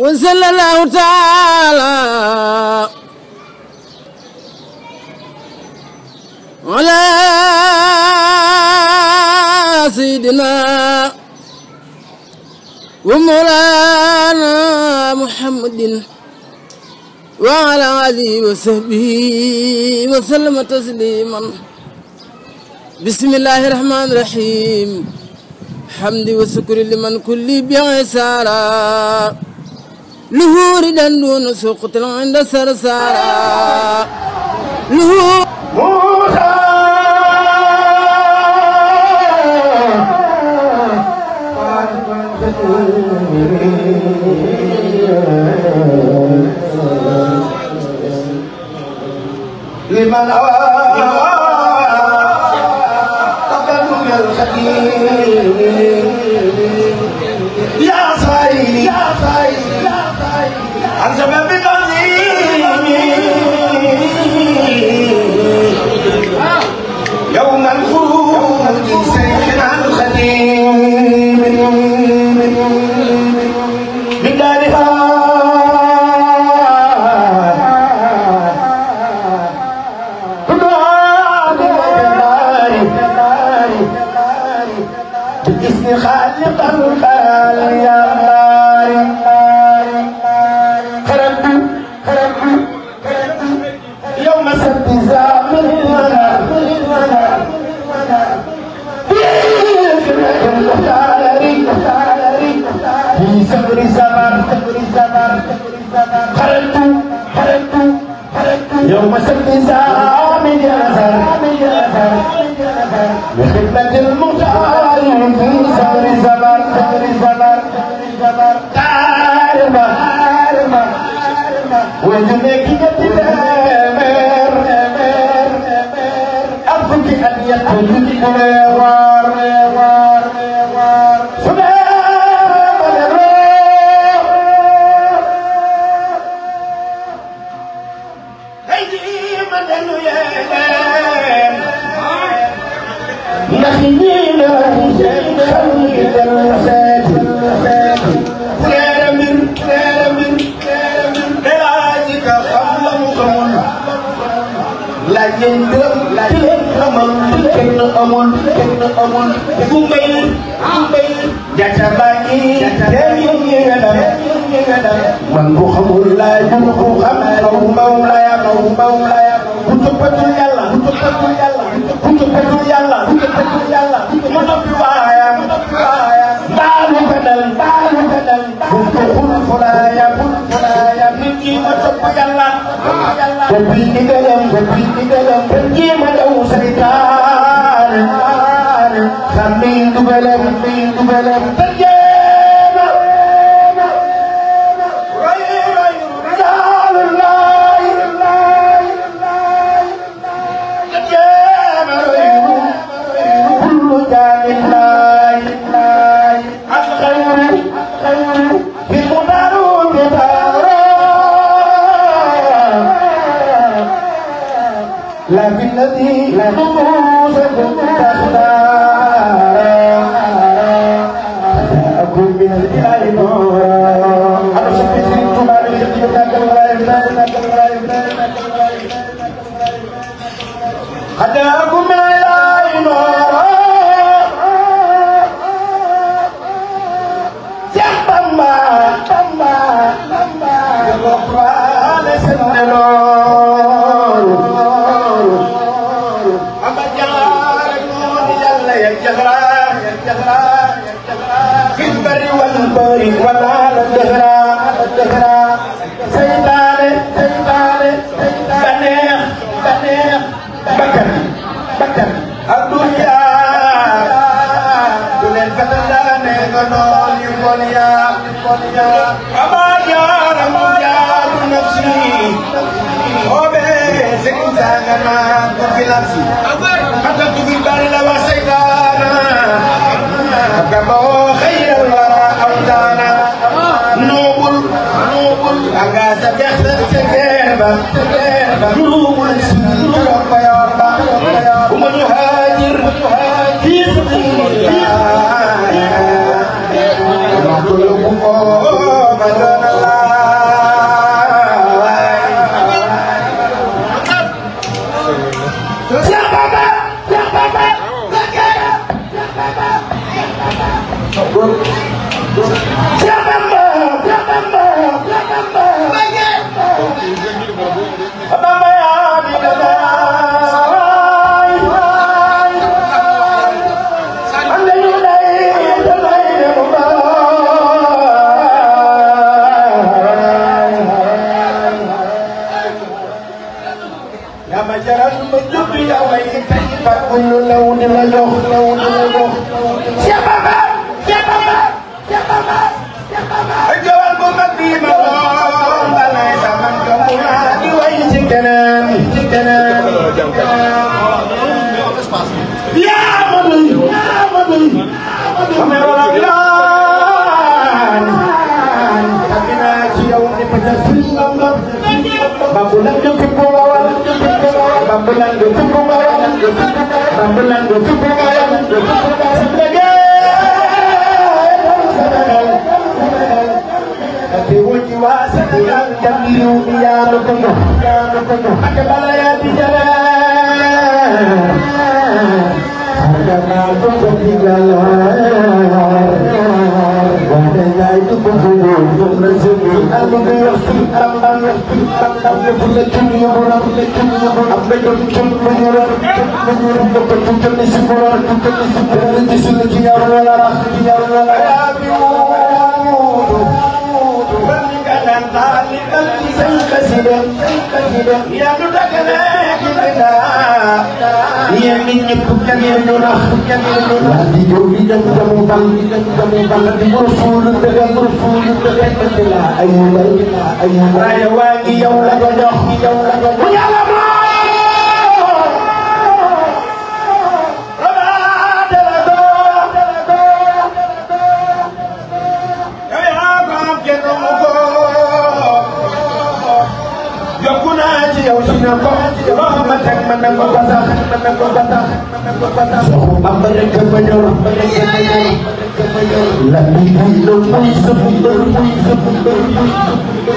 وصلى الله تعالى على سيدنا ومولانا محمد وعلى آله وصحبه وسلم تسليما بسم الله الرحمن الرحيم حمد وشكر لمن كل بعسارة luhuuri dan dunu suqtil inda sarsara luhuuri Musa لمن أوى قبل الخدير وسد سامي جسر لخدمة المختار في صبر زمر صبر زمر كارمة وجنك يتدمر أبوك أن يكون الإنوار amul kenn amul ku mbay ku mbay jata bàyyi dem yu ñu nga dam man bu xamul laay bu ko xam kaw mbaw laaya kaw mbaw laaya bu toppatul yàlla bu toppatul yàlla bu toppatul yàlla bu toppatul yàlla mu noppi waaya mu noppi waaya baalu ko dal baalu ko dal bu ko xul fulaaya bul fulaaya nit ñi ma topp yàlla topp yàlla topp yi ndigalam topp yi ndigalam jéem a daw saytaan خمين دبلا خمين دبلا تجينا رجال الله تجينا كل جان الله الخير خير في المدار بدار لكن الذي لا نقول الدهر ولا على الدهر سيطانة سيطانة بنيخ بنيخ بكر بكر الدنيا دولين فتلانة غنون يبونيا يبونيا أما يا رمو يا نفسي أوبي سكتا غنا كفلاتي حتى تقول بارلا وسيطانة كما خير الله sultana nobul nobul anga sa jaxta sa gerba nobul nobul bayaba ومن يهاجر في سبيل الله Sambulan da tukumaya, sambulan da tukumaya, sadaka. Katiwuji wa sadaka, kamilu ya lukuno, ya lukuno, akabala ya dijala. Sadaka tukum dijala, wadai tukum dijala. album yasti tambam yasti tambam de bulle tum yo bona bulle tum yo bona abbe do tum ko yoro ko yoro ko ko tum tum ni sibora ko tum ni sibora ni sul ki ya wala ra ki ya wala ya bi ومن كان ذلك الذي سيكسب يا مدكنا yéen nit ñëpp jageen ñu nax waa di jóg di dem damu bal di dem damu bal di bursuulu dëgg bursuulu dëgg ay ay waaye waa ngi yow la ko jox yow la ko jox ko ba tax mën na ko ba tax mën na ko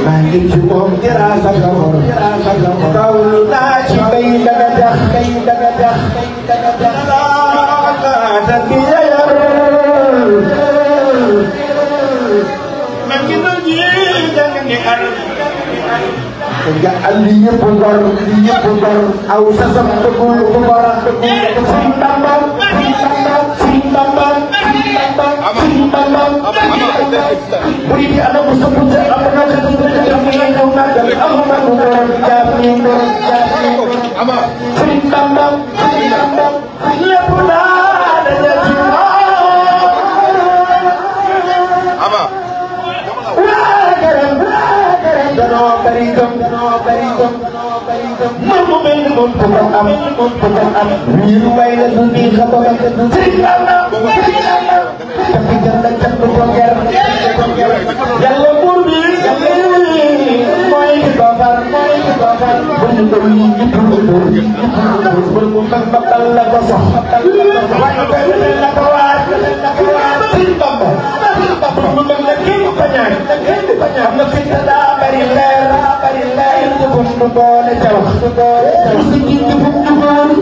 maa ngi ci moom jëlaat sa kawar jëlaat sa kawar kaw lu naa ci bay daga tax bay daga tax nga andi ñëpp ngor ñëpp ngor aw sasam dëggul bu bara dëggul Sëriñ Bamba Sëriñ Bamba Sëriñ Bamba Sëriñ Bamba Sëriñ Bamba buri di ana bu sëpp te am na ka di bëgg am na ñëw na am na ko ngor jaam ku ko am ku ko am wiiru may la du bii xam nga te du sëriñ am na sëriñ am na tapi jël na jël du ko ger yàlla buur bi mooy ki ko far mooy ki ko far bu ñu ko lii ñu dul ko dóor ñu dul ko dóor mag babal la ko sax waaye benn la ko waat sëriñ Bamba tax lu mel ne kenn du ko ñaan ne kenn du ko ñaan xam nga fi te daa bari leer daa bari leer ñu ko ñu boole ca wax ñu boole ca wax si ñu ñu ñu boole ñu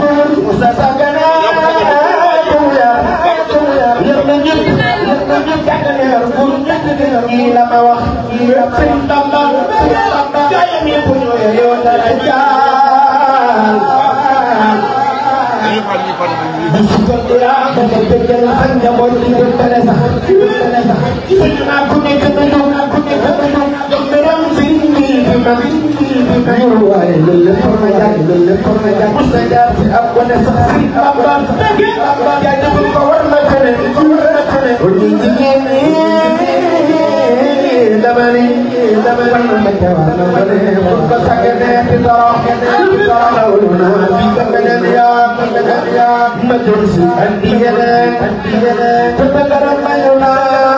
boole Moussa Sagana ñii la ma wax ñii la ma wax sëñ Tamba sëñ Tamba gaayam yëpp ñoo yor yow dara jaal di man liiru waaye loolu lépp war na jaay loolu lépp war na jaay mos na jaar ci ab wane sax si Bamba Bamba jaay defal ko war na tane war na tane o ñu jigéen ñi dama ni dama ni war na jawaa na ko ne pour ba sagane ci doro ci doro loolu naa bi ka beneen yaa ka beneen yaa ma jëm si andi yeneen andi yeneen te ba dara mayu naa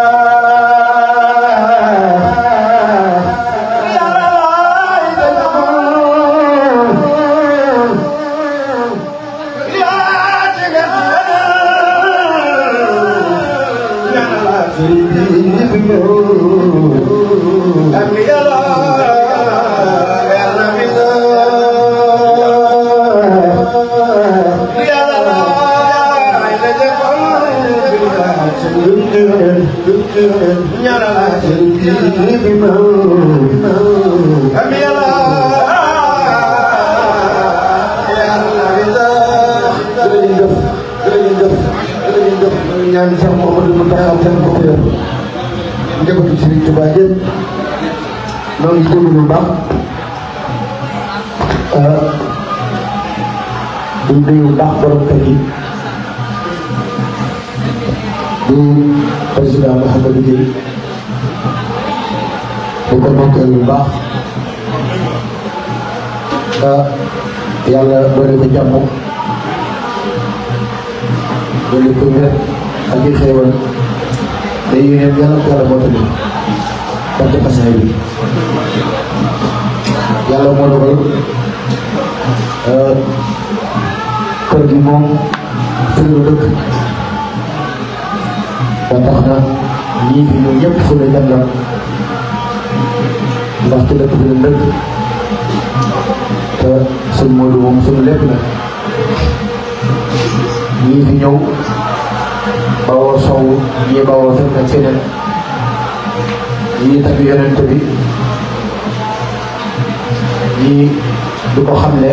ñaan sax Mouhamadou Mountakha seen ko ko yor njabootu Serigne Touba yëpp ñoo ngi déglu bu baax di nuyu bu baax borom kër yi di président Mouhamadou Gueye bu ko bokkee bu baax te yàlla boole ko jàmm boole ko ak i xéewal te yéen yàlla ko yàlla mottali barke xasaay bi yàlla moo dogal euh, kër gi moom fi mu ba tax na ñii fi ñëw ñëpp suñu dem la ndax ci dëkk bi la dëkk te suñ Modou moom lépp la ñii fi ñëw bawoo sow ñii bawoo fekk ak feneen ñii tabi yonent bi ñii du xam ne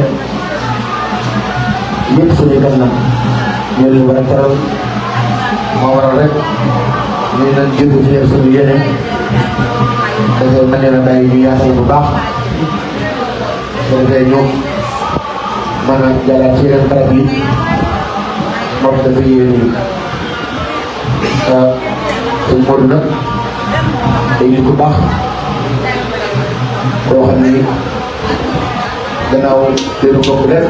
ñëpp suñu gan la ñoo war a moo waral rek ñu ngi doon jublu ci leen suñu yéene dafay mën leen a bàyyi ñu yaatal bu baax su ko defee ñu mën a ci yeneen barab yi moom dafa yéene yi ah, suñ mboolu nag day nit ku baax koo xam ne gannaaw déglu ko bu def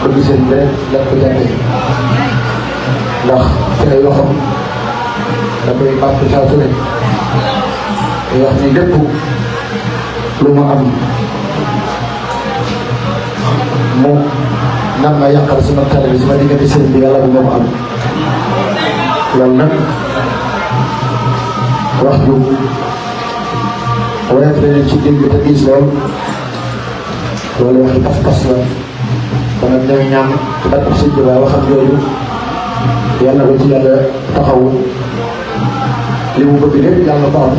production bi rek daf ko ndax ci ay loxoom da koy bàq saa su ne di wax ni lépp lu mu am mu nan ma yàqal sama tali bi sama diggante sëriñ bi yàlla bu ma ko am loolu nag wax ju woyof la ci dégg te gis lool loolu waxi pas-pas la kon nag ñooy ñaan ci barke Sëriñ Tuubaa waxam yàlla ko ci yàlla taxawu li mu bëgg lépp yàlla ko am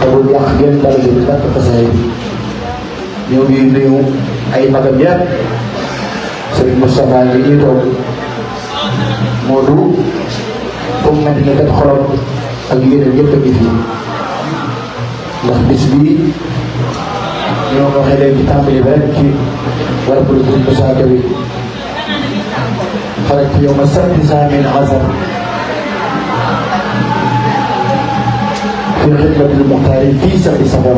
te bu yàq genn dara bi dàq xasee ay magam yàpp sëriñ Moustapha yi ñuy toog moo du comme nga dina kat xolam ak yeneen yëpp a ngi fi ndax bis bii ñoo ko waxee léegi tàmbali ba rek ci wàllu politique خرجت يوم السبت سامي العسل في خدمة المختار في سبع سفر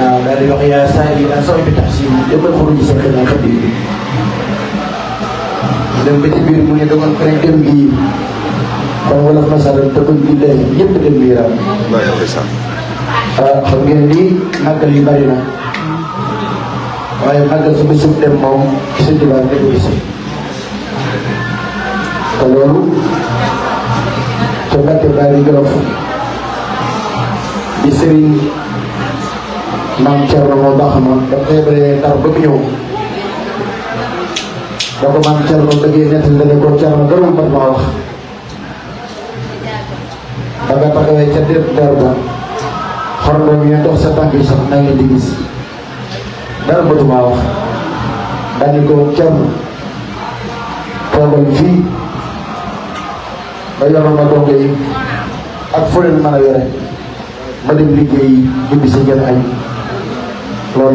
نعم هذه بقي سائل أسوي بالتحسين يوم الخروج سكن الخديم dem ba ci biir mu ne dogal ko ne dem gii kon wala ma sa dem dëgg bi day yëpp dem biiram. waaw xam ngeen ni naggal yi bari na. waaye màggal su ko sëb dem moom sëñ koy si te loolu ca Mbàkke Baari Jolof di sëriñ maam Thierno moo da koy bëree ndar ba mu ñëw da ko maam Thierno bëggee nettal da ne ko Thierno dara mu ma wax ba nga taxawee ca déet dara ba xorloom yi dox sa tànk yi dara bëgguma wax daal di ko cër toogal fii ba yoroon ma dongo yi ak fu leen mën a yore ma dem liggéeyi ñibbi si ngeen añ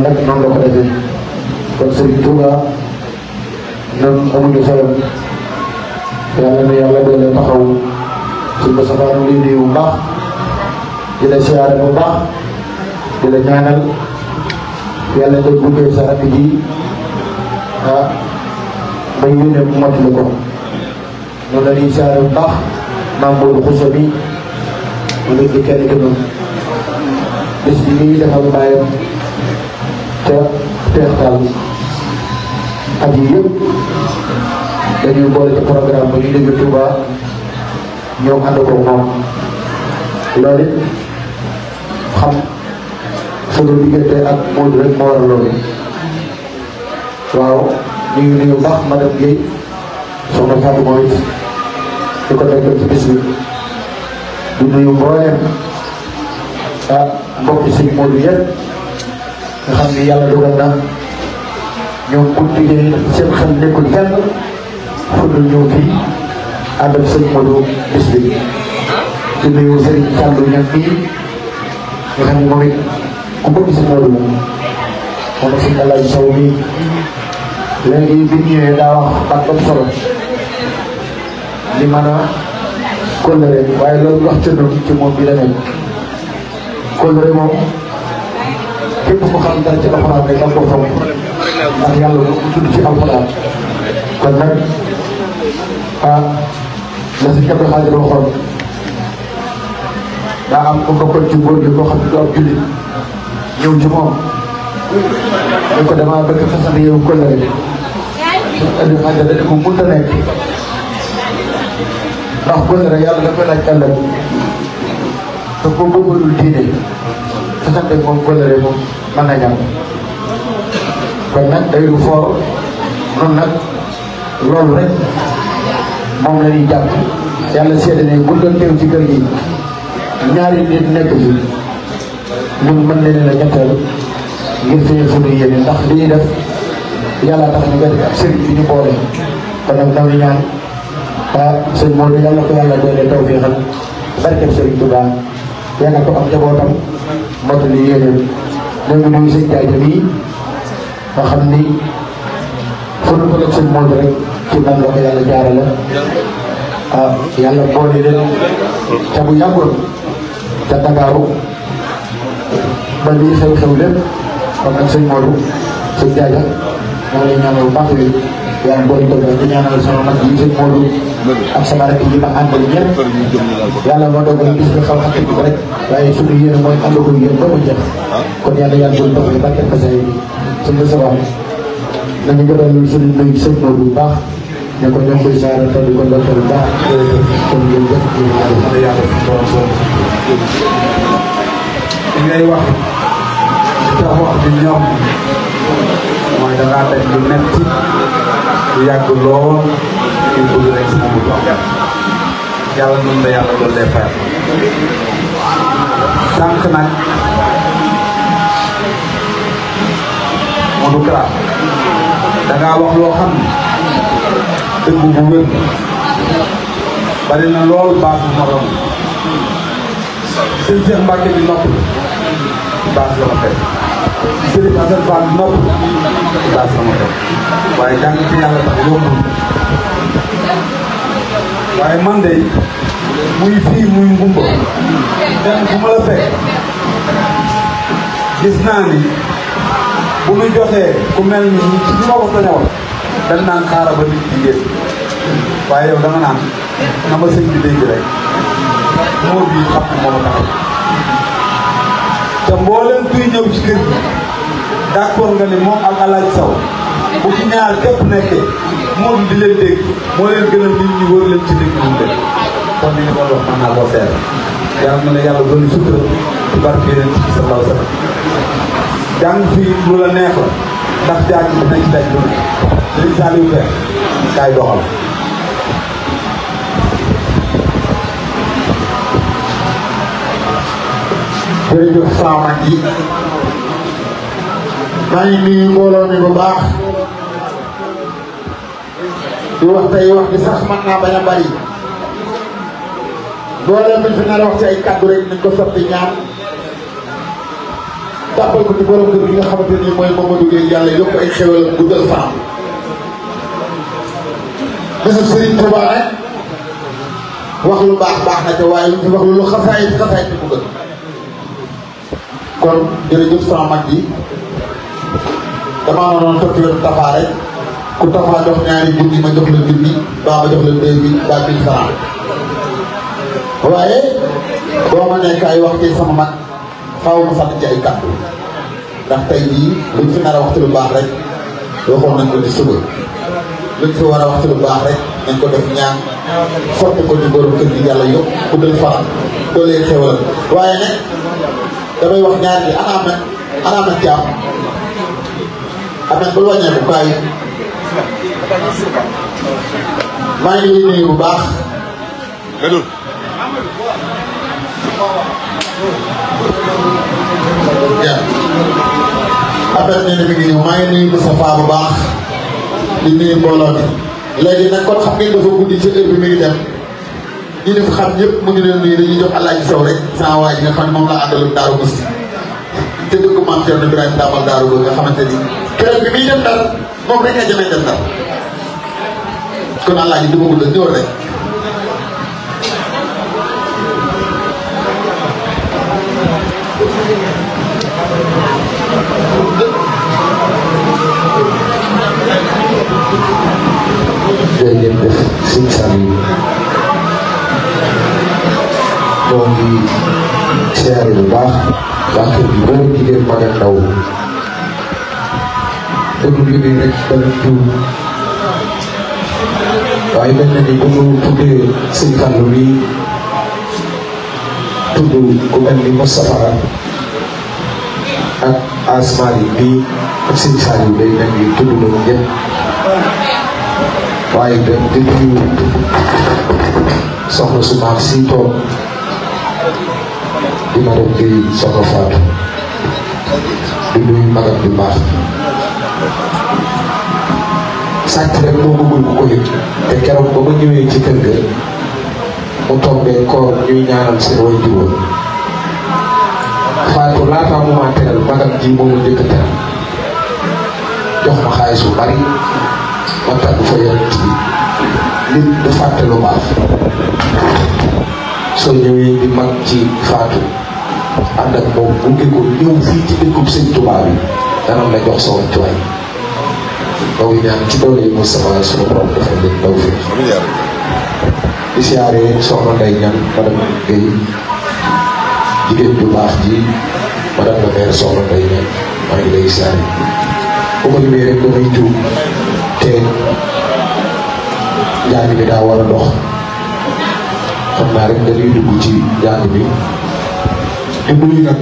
nag noonu la ko defee kon Serigne Touba noonu amuñu fayam yàlla na yàlla doole taxaw suñu ba safaanu lii nuyu bu baax di la siyaare bu baax di la ñaanal yàlla day guddee sa rajo ji ah ba yónnee bu mottali ko noonu la ñuy saare bu baax maam boobu xuso bi mu ngi di kenn gënoon bés bi te teextaal at yi yëpp dañuy boole ci programme ba ñuy déglu Touba ñoom ànd ko moom loolu xam. sama diggante ak Modou rek moo waral loolu waaw ñu ngi nuyu baax madame Guèye soxna Fatou mooy di ko nekkal ci bis bi di nuyu mboolem ah mbokk si Modou yëpp nga xam ni yàlla dogal na ñoom bu liggéey seen xel nekkul fenn fu dul ñëw fii ànd ak sëñ Modou bis bi di nuyu Serigne Fallou ñam bii nga xam ni moom ku bëgg si loolu moom ak si Ngalani Sow mii léegi bi ñu ñëwee daa wax baat solo li mën a kóllëre waaye loolu wax cër ci moom bi la nekk kóllëre moom képp ku xam dara ci alxuraan am ko xam ndax yàlla lu nag ah la si képp xaadir waxoon daa am ko ko ci góor gi koo xam ne du ñëw ci moom ñu ko damaa bëgg fasal yow kóllare bi Abdou Khadre dañu ko mënta nekk ndax kóllare yàlla da koy laaj ëllëg te boo bëggul diine fasante moom kóllare moom mën na ñàkk kon nag day lu foor noonu nag la ñuy ne bu doon teew ci kër gi ñaari nit nekk fi ñun mën nañ la ñetteel ngir feeñ suñu yéene ndax li ñuy def yàlla tax ñu koy def boole kon nag ndaw ñaan ah sëñ yàlla ko yàlla doole tawféexal barkeb sëriñ Tuubaa yàlla ko am njabootam motali yéeneen ñoo ngi nuyu sëñ Jaaja mii xam ni fu ñu ko def rek ci man yàlla jaarale ah yàlla boole leen ca bu ca Dakaaru ba lii xew-xew lépp kon nag sëñ Modou sëñ Diaga moo lay ñaanal bu baax yooyu yaa ngi doon dogal di ñaanal sama mag yi sëñ ak sama rakk yi ma àndal ñëpp yàlla moo dogal gis ko rek waaye suñu yéene mooy ànd ko yéen ba mu jeex kon yàlla yaa ngi doon dogal barke Fassay bi sëñ bi sa wax nañu gëral sëñ nuyu sëñ Modou bu baax ne ko ñoo koy saara te di ko dogal bu baax kon ngeen def ñu ñaanal yàlla li ngay wax li tax wax di ñoom mooy dangaa daj lu metti lu yàgg lool ngir bëgg rek si mu dox yàlla mën na yàlla loolu day fayal sànq nag Modou Kara dangaa wax loo xam ne dëgg bu wér bari na lool baax bu morom seen seen mbàkke bi noppi baas la ma teg Serigne Assane Fall nopp baas la ma waaye jàng ci yàlla tax yombul waaye man de muy fii muy ngumba dem bu la fekk gis naa ni bu ñu jotee ku mel ni ñu ma wax la ñëwal dañ naan xaaral ba nit di waaye yow dama naan na ma sëñ bi rek moo bii xam moom taxaw d'accord nga ni moom ak alaaj saw bu ci ñaar képp nekkee moom di leen dégg moo leen gënal nit ñi wër leen ci dégg ñu dégg kon ni nga doon wax mën naa koo yàlla na sutura ci barke yeneen ci sallallahu alayhi wa la ndax jaaj bi dinañ ci daj lu ne sëriñ Saliou Pène saaman yi maa ngi nuyu mbooloo mi bu baax di wax wax bi sax mën naa bañ a bari mbooloo mi fi nar a wax ay kàddu rek nañ ko soppi ñaan tàppal ko ci borom kër gi nga xamante ni mooy Mamadou Gueye yàlla yokk ay xewal guddal faam bisu Serigne Touba rek wax lu baax baax na ca waaye lu wax lu xasaay xasaay ci mu gën kon jërëjëf sama mag yi damaa mënoon topp yoonu Tafa rek ku Tafa jox ñaari junni ma jox la junni baa ma jox la deux mille baa mille franc waaye boo ma nekk ay wax ci sama mag faaw ma fàttali ci ay kàddu ndax tey jii luñ fi nar a wax ci lu baax rek waxoon nañ ko ci suba luñ fi war a wax ci lu baax rek nañ ko def ñaan sotti ko ci borom kër gi yàlla yóbbu ku dul faral doo leen xewal waaye nag damay wax ñaar bi anam ak anam ak ci am ak lu wàññeeku kaay ngi bu baax. affaire bi nag mi ngi ñëw maa ngi nuyu Moustapha bu baax di nuyu mbooloo bi léegi nag kon xam ngeen dafa guddi ci heure bi dem ñu ne xam ñëpp mu ngi leen nuyu dañuy jox Alaaji Sow rek sama waa ji nga xam ne moom la àndaloon Darou Mousty te dëkk maam Thierno Ibrahima Damal Darou nga xamante ni. keroog bi muy dem dara moom rek a jëmee dem dara kon allah ji dugagul rek ñëwal rek. jërë ngeen def sëñ Saliou moom ngi siyaare bu baax baax kër gi góor jigéen mag ak ndaw pour liggéey rek danañ waaye mel na ni bu ñu tuddee sëñ ku mel ni Moustapha ak Asmaan bii ak sëñ Saliou day mel ni tudd waaye dem di nuyu soxna si toog di ma dem di soxna Fatou di nuyu magam bu baax sàcc rek moo bëggul ku ko yëg te keroog ba ma ñëwee ci kër ga mu tombee koor ñuy ñaanal seen way juróom Fatou laataa mu maa teral magam ji moomu njëkk teral jox ma xaalis bari ma tàggu fa yonent bi nit fàtte lu baax soo ñëwee di mag ci Fatou ànd ak moom bu ngi ko ñëw fii ci dëkkub sëñ Tuubaa bi dana la jox sa wàccuwaay kaw ñaan ci doole yi Moustapha sunu borom defal leen taw fi di siyaare soxna Ndeye Niane madame Guèye jigéen bu baax ji madame la maire soxna Ndeye Niane maa ngi lay siyaare bu ma limee rek damay juum te njàng bi daa war a dox xam naa rek dañuy dugg ci njàng bi te nuyu nag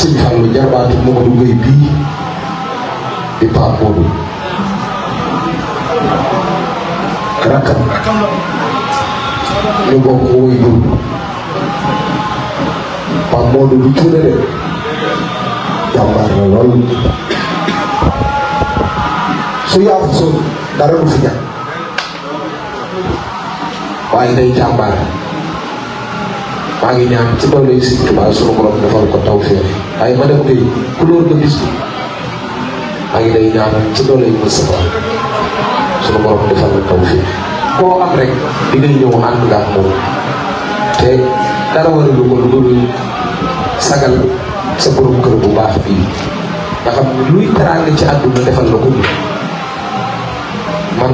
sëñ Fallou jarbaatu Modou Guèye bii di Pape rakkam ñu bokk woy jur Pape Modou du cuune de jàmbaar la lool su yaafusul dara du fi ñàkk waaye day jàmbaar maa ngi ñaan ci doole si Tuubaa sunu borom defal ko tawfeex waaye ma dem tey couleur nga gis maa ngi lay ñaanal ci doole yi ma suñu borom defal la taw fi koo am rek di ñëw ànd nga ak moom te dara waralu ko lu dul sagal sa borom kër bu baax bii nga xam luy teraanga ci àdduna defal la ko ñu man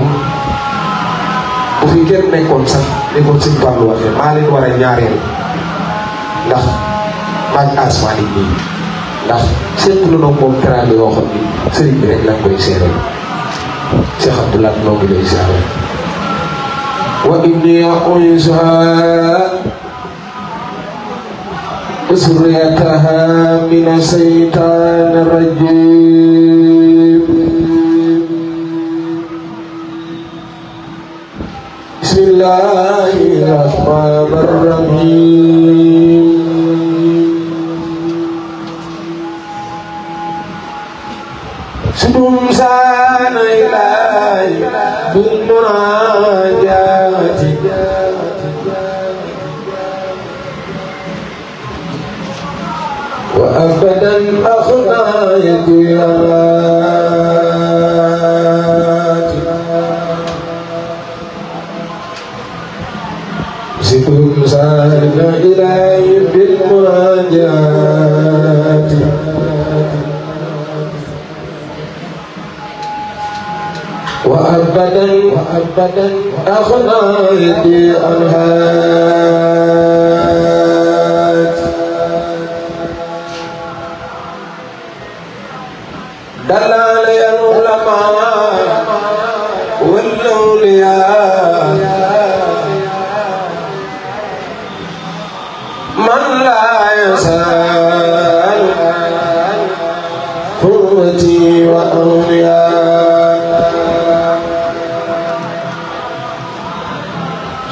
bu fi kenn nekkoon sax nekkoon sëñ Fallou maa leen war ñaareel ndax maa ngi nii ndax seetlu na moom teraanga yoo sëriñ bi rek lañ koy seereel Cheikh Abdou Lahad moo ngi lay ziare wa inni u'iizuhaa ذريتها من الشيطان الرجيم بسم الله الرحمن الرحيم مناجاتي وأبدا أخنا يدي رماتي زدهم سالنا إلهي بالمناجاتي أبدا وأبدا أخنا يدي أنهات دلالي العلماء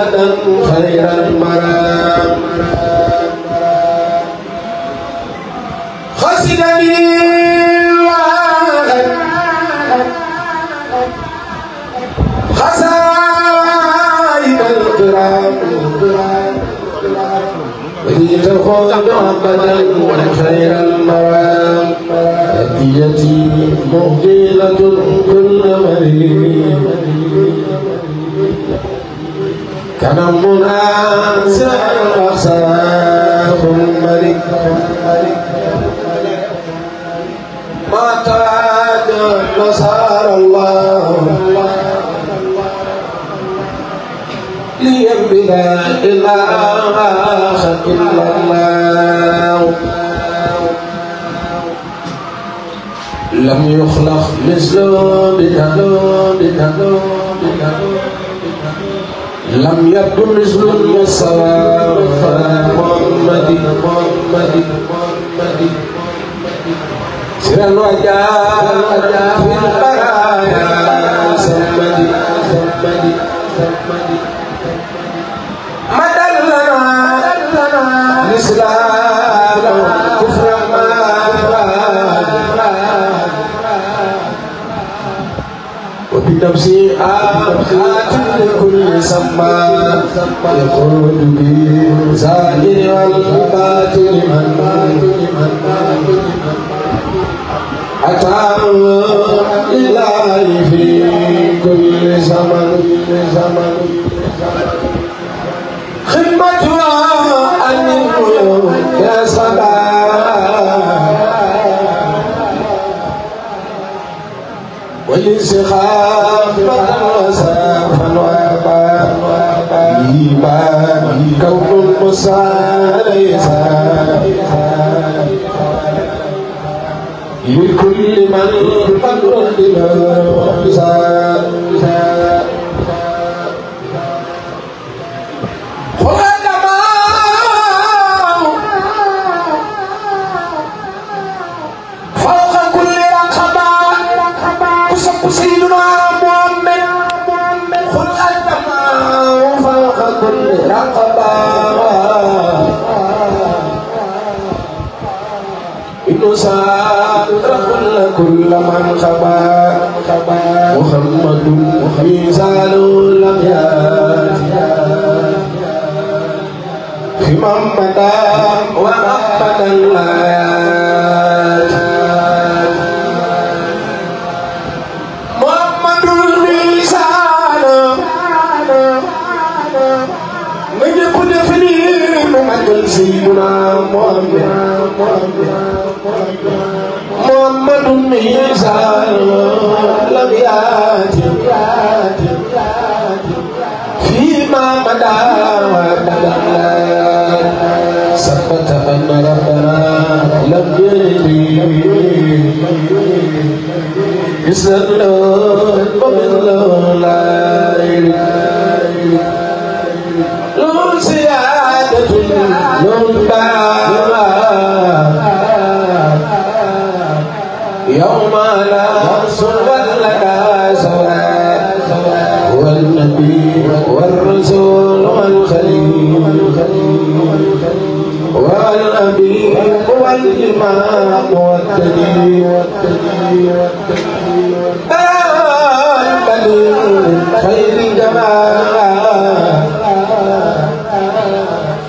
أبدا خير المرام خسدني خسائب الكرام وجيت خذ أبدا خير المرام هديتي مهديلة كل مريم كنمنا سأل أخساه الملك ما تاج نصار الله ليم بلا إله إلا الله لم يخلق مثله بكلو بكلو بكلو لم يكن مثل المصطفى محمد محمد محمد سر الوجاء في البرايا محمد محمد محمد نفسي آخات لكل سماء يقود به زائر والباطل من أتاه إلهي في كل زمن زمن خدمتها أن يا صباح لكل من قد رد له كل من خبا محمد ميزان لم يات خمام مدى وربنا الآيات محمد الميزان من يكون في سيدنا محمد محمد محمد محمد ميزان لم ياتم فيما مدى ثبت ان ربنا لم يرد مثل ومن لولا لو زيادة لو باع يوم لا صور لك سواء والنبي والرسول والخليل والأبي والإمام والتدين خير جماعة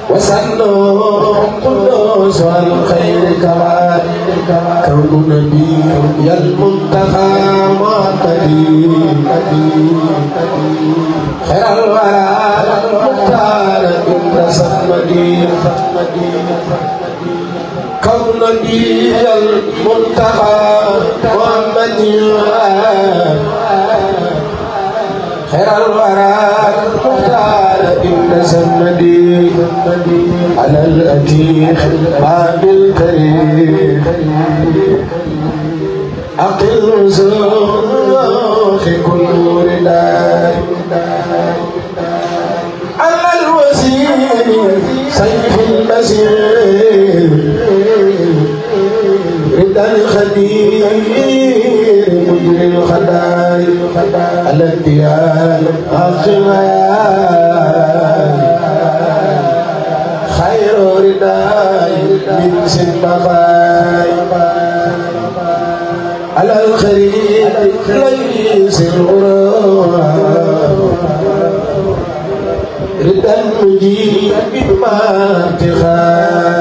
وسنوا قدوس والخير كما كون نبي المنتهى معتدي خير الورى المختار عند صمدي كون نبي المنتهى محمدي خير الورى المختار إن سندي على الأتيخ باب الكريم أقل زوخ كل رداء أما الوزير سيف المسير رد الخدير مجري الخدار على الديار الخمال خير رداي من سبقاي على الخريب ليس الغرام ردا مجيب بما ارتخاي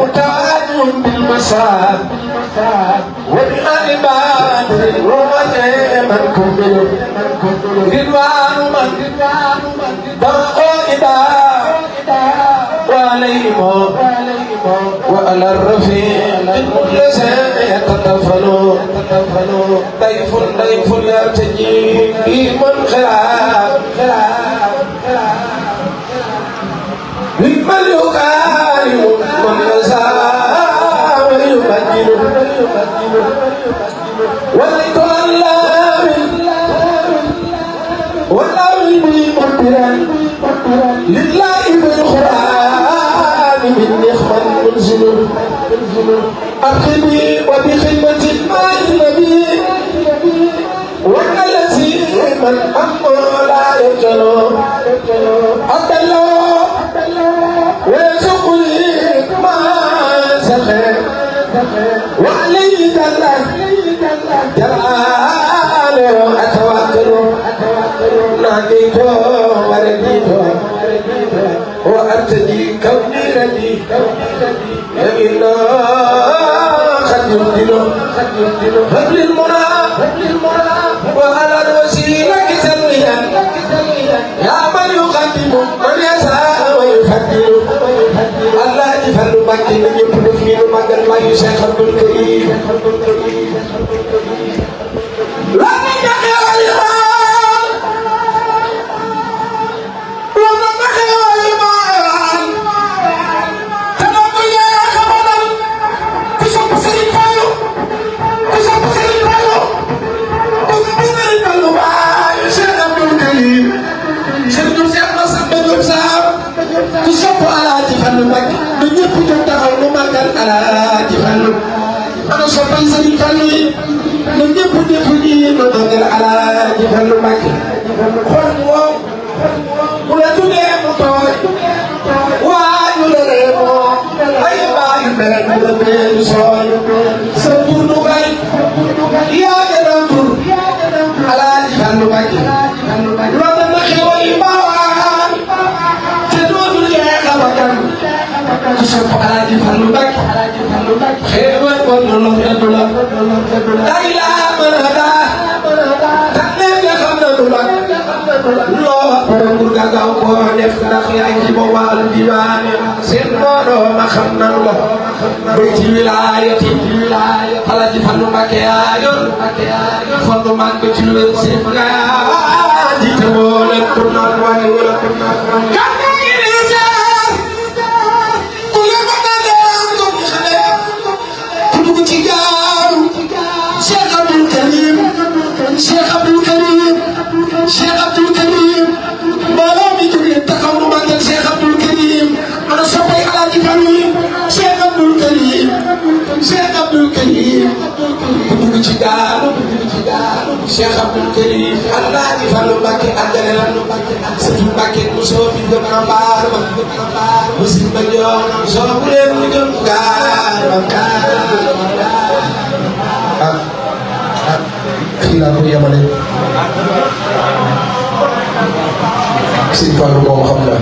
محتاج بالمسار وبالعباد ومن كمل رضوان من ضرائبا وعليهم وعلى الرفيع الذي يتطفل ضيف ضيف يرتجي من خلال دينه ولتولى من والأرض مدبرا لله بالقرآن من نخمة منزل أقبي وبخدمة مع النبي والتي من أمر لا يجلو أدلو رديت ورديت وارتدي كوني ردي يمين خد يبدلو هب للمنى وعلى الوسيلة سميا يا من يقدم من يسعى ويفضل الله يفضل مكي من يبدو في المجر ما يشيخ الكريم kan alaaji Fallu ana soppay Sëriñ Fallu yi na ñëpp def nii ma dogal alaaji Fallu Mbàkke xol moom bu la tuddee mu tooy waa ñu la reemoo ay baayu mel bu la bee ñu sooy Cheikh Alaaji Fallu Mbakke xéewal kon loolu teddu la day laa mën a daa tax ne nga xam na du la loo wax borom bu nga gaaw koo def ndax yaa ngi ba wàllu diwaane seen boodoo ma xam na la bay ci wilaayati Alaaji Fallu Mbakke yaa yor fondu man ko ci wér seen ngaa jiite moo leen pour naan wane wala pour naan Cheikh Abdou Karim Alaaji Fallu Mbàkke àggale lan sëtu Mbàkke mu soo bi gëm na mbaar ma mu si ba joon soo bu leen mu jëm gaar ak ak fii laa ko yemale sëñ Fallu moom xam na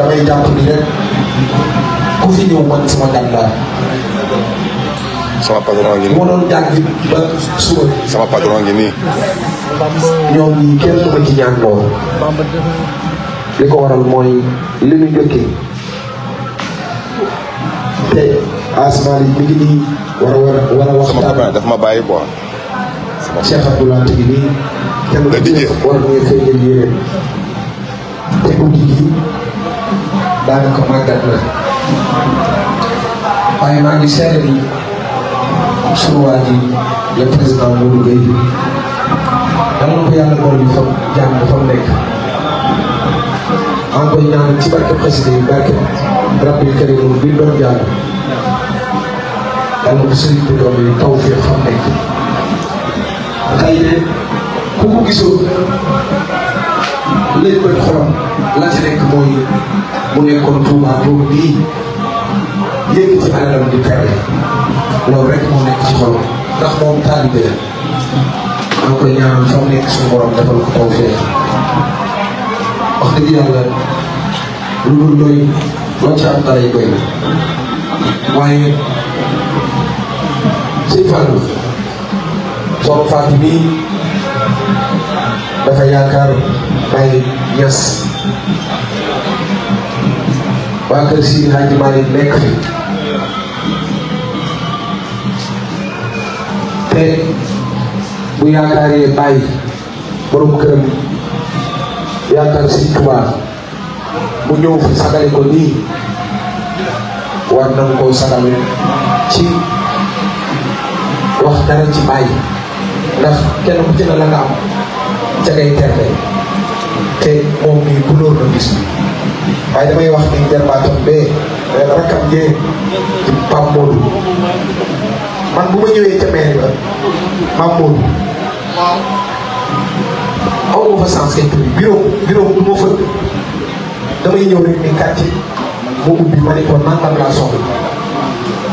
damay jàpp ni rek ku fi ñëw man sama gànnaar sama patron ngi nii. moo doon jàng ba suba. sama patron ma li ko waral mooy li ñu jógee. te asmaali mi ngi nii war a war waxtaan. sama ma bàyyi quoi. sama Cheikh Abdoulaye ngi nii. kenn du ñu war nañu fee jël yéen. te guddi gi daanaka màggat la. waaye maa suñu waa ji président Modou Gueye bi fa jàmm fa mu nekk koy ñaan ci barke président yi barke rabbi karim bi doon jàll yàlla na ko sëriñ bi taw fii fa nekk tey de ku ko gisoo léegi benn xolam la ci nekk mooy mu nekkoon Touba boobu nii yéegi ci alalam di perte loolu rek moo nekk ci xolam ndax moom taalibe la moo koy ñaanal fa mu nekk suñu borom defal ko taw fee wax dëgg yàlla lu dul doy loo ci am dara yi doy waaye sëñ Fallou soxna Fatou bi dafa yaakaar Baye Niass waa kër Sidi Hadji Malick nekk te bu yaakaaree bàyyi borom këram yaakaar si tubaab ñëw fi sagale ko nii war nañ koo sagale ci wax dara ci bàyyi ndax kenn ku ci na nga am ca ngay te moom mii bu lóor na gis waaye damay wax ni jarbaatam bee rakkam jee di Pape man bu ma ñëwee ca mairie maam Maodo aw ma fa sens kay turi bureau fëgg damay ñëw rek ni quartier mu ubbi ma ne ko nangam laa soxla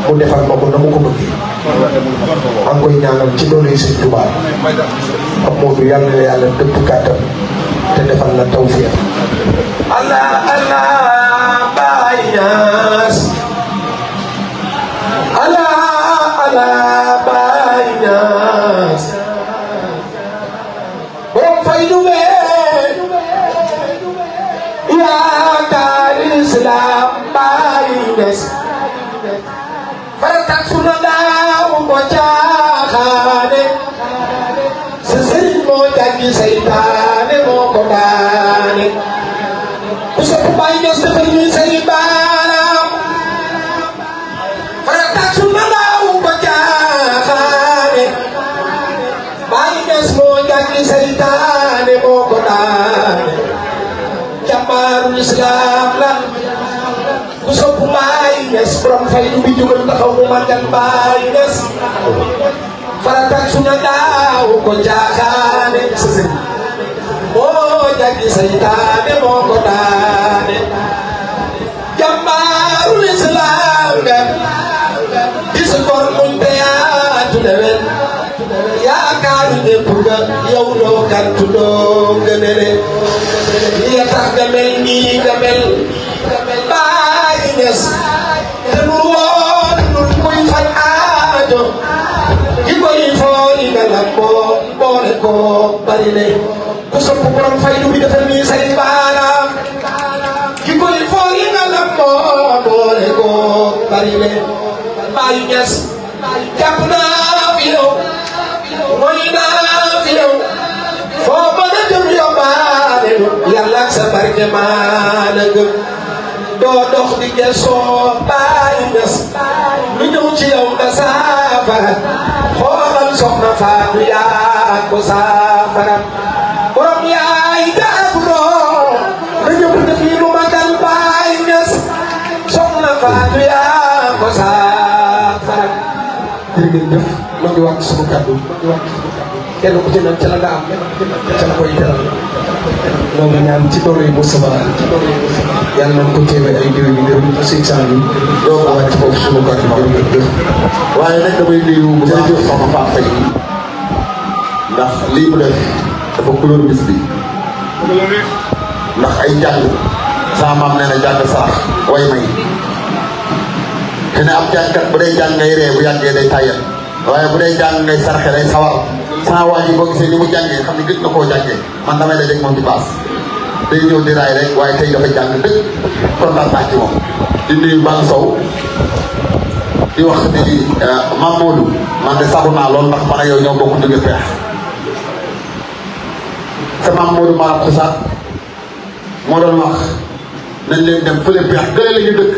mu defal ma ko na ko bëggee maa koy ñaanal ci doole Sëñ Tuubaa ak Maodo yàlla na yàlla dëpp kàttam te defal la tawfeex Allah Allah Baay Ñas borom xel bi jógal taxaw mu màggal baay des faratak suñu daaw ko jaaxaane sa sëriñ moo jàggi saytaane moo ko daane jàmbaarul islaam nga di sa góor muñ te yaatu dewen yaakaaru ñépp nga yow doo gàttu doo nga nene li tax nga mel nii nga mel baay des jox ki koy foo igalal ko boole ko bari le ku sopp borom faydu bi defal nii sëriñ baala ki koy foo igalal ko boole ko bari le baayu ñes jàpp naa fi yow mooy naa fi yow foo mën a jëm yow baale yàlla ak sa barke maa la gëm doo dox di gëstoo baayu des lu ñëw ci yow nga saafara xoolal soxna Faatu yaa ko saafara yaay jaaguloo na ñëpp na fi mu magal baayu des soxna Faatu yaa ko saafara. jërëjëf kenn ku ci nekk ca la nga am Ba yàlla nañ ko teewee cent mille doo ko yi ndax lii mu def dafa couleur ndax ay jàng saa maam nee na jàng saax way may te ne ab jàngkat bu dee jàng ngay ree bu yàggee day tàyyal waaye bu dee jàng ngay sarxe day sawar sans waa ji boo gisee ni mu jàngee xam ne gëj koo jàngee man damay dajeeg moom di baas day ñëw di rek waaye tey dafa jàng dëgg kontaan naa ci moom di nuyu Balla Sow euh, saxu naa loolu ndax man ak te Mame moo doon wax nañ leen dem fële peex gële la ñu dëkk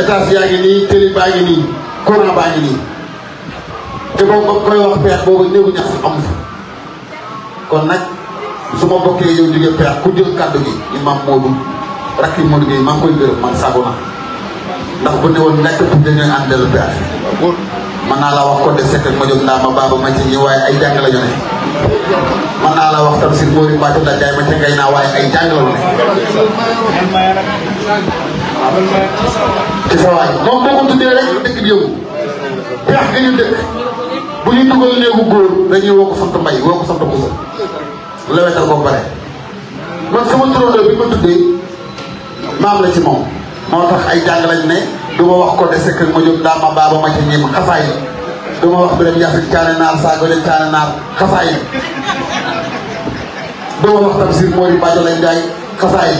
étage yaa ngi nii télé baa ngi nii courant baa ngi nii kon nag suma ma bokkee yow jóge peex ku jël kàddu gi ni maam Moodu rakki Moodu Gueye maa ngi koy gërëm man sago ndax bu ne woon nekk bu dañooy àndal peex mën naa la wax ko de sekk ma jóg ndaa ma baaba ma ci ñi waaye ay jàng ne mën naa la wax tam si Mori Mbacke ma ca naa waaye ay jàng ne ci sa waay moom boo ko tuddee rek dëkk bi yow peex nga ñu dëkk bu ñu dugal néegu góor woo ko sant mbay woo ko sant buusa lewetal ko pare man sama turandoo bi ma tuddee maam la ci moom moo tax ay jàng lañ ne du wax ko de sekk ma jóg daa ma baaba ma ci ñim xasaay du wax bi jaay xasaay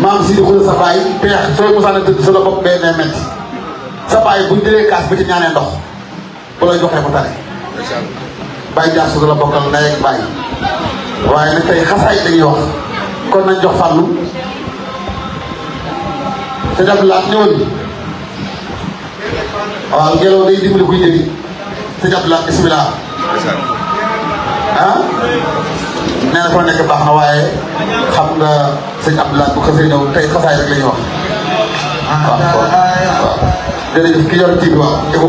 maam si xul sa baay peex soo musaana tëdd sa la bopp bee metti sa baay buñ jëlee kaas bi ci ñaanee ndox bu waaye nag tey xasaay dañuy wax kon nañ jox fàllu te daf laat ñëwal waaw ngelaw day dimbali kuy jëli te daf laat bisimilah ah nee nekk baax na waaye xam nga sëñ Abdoulaye bu xasaay rek la ñuy wax waaw waaw ki yor kii bi waaw déggu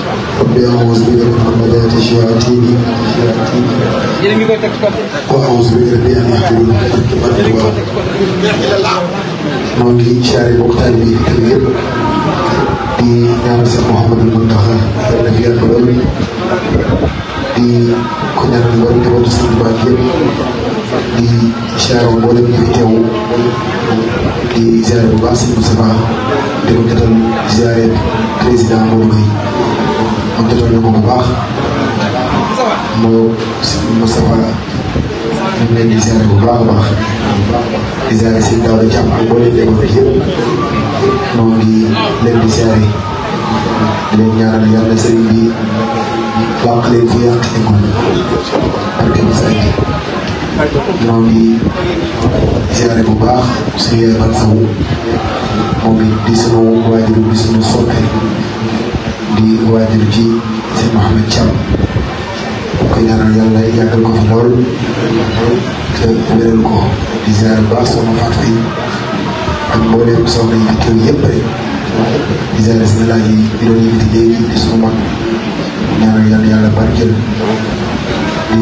وأعوذ بك من همدات الشياطين وأعوذ بك ربي أن يحضرون maa ngi siyaare bokk taal bi kër yëpp di ñaanal sa Mouhamadou Mountakha yàlla na fi yàgg lool di ko ñaanal lool teewal sa njaboot yëpp di siyaare mboolem ñu fi teew di siyaare bu baax si Moussa Ba di ko jotal siyaare président Mbour Mbaye kon jëloon na ko bu baax moo Moustapha ñu ngi leen di ziare bu baax a baax di ziare si daaw di jàmm ak boo leen demoon fii yëpp moo ngi leen di ziare di leen bi wàq leen fu yàq eggul ak tamit saa yi moo ngi ziare bu baax suñu yaay ban sawu moom it di sunu waajur di sunu soppe di waajur ci sëñ Mouhamed Thiam ko ñaanal yàlla yàggal ko fi lool te wéral ko di ziar baax soxna Fatou Faye ak mbooleem soxna yi teew yëpp rek di ziar seen laaj yi di doon yëkkati léegi di suñu mag ñaanal yàlla yàlla barkeel di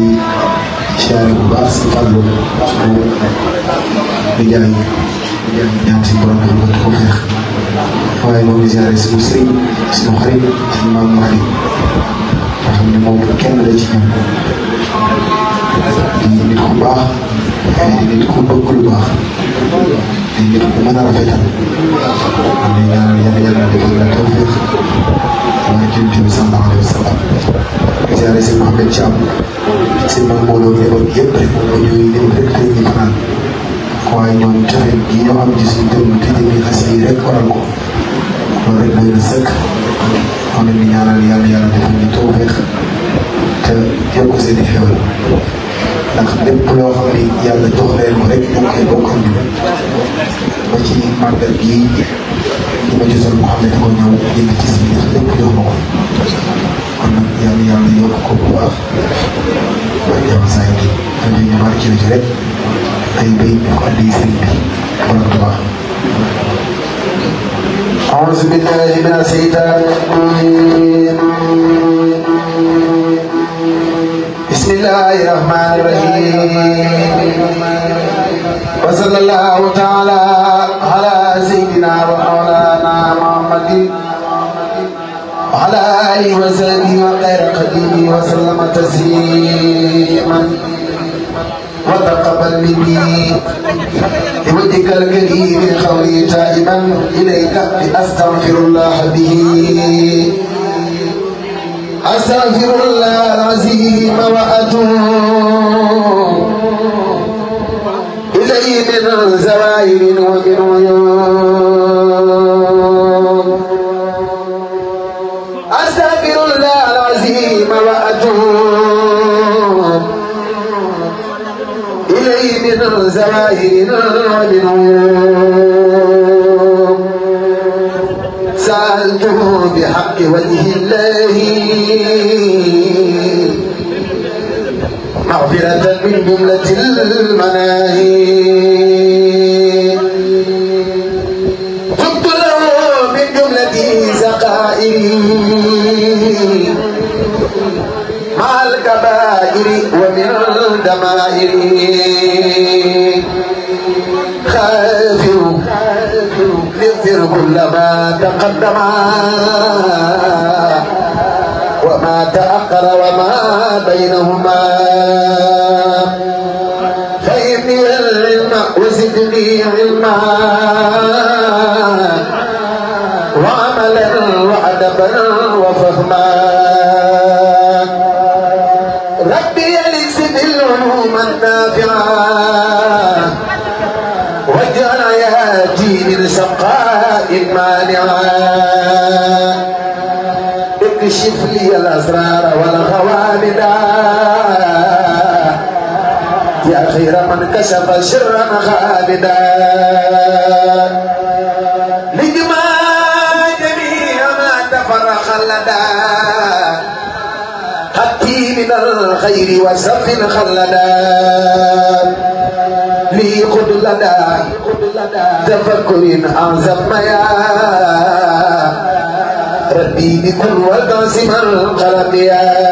siyaare bu baax si Fallou suñu nijaay ñaan si borom dafa ko feex waaye moom di ziare suñu sëriñ suñu xarit ak maam Malick nga xam ne moom kenn la ci ñoom di nit ku baax di nit ku bëgg lu baax di nit ku mën a rafetal am na ñaanal yàlla yàlla defal la tawfiq waaye jënd bi sallallahu alayhi wa sallam di ziare si Mouhamed Thiam si maam Mawlo yëpp rek ñooy lim rek ay ñi fanaan waaye ñoom cofeel gi ñoo am ci suñ dënnu te jëmi xas yi rek waral ko loolu rek doy na sëkk moom la ñu ñaanal yàlla yàlla defal ñu tawfeex te yokk seen i xéwal ndax lépp loo xam ni yàlla jox leen ko rek ñoo koy bokk ak ñun ba ci màggal gii li ma ci sol mu xam ne da ko ñëw jënd ci si ndax lépp jox ma ko kon nag yàlla yàlla yokk ko bu baax ba jàmm saa yi te ñu barkeel ci rek. taalibe yi ñu ko andi sëriñ bi borom Tuubaa أعوذ بالله من الشيطان الرجيم بسم الله الرحمن الرحيم وصلى الله تعالى على سيدنا ومولانا محمد وعلى آله وسلم وغير قديم وسلم تسليما وتقبل مني بوجهك الكريم قولي تائبا إليك أستغفر الله به أستغفر الله العظيم وأتوب إليه من زوائر ومن عيون زمائل لنور سألته بحق وجه الله مغفرة من جملة المناهي قلت له من جملة زقائري مع الكبائر ومن دمائري تقدم وما تأخر وما بينهما اكشف لي الاسرار والغوامد يا خير من كشف شرا خالدا لجمع جميع ما تفرخ لدى حتي من الخير وسف خلدا لي قد لدى تفكر اعظم مياه ربي بكل وتعزم القلم يا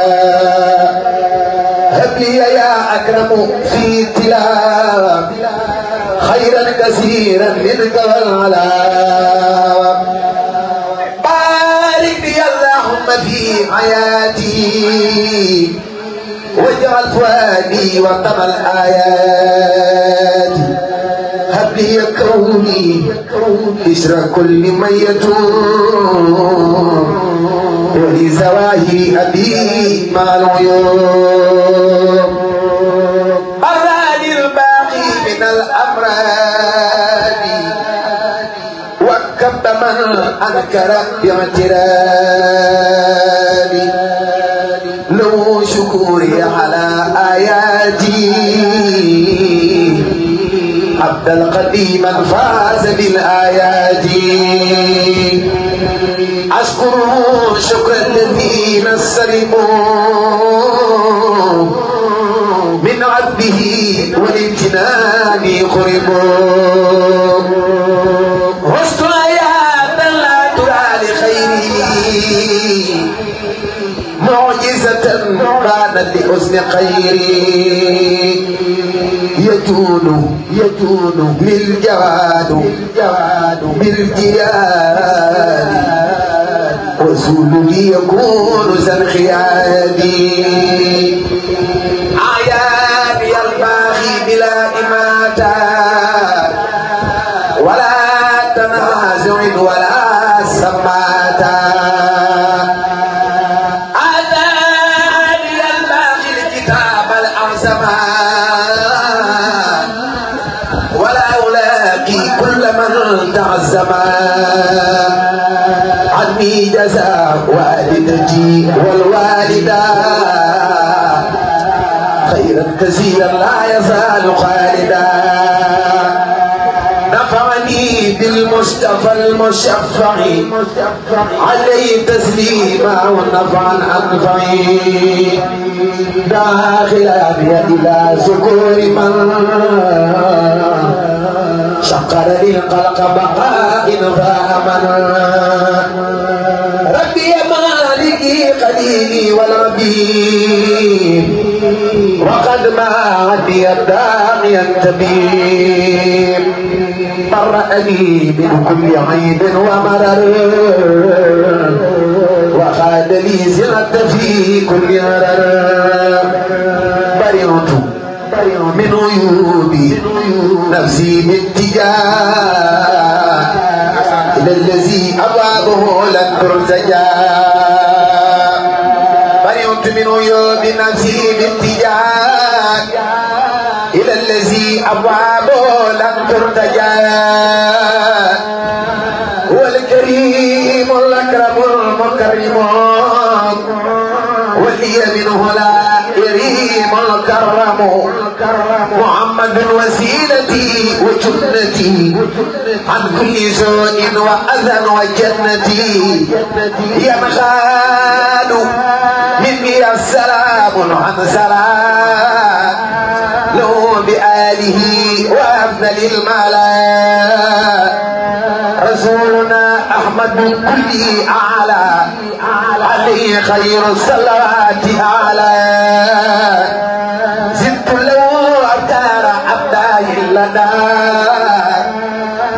هب لي يا أكرم في تلاوة خيرا كثيرا منك والعلا بارك لي اللهم في حياتي واجعل فؤادي وقم الآيات أبي كوني بشرى كل من يتوب ولزواهر أبي مع العيوب أراني الباقي من الأمراض وكب من أنكر باعترابي له شكوري على آياتي عبدا قديما فاز بالآيات أشكره شكرا الذي نسلم من عبده والامتنان خربوا معجزة كانت لحسن خيري يجود يجود للجواد بالجياد رسول يكون سنخيادي عيان يا الباخي بلا إماته جزاء والدتي والوالدة خيرا كثيرا لا يزال خالدا نفعني بالمصطفى المشفع عليه تسليما ونفعا انفعي داخل ابي الى سكور من شقر للقلق بقاء فامنا سبيلي والعبيد وقد معتي الداعي التبيب برأني من كل عيب ومرر وخاد لي سعة في كل مرر برعت من عيوبي نفسي باتجاه إلى الذي أبابه لن ترتجاه مؤمن يا بنسيب التجار إلى الذي أبوابه لم ترتجى هو الكريم الأكرم المكرم ولي منه لا يريم الكرم محمد وسيلتي وجنتي عن كل زون وأذن وجنتي يا مخالو سلام عن سلام له بآله وأفنى للملا رسولنا أحمد كل أعلى عليه خير الصلوات أعلى زدت له أبدار عبدا لنا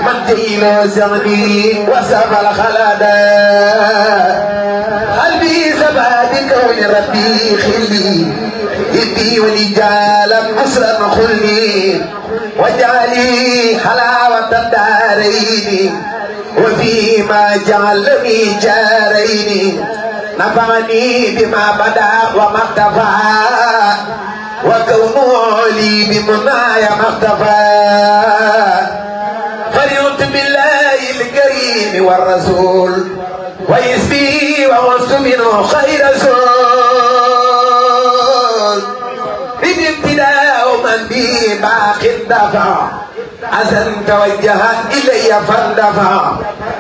مدين زمني وسب الخلدا بكون ربي خلي إبي ولجالا أسرا خلي واجعلي حلاوة الدارين وفيما جعلني جارين نفعني بما بدا وما اختفى وكونه لي بمنايا ما اختفى فرحت بالله الكريم والرسول ويسبي ووصت منه خير سول من ابتداء من به باق الدفع أزن توجه إلي فاندفع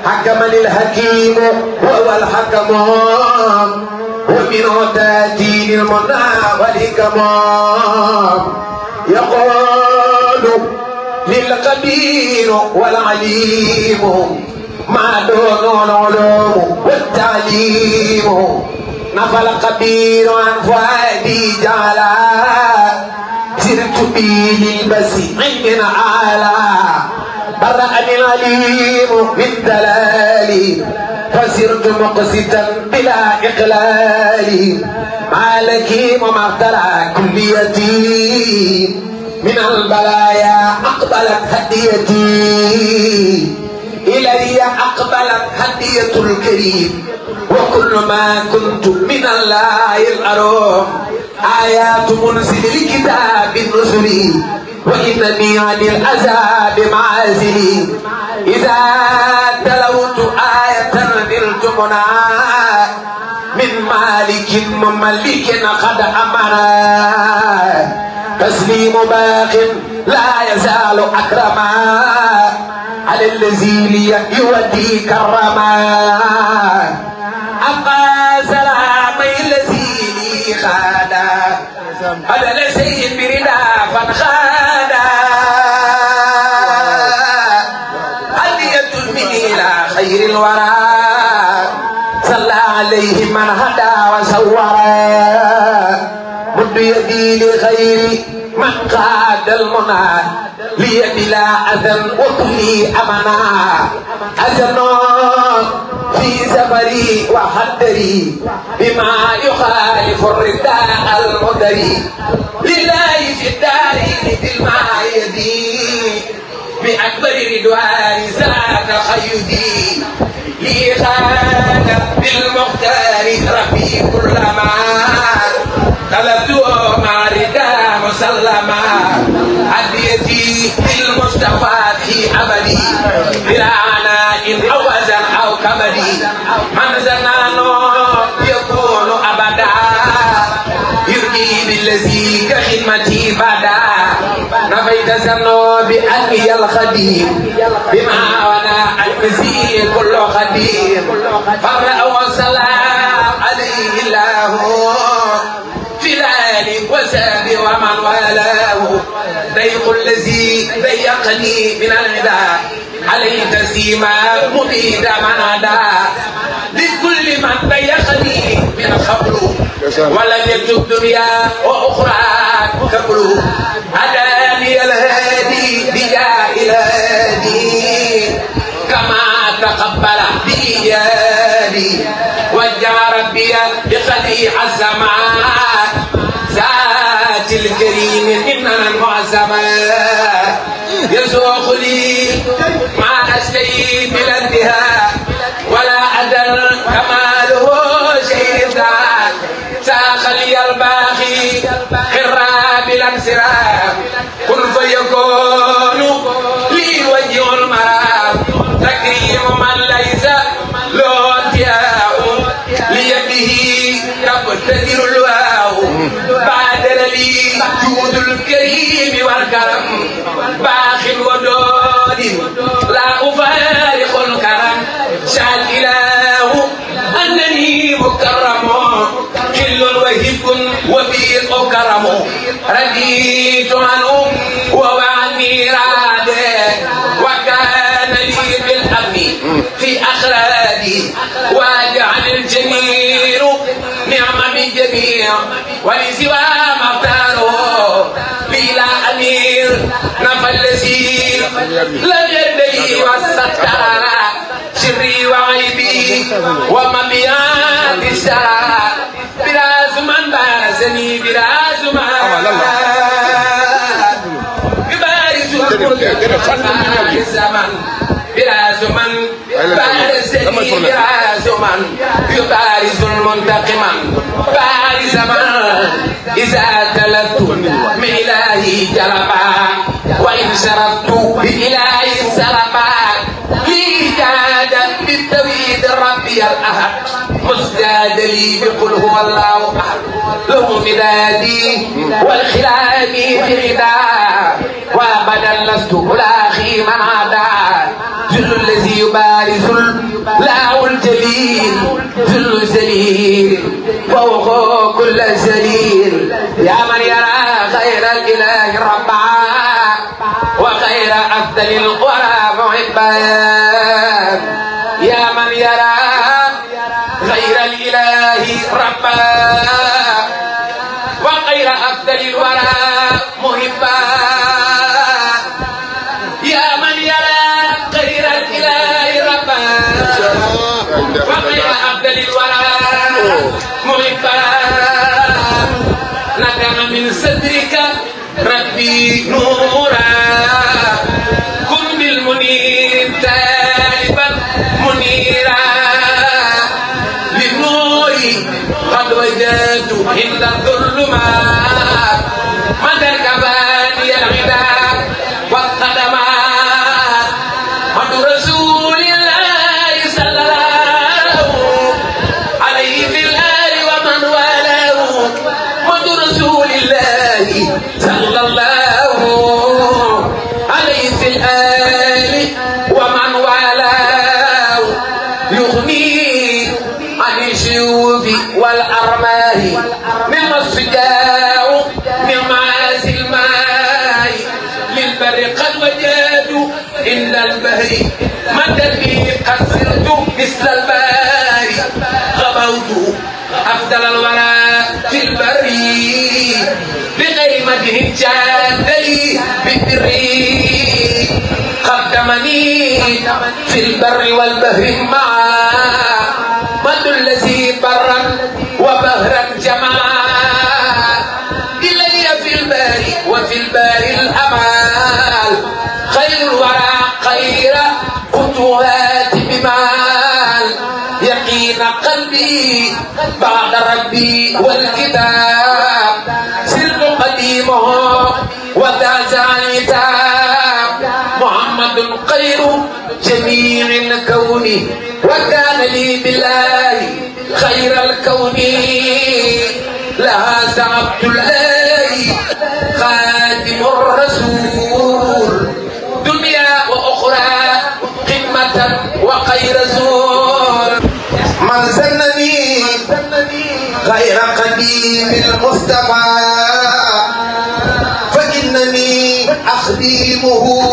حكم الحكيم وهو الحكم ومنه تأتي المنى والحكم يقول للقدير والعليم معدون العلوم والتعليم نفل قبير عن فؤادي جعلا سرت به للبسيع من عالى برأني العليم بالدلال فسرت مقسطا بلا إقلال مالك وما اخترع كل يتيم من البلايا أقبلت هديتي إلي أقبلت هدية الكريم وكل ما كنت من الله الأروم آيات منزل الكتاب النزلي وإنني عن العذاب معازلي إذا تلوت آية نلت من مالك مملك قد أمرا تسليم باق لا يزال أكرما للذي لي يودي كرما أبقى سلام الذي لي خادا هذا لشيء بردا فانخادا هل يتلمني إلى خير الورى صلى عليه من هدى وصورا مد يدي لخير من قاد المنى لي بلا أذن وكلي أمنا أذن في زمري وحدري بما يخالف الرداء المدري لله في الدارين بالماء يدي بأكبر رضوان زاد خيدي لي خان بالمختار ربي كلما طلبت مع رداء مسلما حجتي بالمصطفى في أبدي بلا عناء أو وزن أو كبدي من زنان يكون أبدا يرضي بالذي كخدمتي بدا نفيت زنو بأني الخديم بما أنا المزيد كل خديم فرأوا السلام الطريق الذي ضيقني من العدا عليك سيما مبيد من عدا لكل من ضيقني من الخبر ولم يكتب دنيا واخرى كبر هداني الهادي بجاه الهادي كما تقبل بيادي وجع ربي بقديع الزمان سجود الكريم والكرم باخ ودود لا أفارق الكرم شاء الإله أنني مكرم حل وهب وبي أكرم رديت عنهم ووعني راده وكان لي بالأمن في أخرادي واجعل الجميل نعم من جميع ولسوى مرتاح نما الذي لم يدعي وستر سري وعيبي ومبيات الساعة بلا زمان بارزني بلا زمان يبارز الزمان بلا lan mooy problème bi. yu baarisul muntaqiman baari zaman isa talatu min ilahi jalaba wa in sharatu bi ilahi salaba lii jaadat bi tawhid rabbi al ahad مسجد لي بقل هو الله احد له مدادي والخلام في غدا وابدا لست الاخي من عدا جل الذي يبارز لا الجليل ذل الجليل فوق كل زليل يا من يرى خير الاله ربا إلا الظلمات مدى الكبادي الغداء والقدمات مد رسول الله صلى الله عليه في الآل ومن والاه مد رسول الله صلى الله عليه في الآل ومن والاه يغني عن الشيوخ والأرماه الباري مدى به قد صرت مثل الباري غبوت أفضل الورى في البر بغير مده جاد لي ببري قدمني في البر والبهر معاً بعد ربي والكتاب سر قديمه وذا زانيتا محمد خير جميع الكون وذا خير قديم المصطفى فإنني أخديمه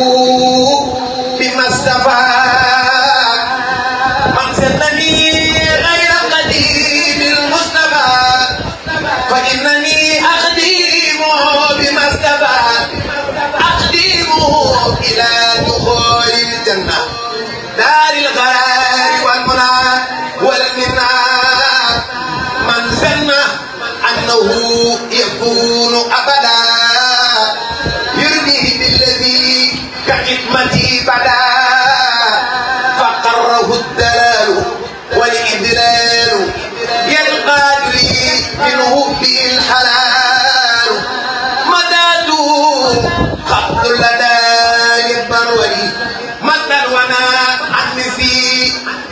وحده يكون أبدا يرميه بالذي كحكمتي بدا فقره الدلال والإدلال يلقى لي منه به الحلال مداده خط لدى للبروري مدى الونا عن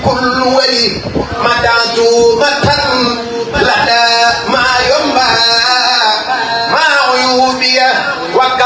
كل ولي مداده مدى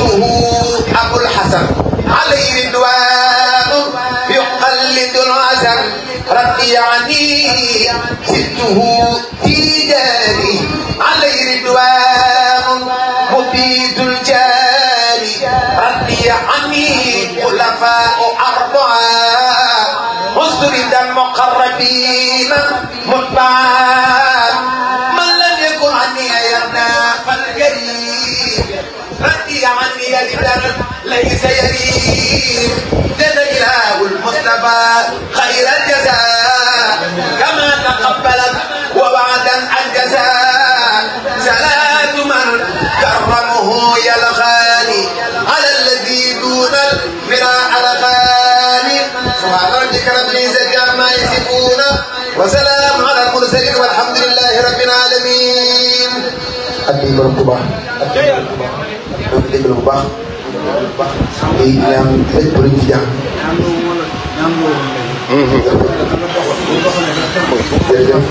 ابنه ابو الحسن عليه رضوان يقلد الحسن رضي عني سته تجاري عليه رضوان مبيد الجاري رضي عني خلفاء اربعه مسردا مقربين متبعا لدار ليس يريم جزا إله المصطفى خير الجزاء كما تقبلت ووعدا الجزاء صلاة من كرمه يا الغالي على الذي دون المراء الغالي سبحان ربك رب العزة عما يصفون وسلام على المرسلين والحمد لله رب العالمين. donc dégg na bu baax day ñaan lépp lu ñu ci jàng. jërëjëf.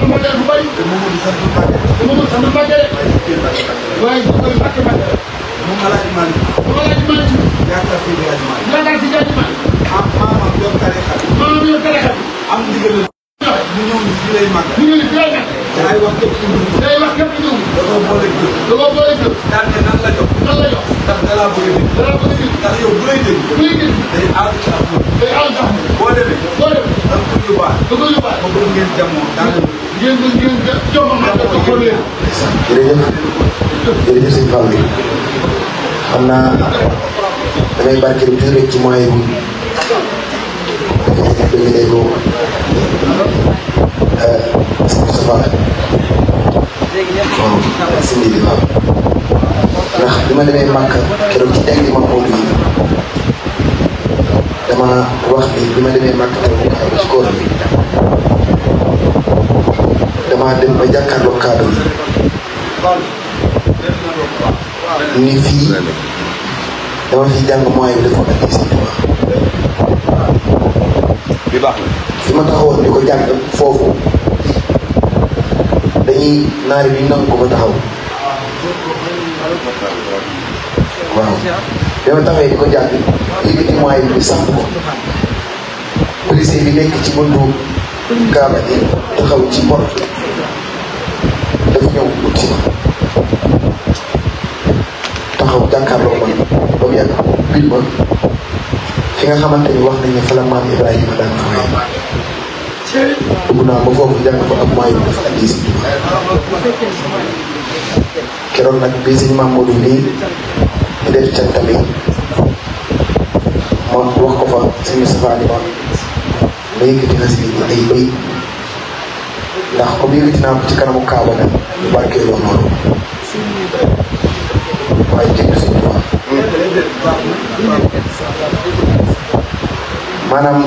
lu mu leer lu bëri. te moom di sant Mbacke. te moom di sant Mbacke. waaye bu koy Mbacke Mbacke. moom Alaaji Malick. moom Alaaji Malick. yaakaar si Alaaji Malick. yaakaar si Alaaji Malick. ah maanaam yor tarixa bi. maanaam yor tarixa bi. am ndigal la. ñu ñëw ni fii lay màgg. ñu ñëw ni fii lay màgg. day wax képp ku ñëw. day wax képp ku ñëw. da koo boole jël. da koo boole jël. daan ne nan la jox. nan la jox. ndax da laa bëgg a dégg. da laa bëgg a dégg. ndax yow bu lay dégg. bu lay dégg. day aar ci am. day aar ci am. boo demee. boo demee. da nga koy yóbbaale. da nga koy yóbbaale. ba bëgg ngeen jàmmoo daan ngeen di ngeen di jox ma ko ko leen. jërëjëf jërëjëf sëñ Fall bi xam naa damay barkeel rek ci sa Fall moom sëñ bi Fall ndax bi ma demee màkk keroog ci teg li ma moom yi dama wax ni bi ma demee màkk ci kóor dama dem ba jàkkaarloo kaddu yi ni fii dama fi jàng mooy bi dafa mel si fi ma taxawoon di ko jàng foofu dañuy naari bi nangu ko ba taxaw waaw dama taxawee di ko jàng yëkkati mooy bi sàmp ko policier bi nekk ci buntu kaaba gi taxaw ci porte taxaw jàkkaarloo man ba mu yàgg bil ma fi nga xamante ni wax nañ ne fa la maam Ibrahima daan xamee dugg naa ba foofu jàng fa ak maayu dafa andi si keroog nag bii suñu maam Modou nii di def cantam yi ma wax ko fa suñu safaani ma ma yëkkati xas yi ay bay ndax comme yëkkati naa ci kanamu Kaaba nag ñu barkeeloo ay maanaam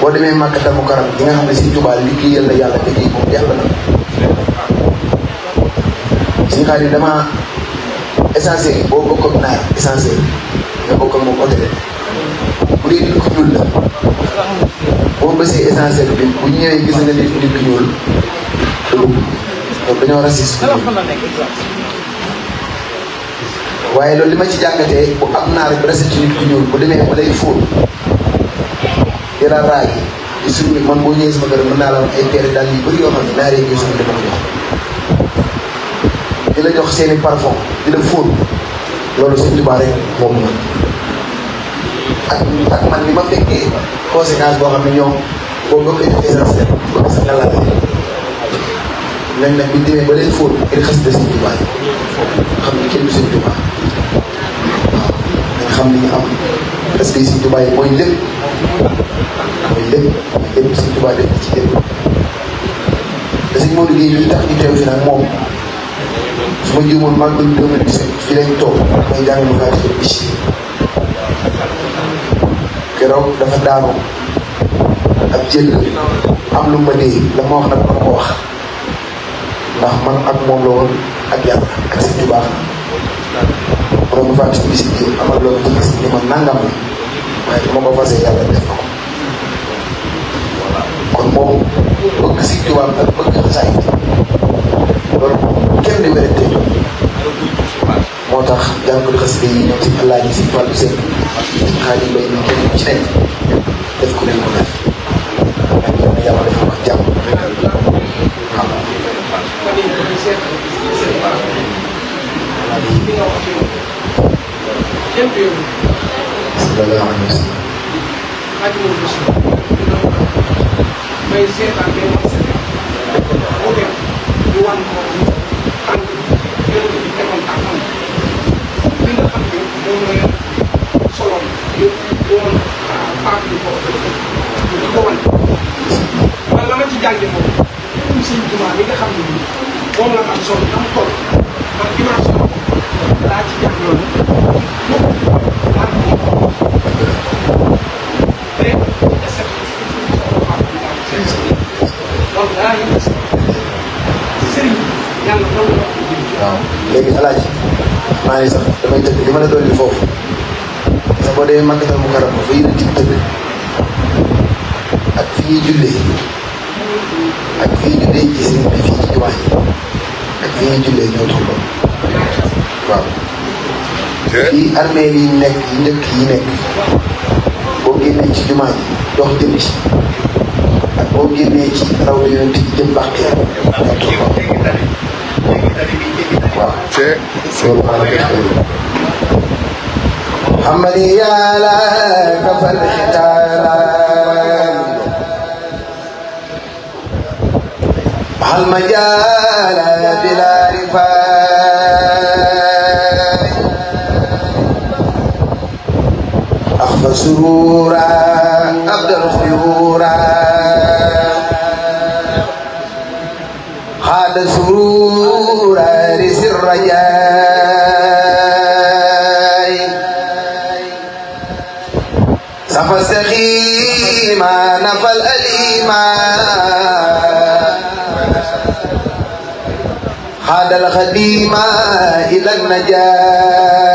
boo demee Makkatal Mukarram gi nga xam ne si tubaab liggéeyal la yàlla liggéey boobu yàlla na. suñu xaar damaa essentiel boo bokk ak naar essentiel nga bokk ak moom bu dee ku ñuul boo bësee essentiel bi bu ñëwee gis nga nit nit ku ñuul dugub donc dañoo rasis waaye loolu li ma ci jàngatee bu am naar bi rese ci nit demee ba lay fóot di la raay di suñu man boo ñëwee sama kër mën naa la am ay peere daal yu bëri yoo xam ne naar yi sama dama ko jox di la jox seeni i parfum di la fóot loolu Sëñ Tuubaa rek moom man ak ak man li ma fekkee conséquence boo xam ne ñoom boo bokk essentiel bokk bi demee ba lay yi xam ne kenn du Sëñ li ñu am parce que Sëñ Tuubaa mooy lépp mooy lépp mooy lépp Sëñ Tuubaa def ci lépp te sëñ moom su ma jéemoon maa ngi doon 2017 fi lañ toog may jàng mu laaj seen bés yi keroog dafa daanoo ak jël am lu ma dee la wax nag moom la woon ak yàlla ak Sëñ Tuubaa doon fànn ci bis bi amal loolu timis ni ma nangam la waaye dama ko fase yàlla def na ko kon moom bëgg kenn di wérante moo tax jàngul xasida yi ñoom si alaaji si wàllu seen xaalis mbay mi kenn ci def ko def ak yàlla kenn du yóbbu. sallallahu alayhi wa sallam. xaajuma ko si. may seetaan day wax sa kër. boo dem ñu wan ko tànk yónn bi tegoon tànkam. li nga xam ne moom la leen soloon yëpp doon faatu ko di ko wan. man la ma ci jànge moom. comme sëñ Tuubaa li nga xam ne nii moom la am solo am tool man dimanche laa ci jàng loolu. waaw léegi alaaj sax damay tëdd li ma la doon foofu sax boo dee màggatal mu karam fa yënati tëdd ak fi ñuy ak fi ñuy jullee fii ci jumaa ak fi ñuy jullee ñoo tolloo waaw ci armée yi nekk yi njëkk yi nekk boo génnee ci jumaa ji dox jëm ci ak boo génnee ci raw la yonent ci jëm bàq yaa waaw loolu maa ngi محمد يا لك فالحتال هل مجال مسرورا أبدى الخيورا هذا سرور رس الرجاء سفى السخيما نفى الأليما هذا الخديما إلى النجاه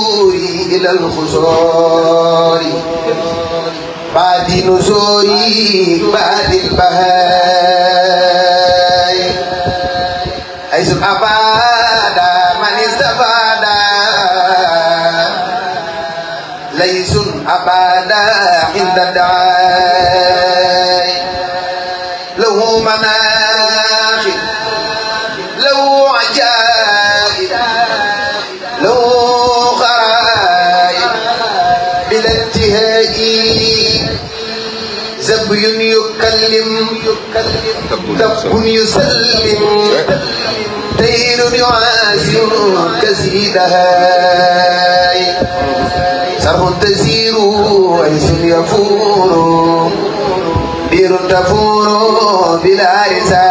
نزوري إلى الخزور بعد نزوري بعد البهاي حيث أباد من استفاد ليس أباد عند الدعاء دب يسلم دير يعازم كسيدهاي سرح تسير عيس يفور دير تفور بلا رسالة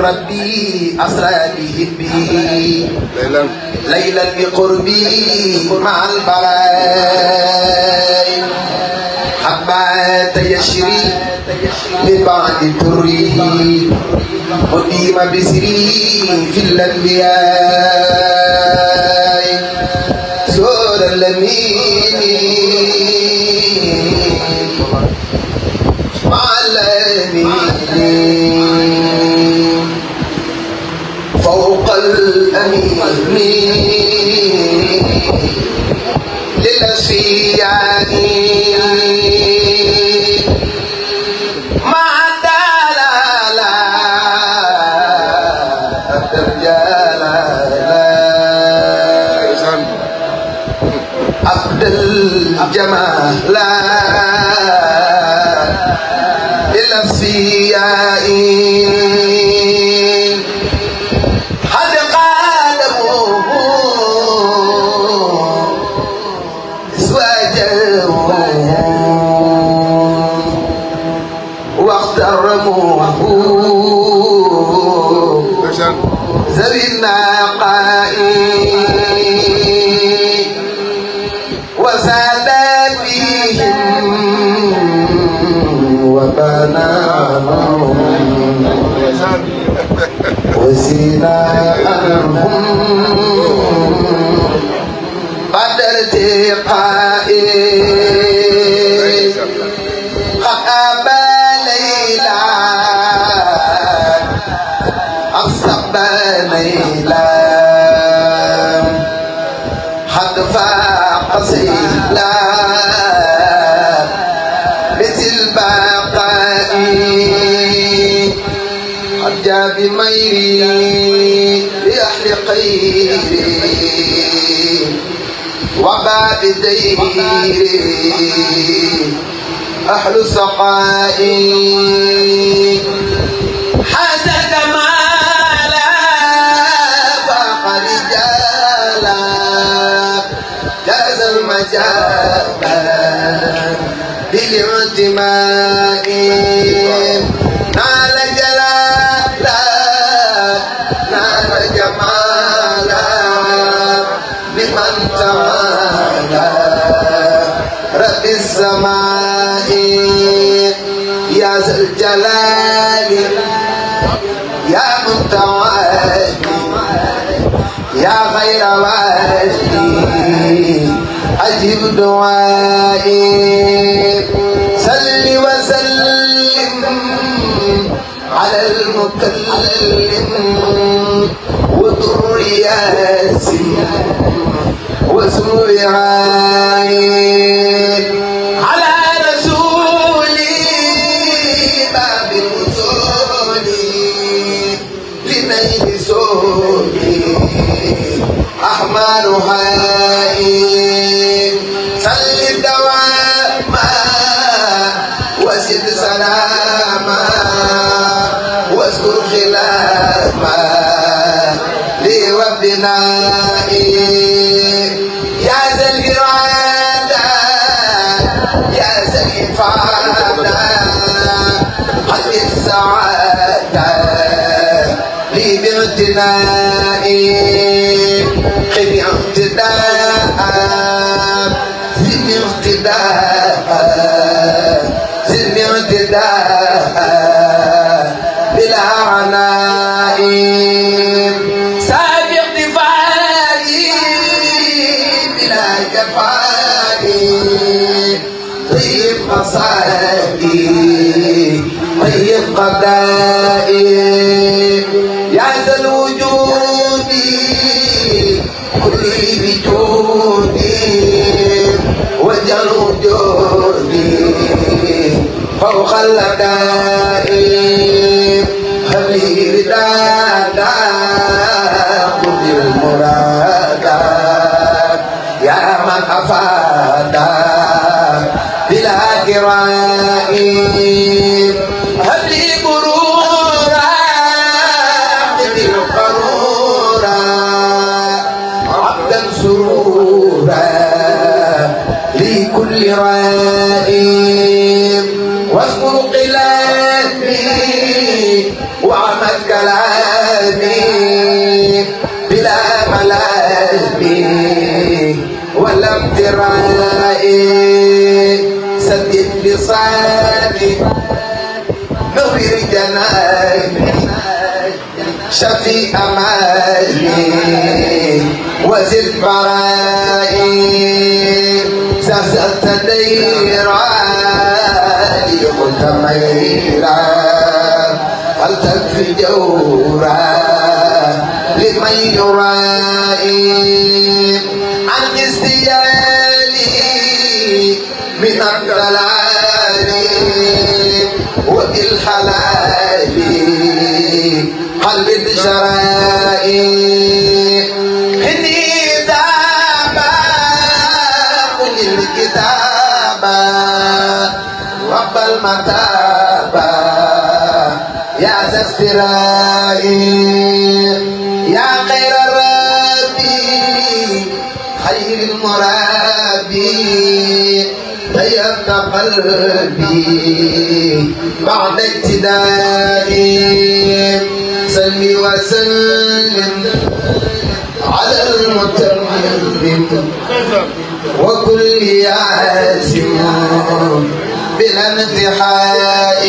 ربي أسرى بهبه ليلا بقربي مع البلاء حبات يشري من بعد تريه قديم بسري في الأنبياء سور الأمين مع الأمين الأمين للأسيان وزنا عنهم بدرت قال بميري لأهل قيري وباب ديري أهل سقائي حسد ما لا فقد جالا جاز المجال بالاعتماد الجلال يا متوالي يا خير والي أجب دعائي سل وسلم على المكلم وضر ياسين واسم رعايه والحائل سل الدوام وسد سلاما واذكر خلاما لوبنائي يا ذا الإرادة يا ذا الإفادة حي السعادة لي باغتنائي مصائبي طيب قضائي يا ذا الوجود كلي بجودي وجل وجودي فوق اللدائي هب لي ردائي لكل رائد واذكر قلامي وعمل كلامي بلا ملامي ولا امترائي سدد لساني نور جناني شفي أمالي وزد برائي أسألت ديرا متميرا هل تكفي جورا لمن يرائي عن استيالي من الضلال وبالحلال قلب الشرائي المتابة يا ذا استراء يا خير الربي خير المرابي غيرت قلبي بعد ابتدائي سلمي وسلم على المتمم وكل ياسم بلا انتحاء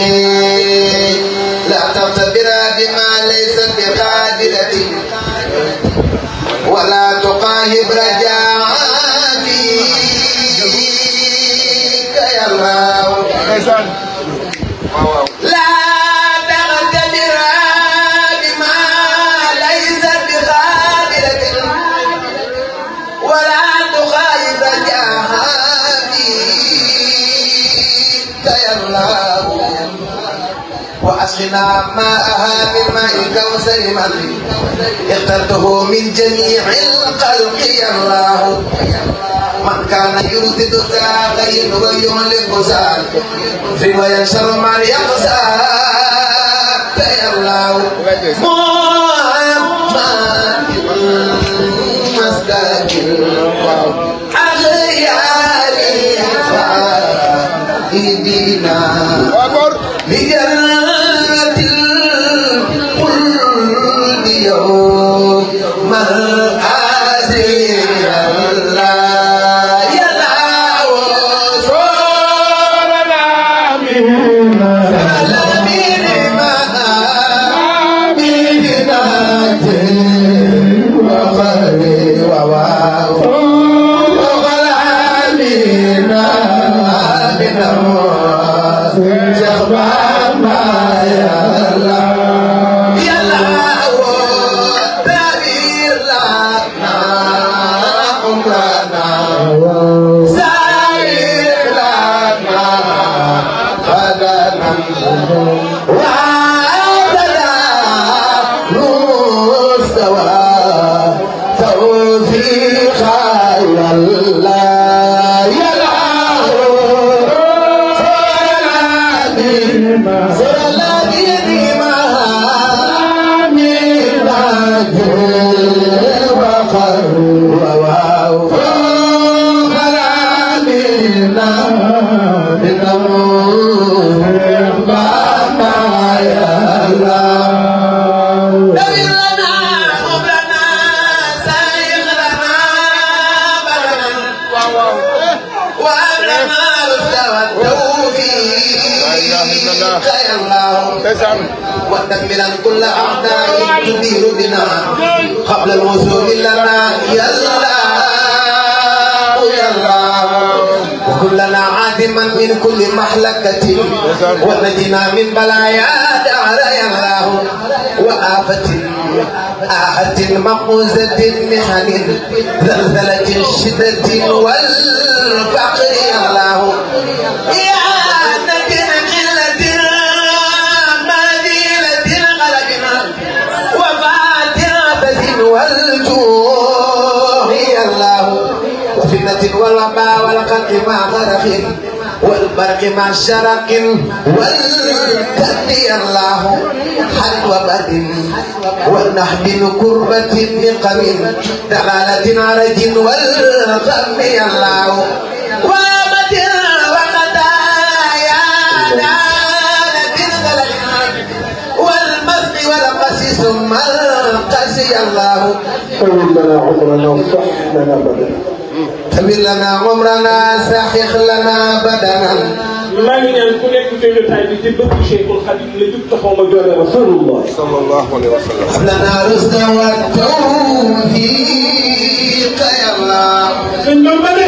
وأسقنا ماءها من ماء كوثر من اخترته من جميع الخلق يا الله من كان يردد ذا غير ويملك ذا وينشر من يقزى يا الله محمد مستقر علي عليه فاهدنا ودمرا كل أعداء تدير بنا قبل الوصول لنا يا الله يا الله وكلنا عادما من كل محلكة ونجنا من بلايا دار يا الله وآفة آهة مقوزة محن زلزلة شدة والفقر يا الله برق والبرق مع شرق والتأتي الله حلو بد والنحب كربة بقم دلالة عرج والغم الله وامت وقتايا دلالة والمسق والقس ثم القسي الله قل لنا عمرنا وافتح لنا بدنا xawir lana umrana saxix lana badanan maa ngi ñaan ku nekk ci jotaay bi di bëgg Cheikhul Khadim la jub taxaw ma joxe rasulullah sallallahu alayhi wa sallam lana rusda wa tawfiqa yàlla sëñ Bamba ne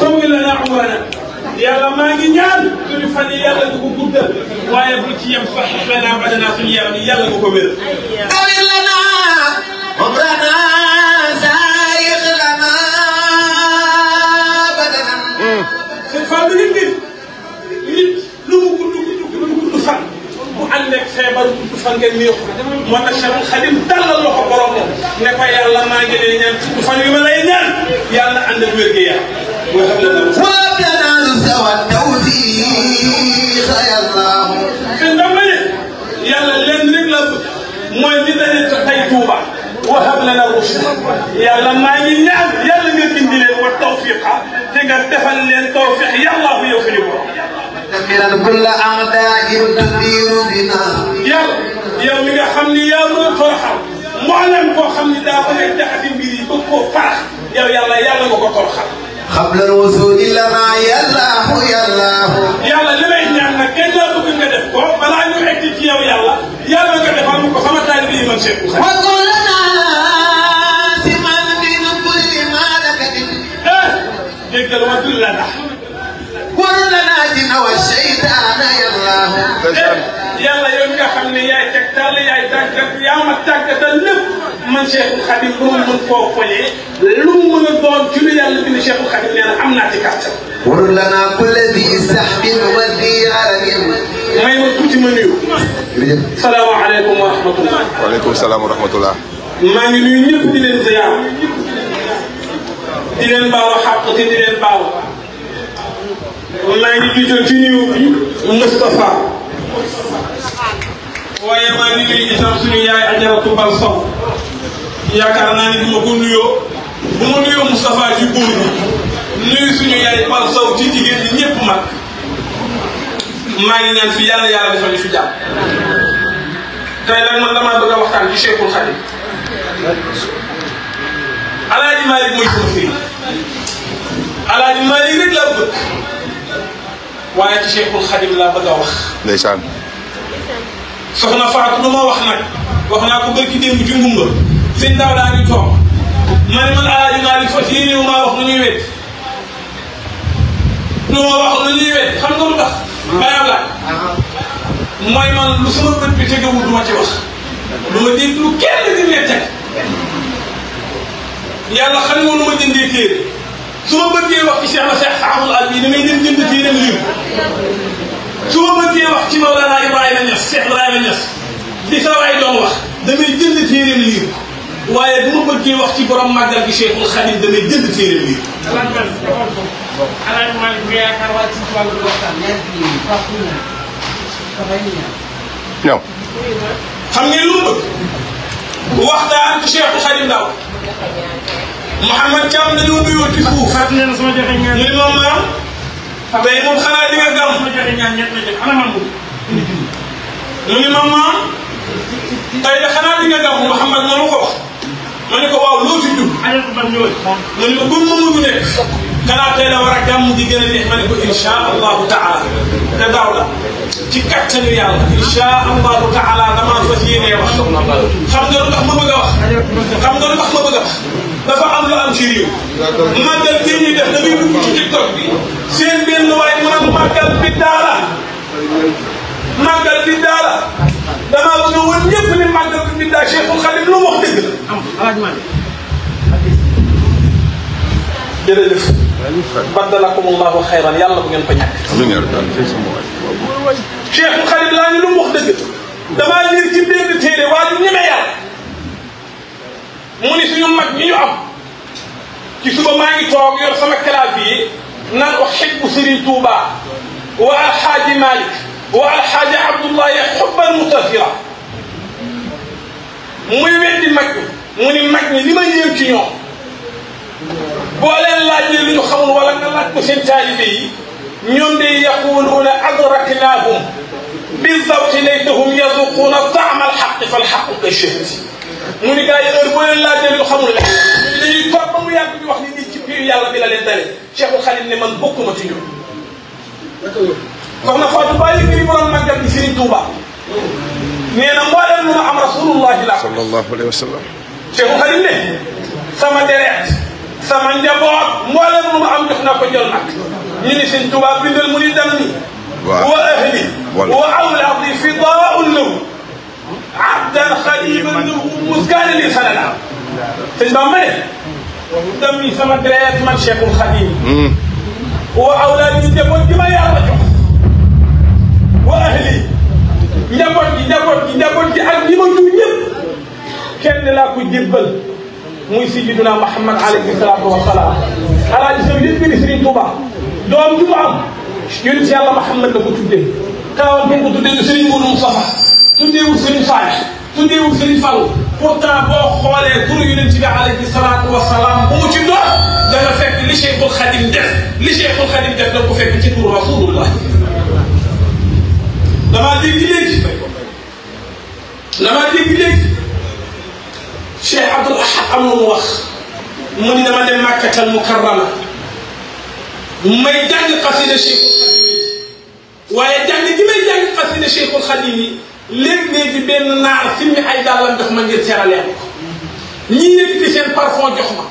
tawi lana umrana yàlla maa ngi ñaan suñu fan yi yàlla du ko guddal waaye bu ci yem saxix lana badanan suñu yaram yàlla nga ko wér tawi lana umrana sëñ Fallou nit nit nit lu mu gudd gudd gudd fan bu ànd ak feebar gudd fan ngeen néew moo tax Cheikh Khadim tàllal loxo boromam ne ko yàlla maa ngi lay ñaan gudd fan wi ma lay ñaan yàlla ànd ak wér gi yàlla mooy xam la na waa danaalu sawa tawfiq yàlla fi ndam la ne yàlla lenn rek la bëgg mooy li dañu ko tey Touba wahab lana rushd yàlla maa ngi ñaan yàlla nga dindi leen wa tawfiqa di nga defal leen tawfiq yàlla bu yow suñu borom. tamit kulla a'daa'in tudiiru bina. yow yow mi nga xam ni yow loolu toroxal mboolem koo xam ni daa ko nekk jaxati mbir yi bëgg koo faax yow yàlla yàlla nga ko toroxal. qabla al-wusuuli lanaa yallaahu yallaahu. yàlla li may ñaan nag kenn laa bëgg nga def ko balaa ñu egg ci yow yàlla yàlla nga defal ko sama taalibe yi man Cheikh الجل وادل لنا قل لنا دين والشيطان يا الله yàlla yow nga xam ne yaay tegtal yaay tàggat yaa ma tàggatal lépp man Cheikhul Khadim ba mu mën koo poñee lu mu mën a doon ci lu yàlla bind Cheikhul Khadim nee na am naa ci kàttan. war la naa kulle bi saxbin wa diyaarin. may ma tuuti ma nuyu. salaamaaleykum wa rahmatulah. waaleykum salaam wa rahmatulah. maa ngi nuyu ñëpp di leen ziar. di leen baalu xàq te di leen baalu maa ngi jiital ci nuyu bi Moustapha waaye maa ngi nuyu itam suñu yaay Ajaratu Bal Sow yaakaar naa ni bu ma ko nuyoo bu ma nuyoo Moustapha ci góor bi nuyu suñu yaay Bal Sow ci jigéen ñi ñëpp mag maa ngi ñaan fi yàlla yàlla defal ñu fi jàpp tey nag man damaa bëgg a waxtaan ci Cheikhul Khadim Alaaji Maalik mooy sama sëriñ alaaji Maalik rek laa bëgg waaye ci Cheikhul Khadim laa bëgg a wax. ndeysaan. soxna Fatou lu ma wax nag wax naa ko barki démb ci ngumba sëñ daaw daa ngi toog ma man alaaji Maalik fas yéene wu maa wax nu ñuy wet nu wax nu ñuy wet xam nga lu tax. bàyyi laaj. mooy man lu sama bët bi tegewul du ma ci wax. lu ma dégg lu kenn di nekk. yàlla xam woon ma jëndee téere su ma bëggee wax ci Cheikh na Cheikh Saadul Albi damay dem jënd téereem liir su ma bëggee wax ci Maulana Ibrahima Niass Cheikh Ibrahima Niass di sa waay doon wax damay jënd téereem liir waaye bu ma bëggee wax ci borom màggal gi Cheikhul Khadim damay jënd téereem liir. xam ngeen lu mu bëgg. wax naa Cheikh Xadim Ndaw Mouhamad Thiam dañoo nuyoo ci suuf. Fatou nee na sama joxe ñaan ñu ne moom maanaam. tey moom xanaa di nga gàmm. sama joxe ñaan ñett la jox ana man mu ni moom maanaam. tey de xanaa di nga gàmm Mouhamad noonu ko wax. ma ne ko waaw loo ci jub. alal ko man ñooy. nga ne ko ba mënuñu nekk. xanaa tey la war a gàmm gi gën a neex ma ne ko incha allahu taala te daaw la ci kattanu yàlla incha allahu taala damaa fas yéenee wax. xam nga lu tax ma bëgg a wax. xam nga lu tax ma bëgg a wax. dafa am lu am ci réew. màggal bi ñuy def da ngay dugg ci tiktok bi. seen benn waay mu naan màggal bi daala. màggal bi daala. damaa bëgg woon ñëpp ni màggal bi bindaa Cheikhul Khadim lu wax dëgg la. jërëjëf. baddalakum allahu xayran yàlla bu ngeen ko ñàkk. Cheikhul Khadim laa ñu lu wax dëgg damaa liir ci benn téere waa ñu ñeme yàlla mu ni suñu mag ñi ñu am ci suba maa ngi toog yor sama clavier naan wax xëj bu Serigne Touba waa Xaaji Malick wa alxaaja abdullahi xubban mutahira muy weddi mag ñi mu ni mag ñi li ma yéem ci ñoom boo leen laajee lu ñu xamul wala nga laaj ko seen taalibe yi ñoom day yaquluuna adraknaahum bi zawqi laytahum yazuquuna taama alxaqi fa alxaqu ka shahdi mu ni gars yi heure boo leen laajee lu ñu xamul rek dañuy toog ba mu yàgg di wax ni nii ci biir yàlla bi la leen dalee Cheikhul Xalim ne man bokkuma ci ñoom soxna Fatou Bali mi borom màggal gi Serigne Touba nee na mboolem lu ma am rasulullahi la sallallahu alayhi wa sallam Cheikh Xadim ne sama deret sama njaboot mboolem lu ma am jox na ko jël nag ñu ni Serigne Touba bindal mu ni dem ni wa ahli wa awlaadi fidaa'un lahu abdan xadiman lahu muskaanan li sanada sëñ Bamba ne dem ni sama deret man Cheikhul Xadim hmm. wa awlaadi njaboot gi ma yàlla jox wa ahli njaboot gi njaboot gi njaboot gi ak li ma jur ñëpp kenn laa ko jébbal muy sayyidina Muhammad alayhi salaatu wa salaam alaaji sa lépp ni Sëriñ Tuuba doom ju mu am yonent si yàlla Muhammad la ko tuddee kaawam bu ko tuddee du Sëriñ Moodu Mustafa tuddeewul Sëriñ Faay tuddeewul Sëriñ Fall pourtant boo xoolee turu yonent bi alayhi salaatu wa salaam bu mu ci doon dana fekk li Cheikhul Xadim def li Cheikhul Xadim def da ko fekk ci turu Rasulullah damaa dégg léegi damaa dégg léegi Cheikh Abdoul Ahad am lu mu wax mu ni dama dem Makkatal Mukarrama may jàng xasida Cheikhul Khadim yi waaye jàng gi may jàng xasida Cheikhul Khadim yi léeg-léegi benn naar simmi ay dàllam jox ma ngir teralee ma ko ñii yëkkati seen parfum jox ma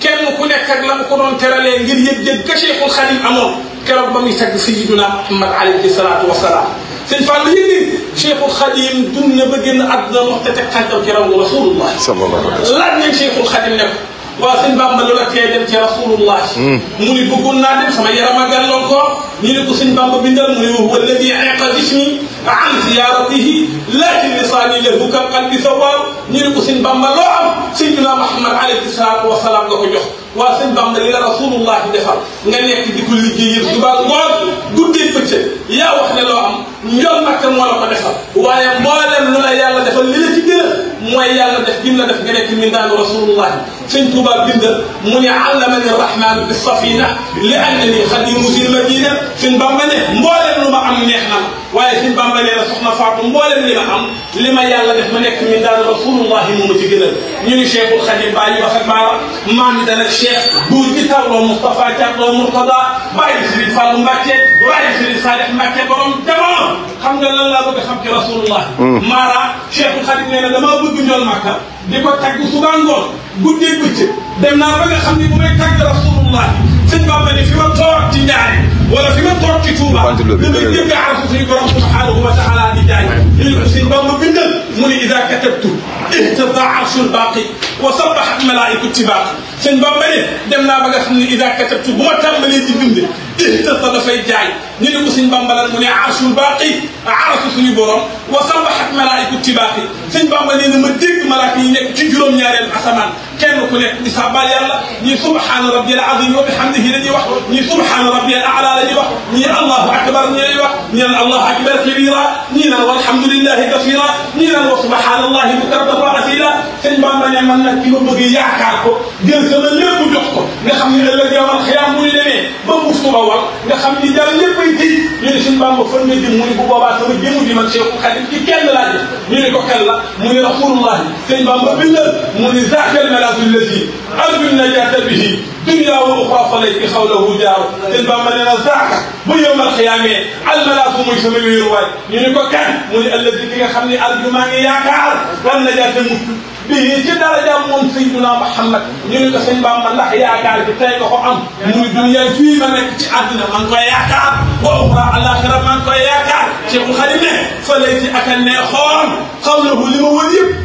kenn ku nekk ak la mu ko doon teralee ngir yëg-yëg ga Cheikhul Khadim amoon keroog ba muy tagg Sayyiduna Muhammad alayhi salaatu wa salaam sëñ Fall yëg ni Cheikhul Xadim dund na ba génn àdduna wax te teg xàjjam ci rawu rasulullah. sallallahu alayhi wa sallam laaj nañ Cheikhul Xadim ne ko waaw sëñ Bamba lu la tee dem ci rasulullah hmm. mu ni bëggoon naa dem sama yaram a gàlloon ko ñu ne ko sëñ Bamba bindal mu ne huwa alladi ayqa jismi an ziyaratihi laakin lisaani lahu ka qalbi sawaab ñu ne ko sëñ Bamba loo am sayyidina Muhammad alayhi salaatu wa salaam nga ko jox waaw sëñ Bamba li la rasulullah defal nga nekk di ko liggéeyal subaa ngoon guddee bëccëg yaa wax ne loo am njool nag moo la ko defal waaye mboolem lu la yàlla defal li la ci gën a mooy yàlla def gim la def nga nekk mindaanu rasulullahi sëñ Tuuba bind mu ne allamani rahmaan bi safina li annani xadimu sil madina sëñ Bamba ne mbooleem lu ma am neex na ma waaye sëñ Bamba nee na soxna Faatu mbooleem li ma am li ma yàlla def ma nekk mindaanu rasulullahi moom a ci gënal ñu ni cheikhul xadim bàyyi wax ak baara maam yi danak cheikh buur ji tawloo Moustapha Diatloo Murtada bàyyi Sëriñ Fallou Mbacke bàyyi Sëriñ Salih Mbacke borom jamono xam nga lan laa bëgg xam ci rasulullah hmm. maara cheikhul xadim nee na damaa bëgg njool màkka di ko tagg suba ngoon guddee bëccëg dem naa ba nga xam ne bu may tagg rasulullah sëñ Bamba ni fi ma toog ci njaari wala fi nga toog ci Touba. da ngay dégg arsu suñu borom subhanahu wa taala di jaay. lii ko suñ Bamba bindal mu ne ida katabtu ihtada arsul baaqi wa sabahat malaaiku tibaaqi suñ Bamba ne dem naa ba nga xam ne ida katabtu bu ma tàmbalee di bind ihtada dafay jaay ñu ne ko suñ Bamba lan mu ne arsul baaqi arsu suñu borom wa sabahat malaaiku tibaaqi suñ Bamba nee na ma dégg malaaka yi nekk ci juróom-ñaareel asamaan kenn ku nekk di sabbal yàlla ñii subhaana rabbiyal aziim wa bihamdihi la ñuy wax ñii subhaana rabbiyal aala la ñuy wax ñii allahu akbar ñooy wax ñii naan allahu akbar kabira ñii naan walhamdulillahi kasira ñii naan wa subhanallahi bukratan wa asila sëñ Bamba ne man nag ki ma bëgg yaakaar ko jël sama lépp jox ko nga xam ni ëllëg yowal xiyaam bu ñu demee ba muuf ko ba war nga xam ni daal lépp ay tëj ñu ne sëñ Bamba fan nga jëm mu ne bu boobaa sama jëmu ji man Cheikhul Khadim ci kenn laa jëm ñu ne ko kan la mu ne rasulullahi sëñ Bamba bindal mu ne zaakal malaasul lazi arju najaata bihi dunya wa uxra fa lay ki xawlahu jaaw sëñ Bamba nee na dàq bu yowmal xiyaamee almalaaku muy sama wéeruwaay ñu ni ko kan mu ni alladi ki nga xam ne arju maa ngi yaakaar wan najaate mucc bii ci daraja moom sayyiduna Muhammad ñu ni ko sëñ Bamba ndax yaakaar bi tey nga ko am muy dunya fii ma nekk ci àddina maa ngi koy yaakaar wa uxra alaxira maa ngi koy yaakaar Cheikhul Xadim ne fa lay ci ak a neexoon xaw na ko li ma wër yëpp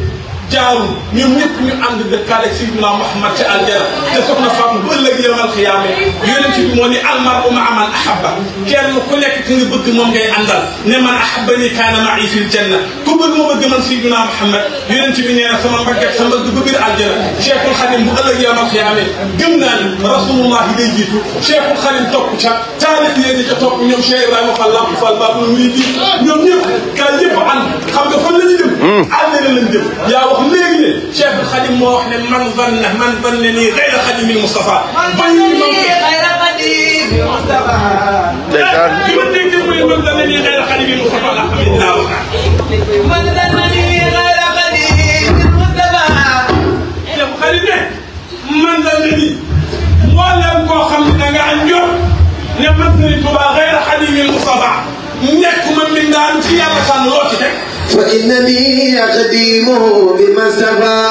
jaaru ñun ñëpp ñu ànd dëkkaale ak Seydina Muhammad ci aljana te soxna Faamu bu ëllëg yawmal xiyaama yonent bi moo ne almaru ma'a man ahabba kenn ku nekk ki nga bëgg moom ngay àndal ne man ahabbani kaana ma'i fil janna ku bëgg ma bëgg man Seydina Muhammad yonent bi nee na sama mbagg ak sama mbagg ba biir aljana Cheikhul Xadim bu ëllëg yawmal xiyaama gëm naa ni rasulullah yi day jiitu Cheikhul Xadim topp ca taalib yéen ñi ca topp ñoom Cheikh Ibrahima Fall Lamp Fall Babul Muridi ñoom ñëpp kaa ñëpp ànd xam nga fan la ñu jëm hmm. ànd lañ jëm wax léegi ne Cheikh Xadim moo wax ne man van na man van ne nii xëy na xadimil Moustapha. man mii xëy na xadimil Moustapha. dégg nga ah li ma dégg mooy man van na nii xëy na xadimil Moustapha alhamdulilah. man van na nii xëy na xadimil Moustapha. Cheikh Xadim ne man van na nii mboolem koo xam ne da nga am jot ne man Sëriñ Tuubaa xëy na xadimil Moustapha nekkuma mbindaan ci yàlla sànn loo ci teg. فإنني أقديم بما استفى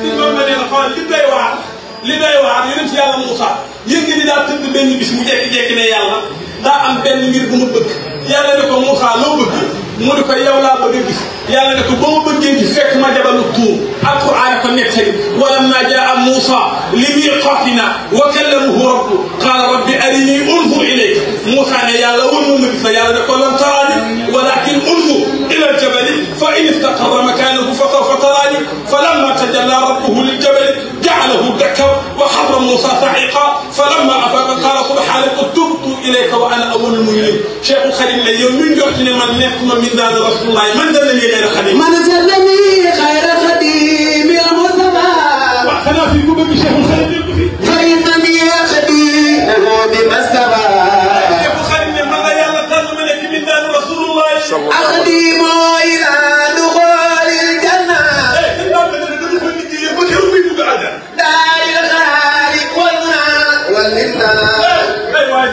si eh, moom la nee na xool li doy waar li doy waar yonent yàlla Moussa yëg nga ni daa tëdd benn bis mu jekki-jekki ne yàlla daa am benn mbir bu mu bëgg yàlla ne ko Moussa loo bëgg mu ne ko yow laa bëgg a gis yàlla ne ko boo ma bëggee gis fekk ma jabalu tuur alquran ko nettali walamma jaa Moussa li miiqaatina wa kallamahu rabbu qaala rabbi arini unzur ilayk Moussa ne yàlla won ma ma gis la yàlla ne ko lan taraani walakin unzur إلى الجبل فإن استقر مكانه فسوف تراني فلما تجلى ربه للجبل جعله دكا وخر موسى صعيقا فلما أفاق قال سبحانك تبت إليك وأنا أول المؤمنين شيخ خليل لي يوم من جحتني من نكم من ذات رسول الله من دلني غير خليل من دلني غير خديم يا مصطفى وأنا في قبب شيخ خليل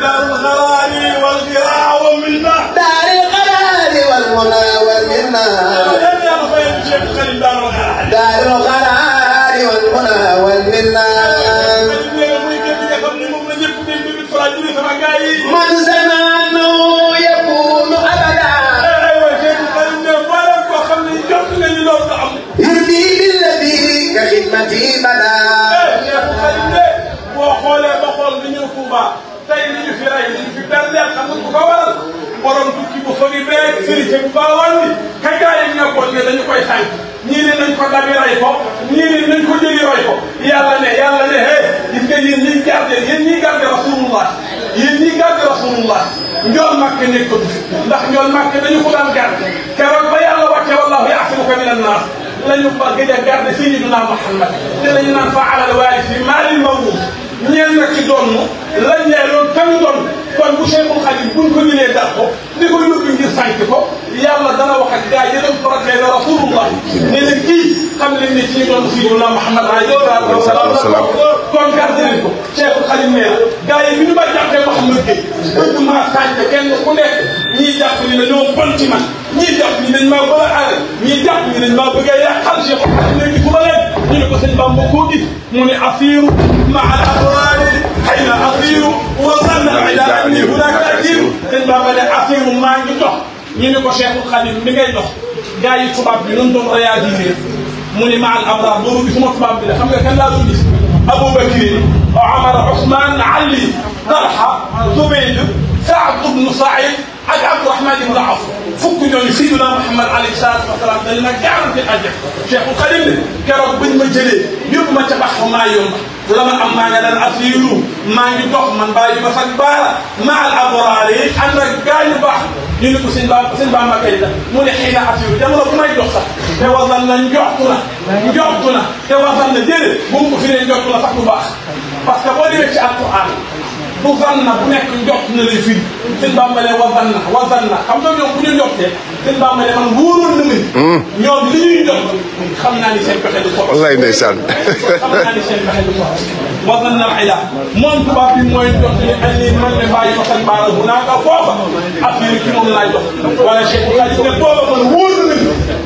boo xoolee ba xool li ñëw Touba leer xam nga ko ko waral borom tukki bu sori beeg sérité bu baawoon bi kay gaa yi nekkoon ne dañu koy sànq ñii ne nañ ko dabi ray ko ñii ne nañ ko jëli ray ko yàlla ne yàlla ne hey gis nga yéen ñiy garde yéen ñiy garde rasulullah yéen ñiy garde rasulullah njool màkk nekkatu ndax njool màkk dañu ko daan garde keroog ba yàlla wàcce wallahu yaasimuka min annaas lañu ba gëj a garde sayyidina Muhammad te lañu naan fa alal waaris yi maalil mawruud ñeen nag ci doon mu lañ ne loon kañu doon kon bu Cheikhul Khadim buñ ko ñëwee dal ko di ko yóbbu ngir sànq ko yàlla dana wax ak gars yi doon protéger Rasulullah ne leen kii xam leen ne ci ñu doon Sayyidina Muhammad alayhi salaatu wa salaam kon gardé leen ko Cheikhul Khadim nee na gars yi bi ñu ma jàppee wax ma géej bëgg maa sànq kenn ku nekk ñii jàpp ni ne ñoo bon ci man ñii jàpp ni dañ maa bëgg a aar ñii jàpp ni dañ maa bëgg a yàqal Cheikhul Khadim léegi ku ma ñu ne ko sëñ Bamba koo gis mu ne asiru maa al asraari xëy na asiru wasanna ila anni hunaka asiru sëñ Bamba ne asiru maa ngi dox ñu ne ko Cheikhul Khadim mi ngay dox gars yi tubaab bi nun doon réaliser mu ne maa al abraar boobu gisuma tubaab bi la xam nga kan laa doon gis Aboubacar Omar Ousmane Ali Talha Zubayr Saad ibnu Saïd ak Abdourahman ibnu Awf fukk ñooñu Seydina Muhammad alayhi salaatu wa salaam dañ ma jaaral fi àjjana Cheikh Xadim ne keroog bañ ma jëlee yóbbu ma ca bax fa maa ma am maa nga daan asiiru maa ngi dox man bàyyi ma fag baara maal abraar yi gaañu baax ñu ne ko seen ba seen bàmba kay la mu ne xëy na asiiru jamono bu may dox sax te wasal na njortu na njortu na te na déedéet bu mu ko fi ne njortu bu baax parce que boo demee ci alquran bu zanna bu nekk njott na lay firi sëñ Bamba ne wa zanna wa zanna xam nga ñoom bu ñu njottee sëñ Bamba ne man wóoroon na ma hmm. ñoom li ñuy njott xam naa ni seen pexe du soxla wallaay ndeysaan xam naa ni seen pexe du soxla wa zanna al ila moom tubaab bi mooy njott li an nii man ne bàyyi fasan baara bu naa ko foofa affaire ci moom laay dox wala Cheikh Alaaji ne booba man wóor na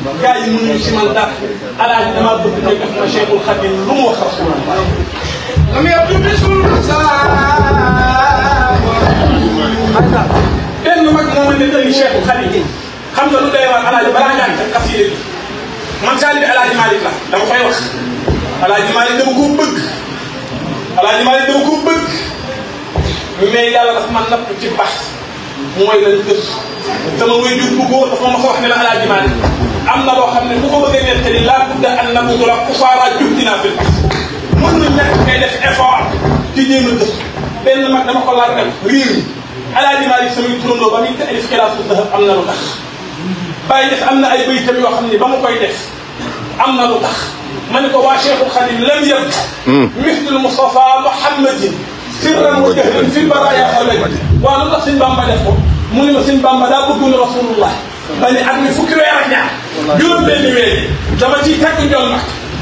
ma gars yi mënuñu si man dara alaaji damaa bëgg nga def ma Cheikhul Khadim lu mu wax rasul am يبدو بسوء benn mag moo ne indi Cheikhul Khadim xam nga lu doy waar alaaji balaa ñaan ca tafsir bi man taalibi alaaji Malick la dama koy wax alaaji Malick dama ko bëgg alaaji Malick dama ko bëgg mais yàlla dafa ma napp ci baax mooy lañ dëkk sama way jur bu góor dafa ma ko wax ne la alaaji Malick am na loo xam ne bu ko bëggee nettali laa budda an nabudula kufaara jub dinaa fil mën na ñàkk ngay def effort ci jéem a dëkk benn mag dama ko laaj nag riir alaaji Maalik samay turandoo ba muy def Xilaasu Dahab am na lu tax bàyyi def am na ay baytam yoo xam ne ba mu koy def am na lu tax ma ne ko waa Cheikhul Xadim lam yëpp hmm. mislu Mustafa Muhammadin sirran wa jahran fi baraya xaladi waaw lu tax sëñ Bamba def ko mu ne ma sëñ Bamba daa bëggoon rasulullah ma ne at mi fukki weer ak ñaar juróom benn weer dama ciy tekk njool nag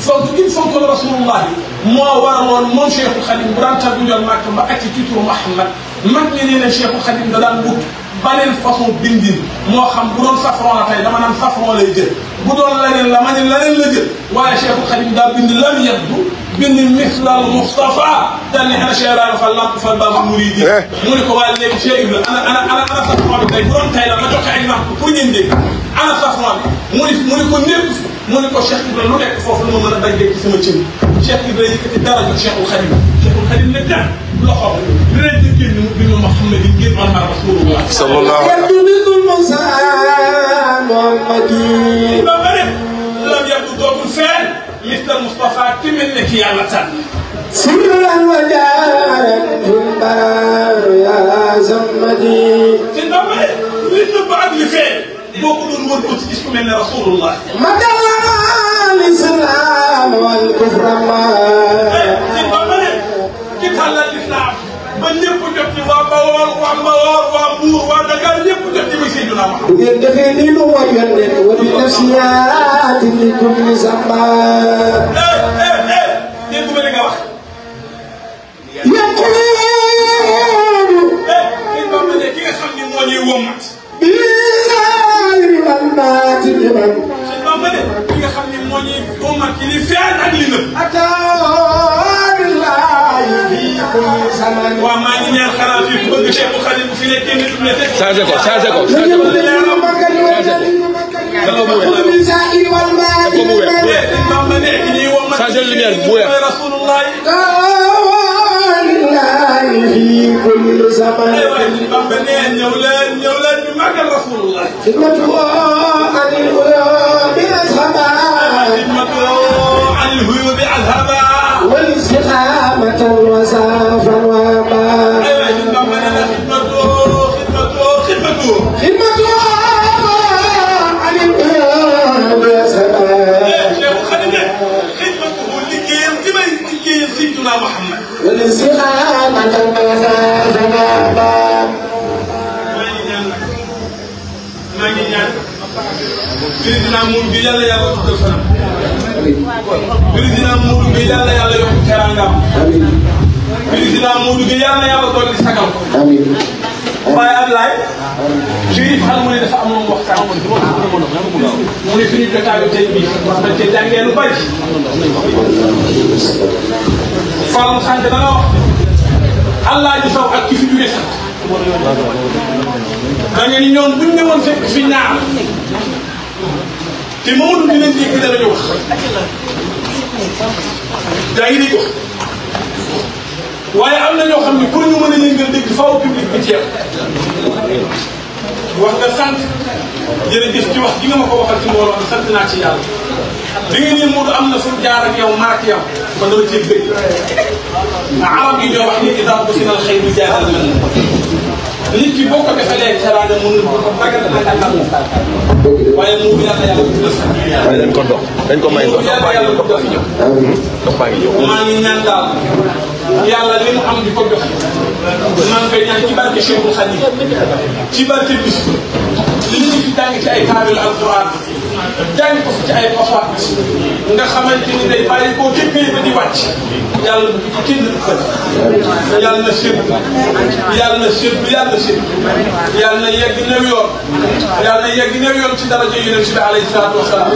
sawtu in sawtu rasulullahi moo waraloon moom Cheikhul Khadim bu daan tàggu yoon màkk ba ak ci titre Mouhamad mag ñi nee na Cheikhul Khadim da daan wut baneen façon bindin moo xam bu doon safron la tey dama naan safron lay jël bu doon leneen la ma ne leneen la jël waaye Cheikhul Khadim daa bind lam yabdu bind mislal Mustafa dal ne ana Cheikh Ibrahima Fall lamp Fall baabu muridi eh. mu ne ko waaye léegi Cheikh Ibrahima ana ana ana ana safron bi tey bu doon tey la ma joxe ay napp pour ngeen dégg ana safron bi mu ne mu ne ko népp mu ne ko Cheikh Ibra lu nekk foofu lu ma mën a dajee ci sama cër Cheikh Ibra yëkkati dara jox Cheikhul Khadim Cheikhul Khadim ne def loxoom dinañ ci génn mu bi mu Muhammad ngir man maa Rasulullah sallallahu yabdul Musa Muhammadi ba bare lam yabdu doogul feen listal Moustapha tamit ne ki yàlla tànn sirran wa jaaran fil baraar ya zamadi ci ndamay li nëbb ak li feen moo ko doon wër ci gis ku mel ne rasulullah ma dalla al islam wal kufra ma eh, ci bamane ci tàllal lislaam ba ñëpp jot ci waa Bawol waa Mbawoor waa Mbuur waa Dakar ñëpp jot ci muy Seydina Muhammad bu ngeen defee nii lu mooy yónnee wa di def siyaati li kulli samba eh, eh, dégg ma li nga wax yaqulu ki nga xam ne moo ñuy womat yu man baati yu man. sëñ Bamba ne li nga xam ne moo ñuy omat ci li feeñ ak li nëb. waaw maa ngi ñaan xanaa fi mu bëgg Cheikh Khadim bu fi nekkee nit mu ne fekk. changé ko changé ko changé ko changé eh, eh, lumière bu weex. changé lumière bu weex. خدمته عن الغيوب أزهبا خدمته عن الغيوب أزهبا والاستقامة وسافا وما خدمته خدمته خدمته خدمته عن الغيوب أزهبا خدمته لكي لكي سيدنا محمد والاستقامة وسافا وما ñaan président Mourou bi yàlla yàlla tuddal fanam président Mourou bi yàlla yàlla yokk teraangaam président Mourou bi yàlla yàlla dolli sagam waaye Ablaye jërëjëf xam nga ne dafa amoon waxtaan mu ne suñu jotaayu tey bii wax nañ cee jàngee lu bari Fallou Sante da nga wax allah ji saw ak ki fi jugee sax da nga ni ñoom bu ñu ñëwoon fekk fi naar te Mamadou dinañ dégg dara ñu wax daa ngi dégg wax waaye am na ñoo xam ne pour ñu mën a yëngal dégg faaw wax nga sant jërëjëf wax gi nga ma ko waxal ci am na fu jaar ak yow maak yow ba dama cee bëgg arab yi ñoo wax ni idaa busina al nit ki boo ko defalee xalaat mun na ko ragal ak ak nangu waaye mu ngi yàlla yàlla dina sax. waaye dañ ko dox dañ ko may dox dox baa ngi ñëw dox baa ngi ñëw. maa li mu am di ko jox maa ngi koy ñaan ci barke Cheikhul Khadim ci barke bis li ñu fi jàng ci ay kaamil alquran jàng ko ci ay papat nga xamante ni day bàyyi koo ci pays ba di wàcc yàlla na ko ci kenn du yàlla na sirb yàlla na sirb yàlla na sirb yàlla na yegg new yoon yàlla na yegg new yoon ci daraja yonent bi alayhi salaatu wa salaam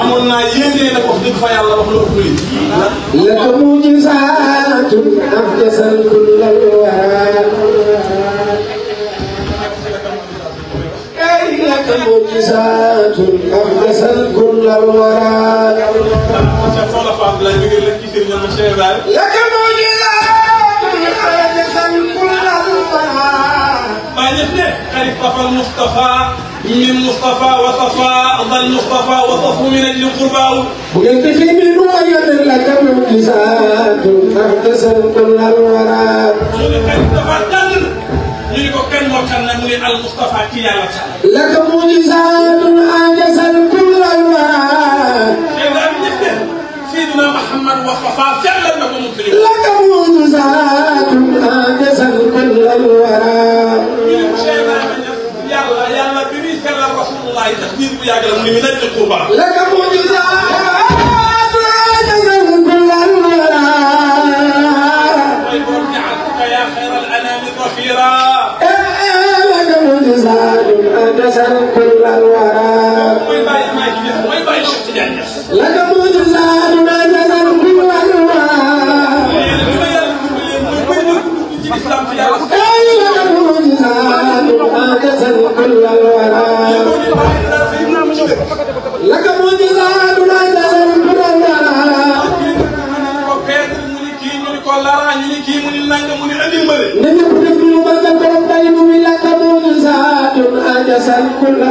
amoon naa yéene nag wax dëgg fa yàlla wax la ëpp lii لك موجزات أحدث كل الوهاب معجزات أحدث الكل الورى لك معجزات أحدث الكل الورى ما نحن خليفة المصطفى من مصطفى وصفى ظل مصطفى وصف من القربى وينتفي من مؤيد لك معجزات أحدث الكل الورى koo xam ne mu ngi al Mustafa ci yàlla sax. laka mu ngi saadun aajasal kullal waraa. mais daal ñu def leen. Seydina Muhammad wax ko faa sellal na ko mu firi. laka mu ngi saadun aajasal kullal waraa. yàlla yàlla bi muy sellal Rasulullah tax diir bu yàgg la mu ne mi nañ qurba. laka mu ngi saadun aajasal kullal waraa. mooy borom ñaar ku ko yaa xayral anaami rafiiraa. زاد أنسا كل الورى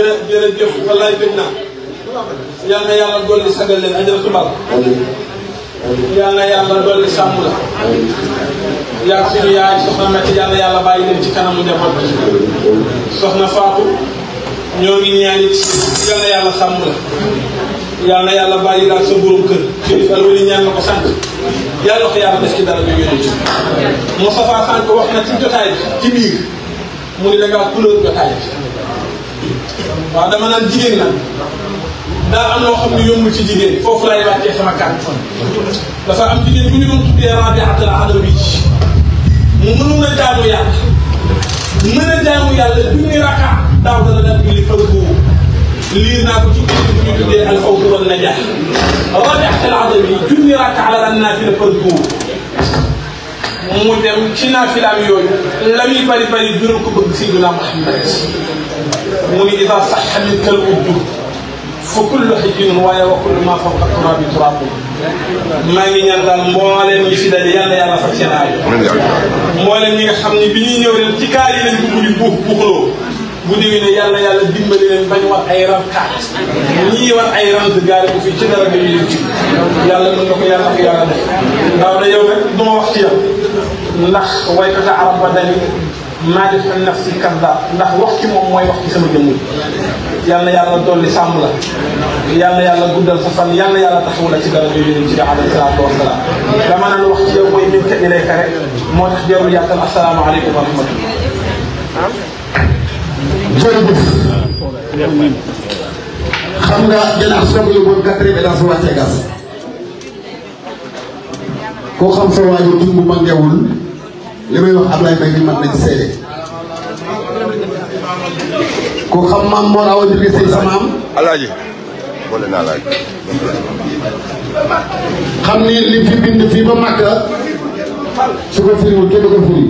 jërë jërëjëf wallaay bëgg naa na yàlla dolli sagal leen ajal tubaab yal na yàlla dolli sàmm yaa suñu yaay soxna Mette yal na yàlla bàyyi leen ci kanamu njaboot bi soxna Faatu ñoo ngi ñaan it yal na yàlla sàmm la yal na yàlla bàyyi daal sa borom kër kilifa wali ñaan na ko sant yàlla ko yàlla def ci dara bi yónni ci Moustapha Sànq wax na ci jotaay bi biir mu ne dangaa couleur jotaay waaw dama naan jigéen la daa am loo xam ne yomb ci jigéen foofu laay wàccee sama kàddu dafa am jigéen bu ñu doon tuddee Rabiatul Adawi mu mënoon a jaamu yàlla mën a jaamu yàlla junni raka daaw dana daan julli fële boobu liir naa ko ci kii bu ñu tuddee alfawdu wan najah Rabiatul Adawi junni raka la daan naafila fële boobu mu dem ci naafilaam yooyu la muy bari bari jural ko bëgg Seydina Muhammad mu ni ida saxa min kal uddu fa kullu xijin waaye wa kullu ma fawqa turaabi turaabu maa ngi ñaan daal mbooleem ñi fi daje yàlla yàlla faj seen aajo mbooleem ñi nga xam ne bi ñuy ñëw ren ci kaar yi lañ ko mujj buux buuxloo bu déwénee ne yàlla yàlla dimbali leen bañ war ay rànkaat ñii war ay rànk gaari ko fii ci dara nga yéen ci yàlla mën na ko yàlla ko yàlla def ndaw da yow rek du ma wax ci yow ndax waykata arab ba dañu naajut an nafsi kasda ndax wax ci moom mooy wax ci sama jëmm yal na yàlla dolli sàmm la yal na yàlla guddal sa fan yal na yàlla taxawu la ci dara jooju ñu ci def alayhi salaatu wasalaam dama naan wax ci yow mooy min ka ilayka rek moo tax jarul yàttal asalaamaaleykum wa rahmatullah jërëjëf xam nga gànnaaw soog la woon gàtt rek da sa wàccee gas koo xam sa waajur tur bu màngewul li may wax Ablaye Mbaye mi man nañ seede ku xam maam Mor Awa Ndiouge Seye sa maam. alaaji boole naa laaj. xam ni li fi bind fii ba Makka su ko firiwul kenn ko firi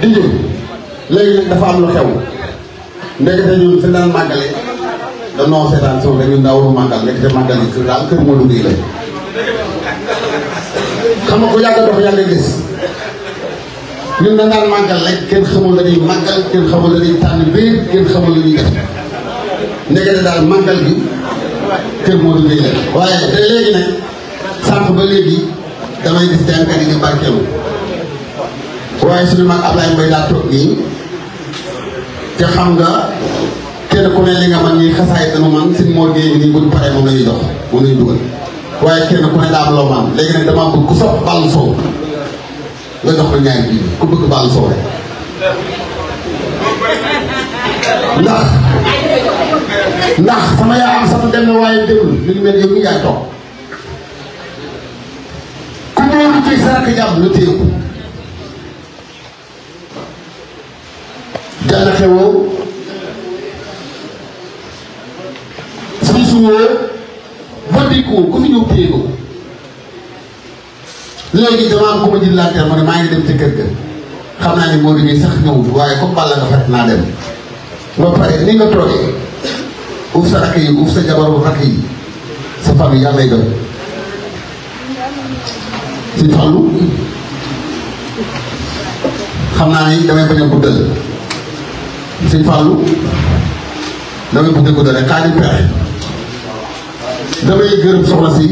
di njëkk léegi nag dafa am lu xew ndekete ñun fi daan màggale danoo seetaan suuf rek ñun daa warul màggal ndekete màggal yi daal kër Modou Gueye la xam nga ku yàgg dox yàgg gis. ñun dañ daan màggal rek kenn xamul la ñuy kenn xamul la tànn biir kenn xamul la ñuy def ndekete daal màggal gi kër moo dundee lépp. waaye te léegi nag sànq yi di waaye suñu mag Ablaye Mbaye daa toog nii te xam nga kenn ku ne li nga man ñuy xasaay danu man suñu moo géej nii buñ paree moom la dox moom la dugal waaye kenn ku ne daa am loo man léegi nag damaa bëgg ku sopp bàll soow. nga jox ko ñaari junni ku bëgg baal soow rek ndax ndax sama yaa am sama dem waaye déglu li ñu mel yow mii yaay toog ku dóoru ci saraka jàmm lu téye ko jàll xewoo suñ suwoo ba dikkuwul ku fi ñëw téye ko léegi dama am ku ma ngi dem di sax naa dem damay bañ a guddal si fallu damay bëgg a guddal rek xaalim pexe damay gërëm soxna si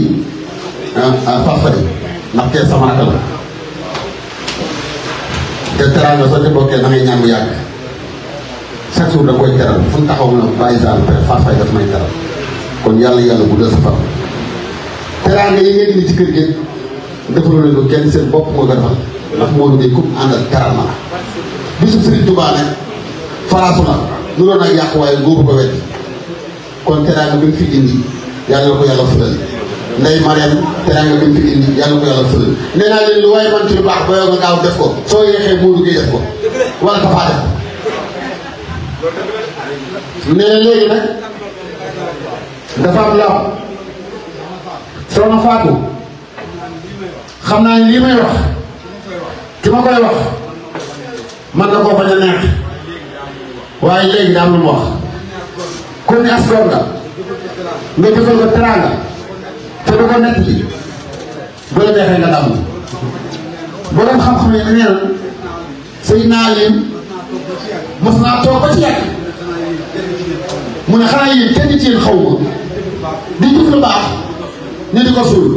ah, ah, Fatou Faye ndax kee sama rakk la te soo ca bokkee da ngay yàgg chaque jour da koy teral fu mu taxaw na bàyyi saal père Fass may teral kon yàlla yàlla bu dal sa fan teraanga yi ngeen indi ci kër gi defaloo leen kenn seen bopp moo ko defal ndax moo lu ngay kum àndal teral ma la bisu Sëriñ Tuubaa ne faraasu la nu doon ak yàq waaye góobu ko wet kon teraanga bi mu fi indi yàlla na ko yàlla futal nday Mariam teranga lu waaye man lu ba yow nga gaaw def ko soo yeexee Modou Gueye def ko wala Tafa def ko nee na léegi nag xam naa ne lii may wax ki ma koy man na koo bañ a neex waaye léegi daa mu wax ku ne as nga nga jëfal ko teranga te du ko nekk ci bu la neexee nga damm borom xam-xam yi nee na sëñ naa leen mos naa toog ba ci yàgg mu ne xanaa yéen kenn ci yéen xaw ko di jëf lu baax ñu di ko suul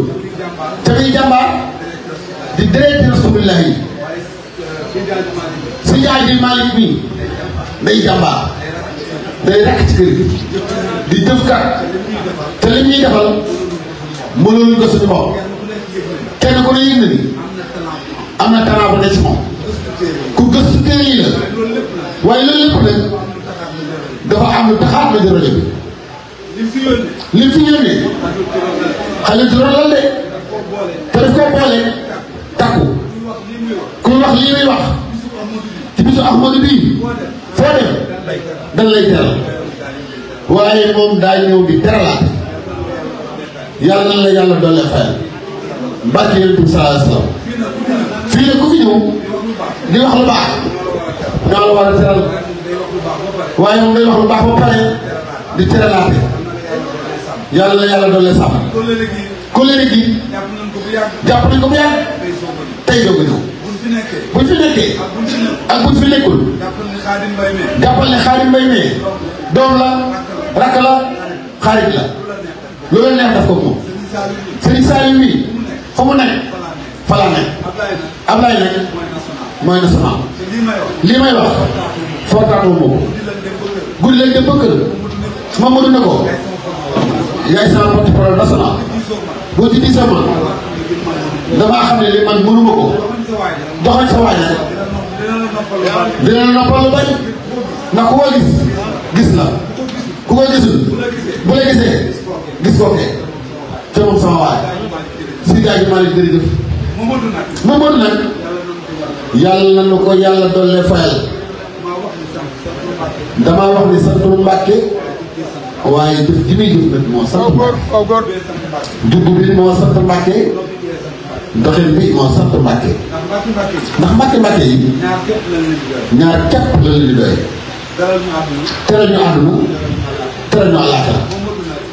te muy jàmbaar di déreet rasulillah yi si jaay bi Maalik bi day jàmbaar day rekk ci kër gi di jëf kat te li ñuy defal. mënuñu ko suñu bopp kenn ku ne yëg na ni am na talent bu ne ci moom ku gëstu téere yi la waaye loolu lépp nag dafa am lu taxaat la jërëjëf bi li fi yónnee xale juróom de te daf koo boole takku ku wax lii muy wax ci bisu Ahmadu bii foo dem dañ lay teral waaye moom daa ñëw di teralaat. yàlla na la yàlla doole fayal barke yonent bi ku fi ñëw di wax lu baax war a waaye moom day wax lu baax ba pare di teralaate yàlla na yàlla doole sàmm kóllëre gi jàpp ko bu tey doog a ñëw buñ fi nekkee ak fi nekkul jàppal ne Xaadim Mbay mee doom la la lu leen neex daf ko moom Serigne Saliou mii fa mu nekk fa laa nekk Ablaye nag mooy national lii may wax fortaatoo moom guddi lañ dem ba kër ma mënu ne ko yaay sama porte parole national boo ci diisee man damaa xam ne li man mënuma ko doxal sa waaj rek dina la noppal lu bari ndax ku ko gis gis la ku koy gisul bu la gisee gis ko kee moom sama waay si gaa ji Malick jërëjëf Mamadou nag yàlla na ko yàlla dolle fayal damaa wax ni sant bu Mbàkke waaye jëf ji muy jëf nag bi moo sant Mbàkke doxin bi moo sant Mbàkke ndax Mbàkke Mbàkke yi ñaar képp la leen di doy teral ñu àdduna après ñu àllaaxira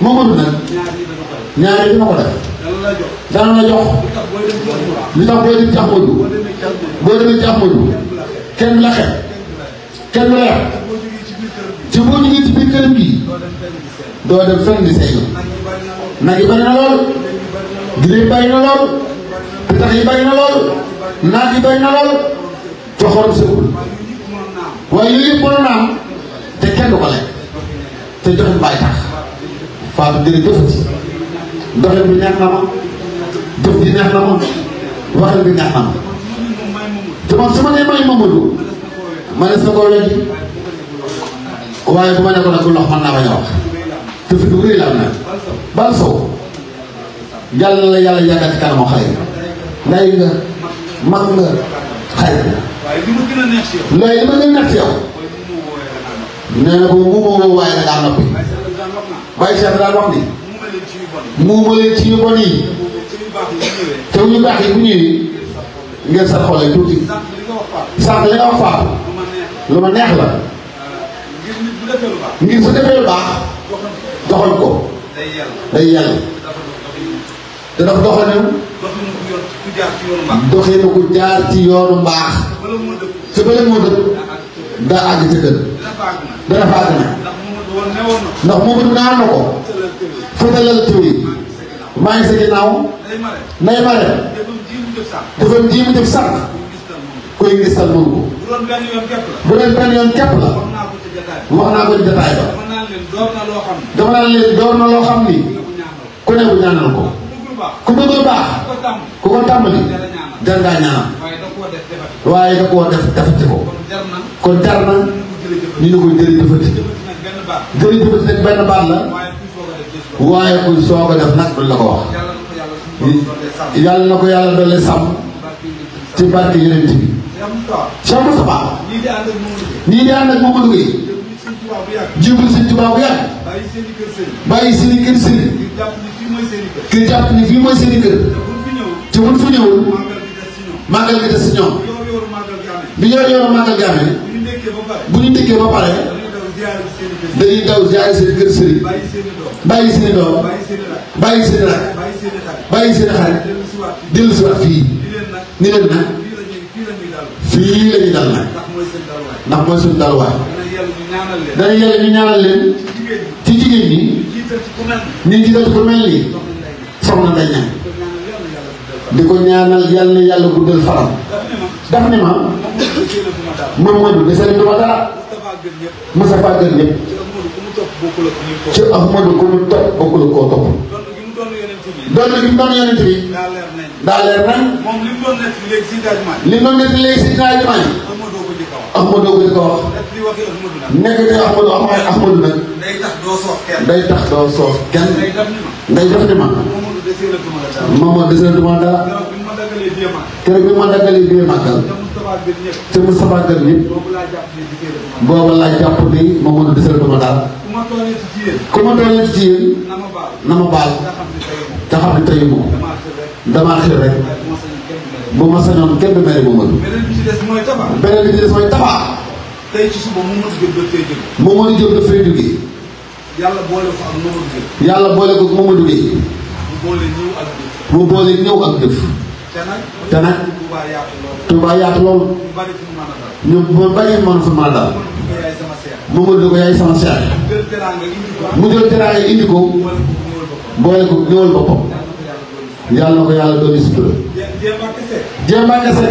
Momadou nag ñaari dina ko def dana la jox li tax booy dem ci Ahmadou boo demee ci kenn la kenn la yàq te boo jógee ci biir këram gii doo dem fenn di seey nag yi bari na lool ginaar yi bari na lool pitax yi bari na lool naaj yi bari na lool te xorom sëggul waaye yooyu yëpp ko lekk. te doxin baay tax Fatou jërëjëfati doxin bi neex na ma jëf ji neex na ma waxin bi neex na ma te man su ma nee may Mamadou ma ne sa koo weddi waaye bu ma nekkoon ak lox mën naa bañ a wax te fi du la am nag bal sow yàlla na la yàlla yàggal ci kanamu xale yi ndaay nga mag nga xale ma gën nee na boobu muuma woo waaye da ngaa noppi. bàyyi Cheikh daan wax ni. muuma leen ci yu bon yi. te yu baax yi bu ñëwee. ngeen sa xoolee tuuti. sànq li nga wax faatu. lu ma neex la. ngir su defee lu baax. doxal ko. day yàlla. te dafa doxalee. doxee na ko jaar ci yoonu mbaax. te bële moo dëkk. daa àgg ca kër. dana fa àgg na ndax Momadou naan na ko fëtalal tiw yi maa ngi sa ginnaaw nay mare defam ji def sax koy ngistal mënu ko bu doon benn yoon képp la wax naa ko ci jotaay ba dama naan leen door na loo xam ni ku ne bu ko ku bëggul baax ku ko tàmbali jar waaye da koo def defati ko kon jar na ñu ne ko jërëjëfati jërëjëfati nag benn baat la waaye kuy soog a def nag duñ la ko wax yàlla na ko yàlla dolli sàmm ci barke yeneen bi Cheikh Moustapha nii di ànd ak Mamadou Gueye jublu sëñ Tuubaa bu yàgg bàyyi seen i kër sëriñ kër jàpp ni fii mooy seen i kër te buñ fi ñëwul màggal gi des si ñoom bi yor yor màggal gi amee bu ñu dikkee ba pare dañuy daw ziare seen kër sëriñ bàyyi seen i doom bàyyi seen i rak bàyyi seen i xarit dellu si waat fii ni leen nag fii la ñuy dal ndax mooy suñu dalwaay dañuy yàlla ñu ñaanal leen ci jigéen ñi ñu jiital ci ku mel ni soxna di ko ñaanal yal na yàlla guddal faram daf ni ma moom mooy bi sëriñ du ma dara Moustapha gën ñëpp ci Ahmadu ko mu topp bokkul koo topp doon li mu doon yonent bi daa leer li mu doon nekk léegi si daaj maa Ahmadu ko di ko wax nekk di Ahmadu Ahmadu nag day tax doo soof kenn nday daf ni ma moom moo deseetuma dara. keroog bi ma daggalee biyee màggal. te Moustapha Kër ñëpp. boobu laa jàpp ni moom moo dara. ku ma doon ci yéen. na damaa xir rek. bu ma sañoon kenn mere ma. beneen bi beneen bi ci des mooy tafa. tey ci suba mu mën a jóg dafay yàlla boole ko ak Mamadou Gueye. yàlla boole ñëw ak mu boole ñëw ak jëf. te nag Touba yaatu lool. ñu bari mën fa mën mu mën ko yaay sama seex. mu jël teraanga indi ko. ko ñëwal boppam. yàlla na ko yàlla doon sutura. jéem a kese.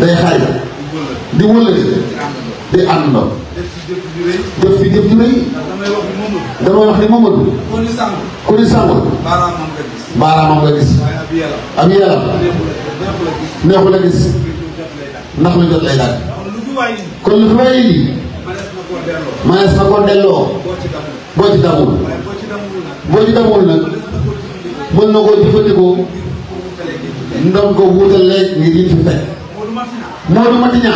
day xarit. di wëllëg di àndandoo. jëf ju rëy. jëf fi jëf ju rëy. damay wax ni Mamadou. damay wax ku ni sang. ku ni gis. baaraamam nga gis. gis. ndax lu jot lay daal. kon lu fi waay manees na ko boo ci damul. boo ci damul mën na koo jëfandikoo. ndoom ko wuutaleeg ngir yi fi fekk. Modou Matiña.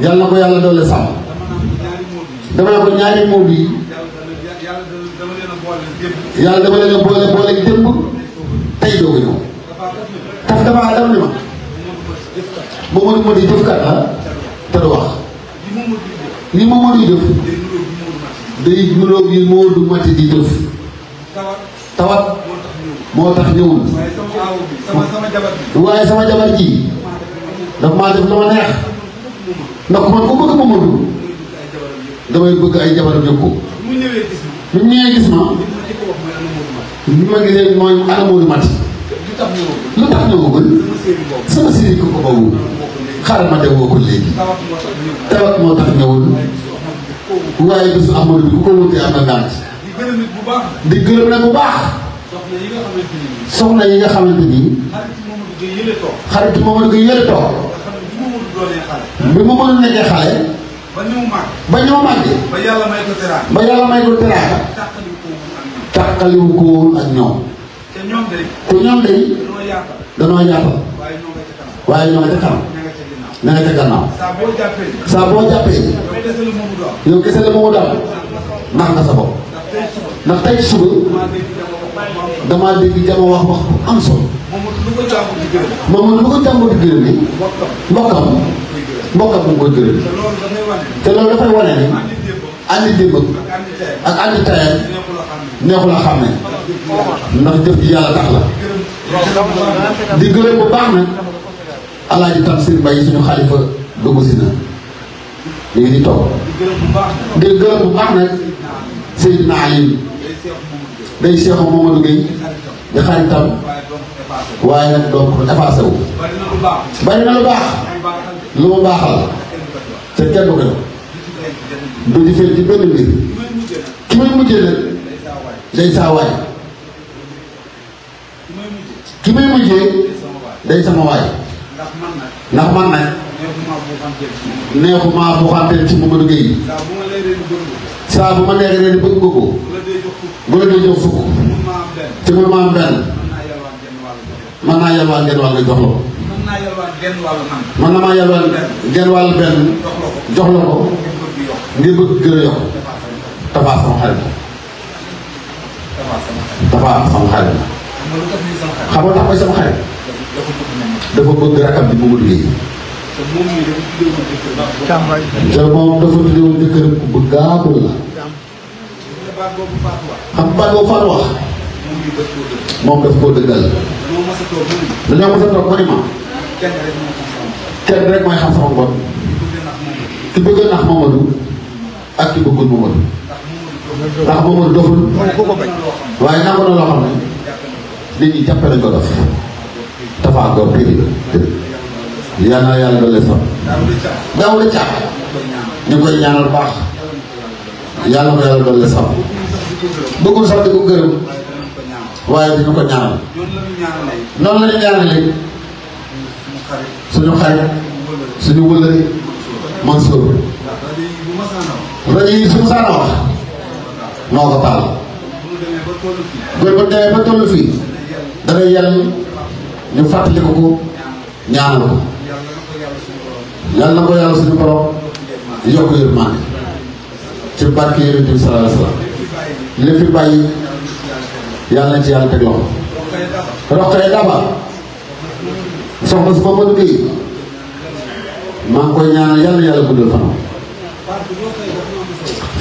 yàlla ko yàlla doole sàmm. dama ne ko ñaari moom yi yàlla dama leen a boole boole démb tey doo ko ñëw taf damaa dam ni ma moo mënu di jëfkat la ah, te du wax li ma mënu jëf day nuróog yi moo du mati di jëf tawat moo tax ñëwul waaye sama jabar ji daf maa def la ma neex ndax man ku bëgg ma mënul damay bëgg ay jabaram yóbbu ko. bu ñëwee gis ma. bu ñëwee gis ma. gisee mooy ana Mati. lu tax ñëwagul. sama séeri ko ko bawul. xaaral ma dem woo ko léegi. tawat moo tax ñëwul. waaye bisu Amadou bi ko wutee am na ngànt. di gërëm nag bu baax. soxna yi nga xamante ni. xaritu Mamadou Gueye yële toog. bi Mamadou nekkee xale. ba ñëw màgg. ba ñëw yàlla may ko teraanga. ba yàlla ak ñoom. te ñoom day. te ñoom waaye ñoo nga ca kanam. na nga saa boo jàppee. saa boo jàppee. yow kese la moomu nga sa bopp. ndax tey suba. damaa dégg jama wax wax am solo. moom moom lu ko jàmbur di gërëm. mbokkam. mbokkam mu ngi koy gërëm te loolu dafay wane ni andi démb ak andi tayal neexul a xàmme ndax jëf ji yàlla tax la di gërëm bu baax na alaaji Tamsir Mbaye suñu xalifa dugg si na léegi di toog di gërëm bu baax nag Seydina Aliou day Cheikh Mamadou Gueye di xaritam waaye nag donc effacé wu bari na lu baax lu mu baaxal te kenn ko du di fee ci benn mbir ki may mujjee nag day saa waay ki may mujjee day sama waay ndax man nag neexumaa bu xanteel ci Mamadou Gueye saa bu ma neexee leen bëgg nga bu la dee jox fukk te mën maa benn mën naa yalwaan genn wàll jox la naa yalwaan genn wàllu man. man na maa yalwaan genn benn. jox la ko ngir bëgg gën a yokk. tafaat sama xarit la. tafaat sama xarit la. xam nga tax sama xarit. dafa bëgg rakam bi bëgg liggéey. te moom dafa tuddee woon bu gaabul la. xam baat boobu Fatou wax. moom daf koo dëggal. dañoo mos a toog ba ni ma. kenn rek mooy xam sama mbon ki bëgg a nax Mamadou ak ki bëggul Mamadou ndax Mamadou doful waaye nangu na loo xam ne nit ñi jàppe nañ ko def Tapha Ngor kii bi yal na yàlla doole sax daaw la càpp ñu koy ñaanal baax yàlla ko yàlla doole sax bëggul sax di ko gërëm waaye dina ko ñaanal noonu la ñaanal léegi suñu xarit suñu wëllëre Mansour rajo yi su musaana wax noo ko taal bu bu demee ba toll fii dana yàll ñu fàttaliku ko ñaanal ko yàlla na ko yàlla suñu borom yokk yërmande ci barke yonent bi sallallahu alayhi li fi bàyyi yàlla na ci yàlla teg loxo roqee daba soxna si Mamadou Gueye maa ngi koy ñaanal yàlla yàlla guddal fanam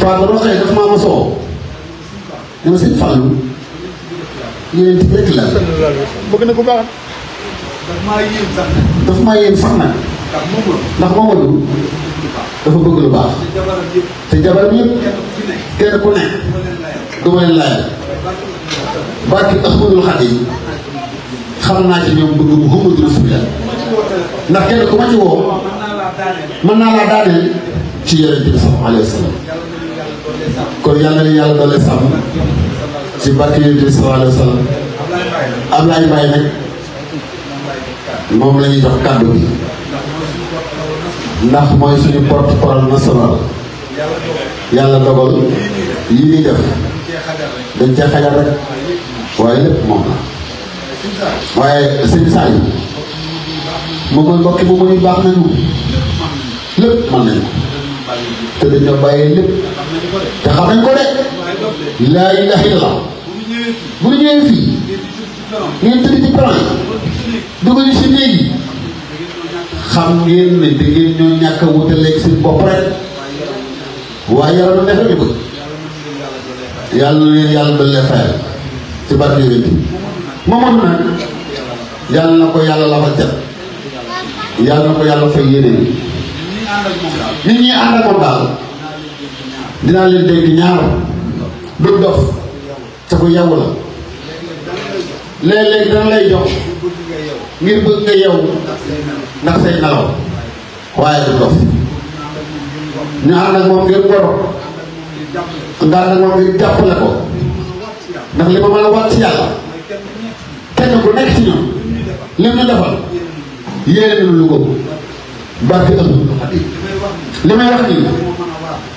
Fatou Roqe daf maa ma soo ne ma sëñ Fallou yéen it rek la bëgg na ko baax daf maa sax nag daf maa yéen sax nag ndax Mamadou dafa bëgg lu baax te jabaram yëpp kenn ku nekk du ma leen laaj barki Ahmadul Xadim xam naa ci ñoom bëgg Muhammadu Rasulullah ndax kenn ku ma ci nag moom la kàddu bi ndax mooy suñu porte parole national yàlla dogal yi def dañ cee xajal rek waaye lépp moom la waaye sëñ Saaliu moom mooy mbokki moom baax nañu lépp mën nañu te dañ la bàyyee lépp te xam nañ ko de laa ilaaha illallaah bu ñu ñëwee fii ngeen tëdd ci plan dugal ñu si néeg xam ngeen ne da ngeen ñoo ñàkk a wutaleeg seen bopp rek waaye yàlla na defal ñu ko yàlla na yàlla doon leen fayal ci barke yonent Mamadou nag yàlla na ko yàlla la fa jot yàlla na ko yàlla fay yéene yi nit ñi moom daal dinaa leen dégg ñaar du dof te ku yewu la léeg-léeg dana jox ngir bëgg nga yew ndax say nelaw waaye du dof ñu ànd ak moom ngir goro nga ànd ak moom ngir ko ndax li ma mën a wat yàlla ku nekk ci ñoom lim ñu defal yéene ñu lu ko barke amul li may wax nii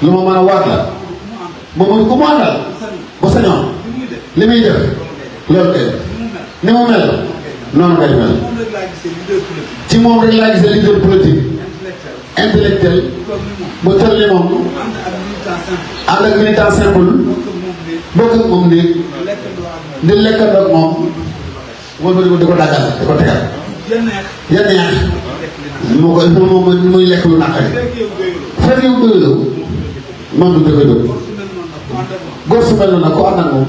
lu ma mën a waat la moom ku mu àndal ba sañoon li muy def loolu kay ni mu mel noonu kay mel ci moom rek laa gisee leader politique intellectuel ba tër li moom ànd ak militant simple bokk moom nii di lekk ak moom wëlbati ko di ko daggal di ko tegal. ya neex mu ko moom lekk lu naqari. fekk yow doyuloo noonu du doyuloo góor su mel na ko am nag moom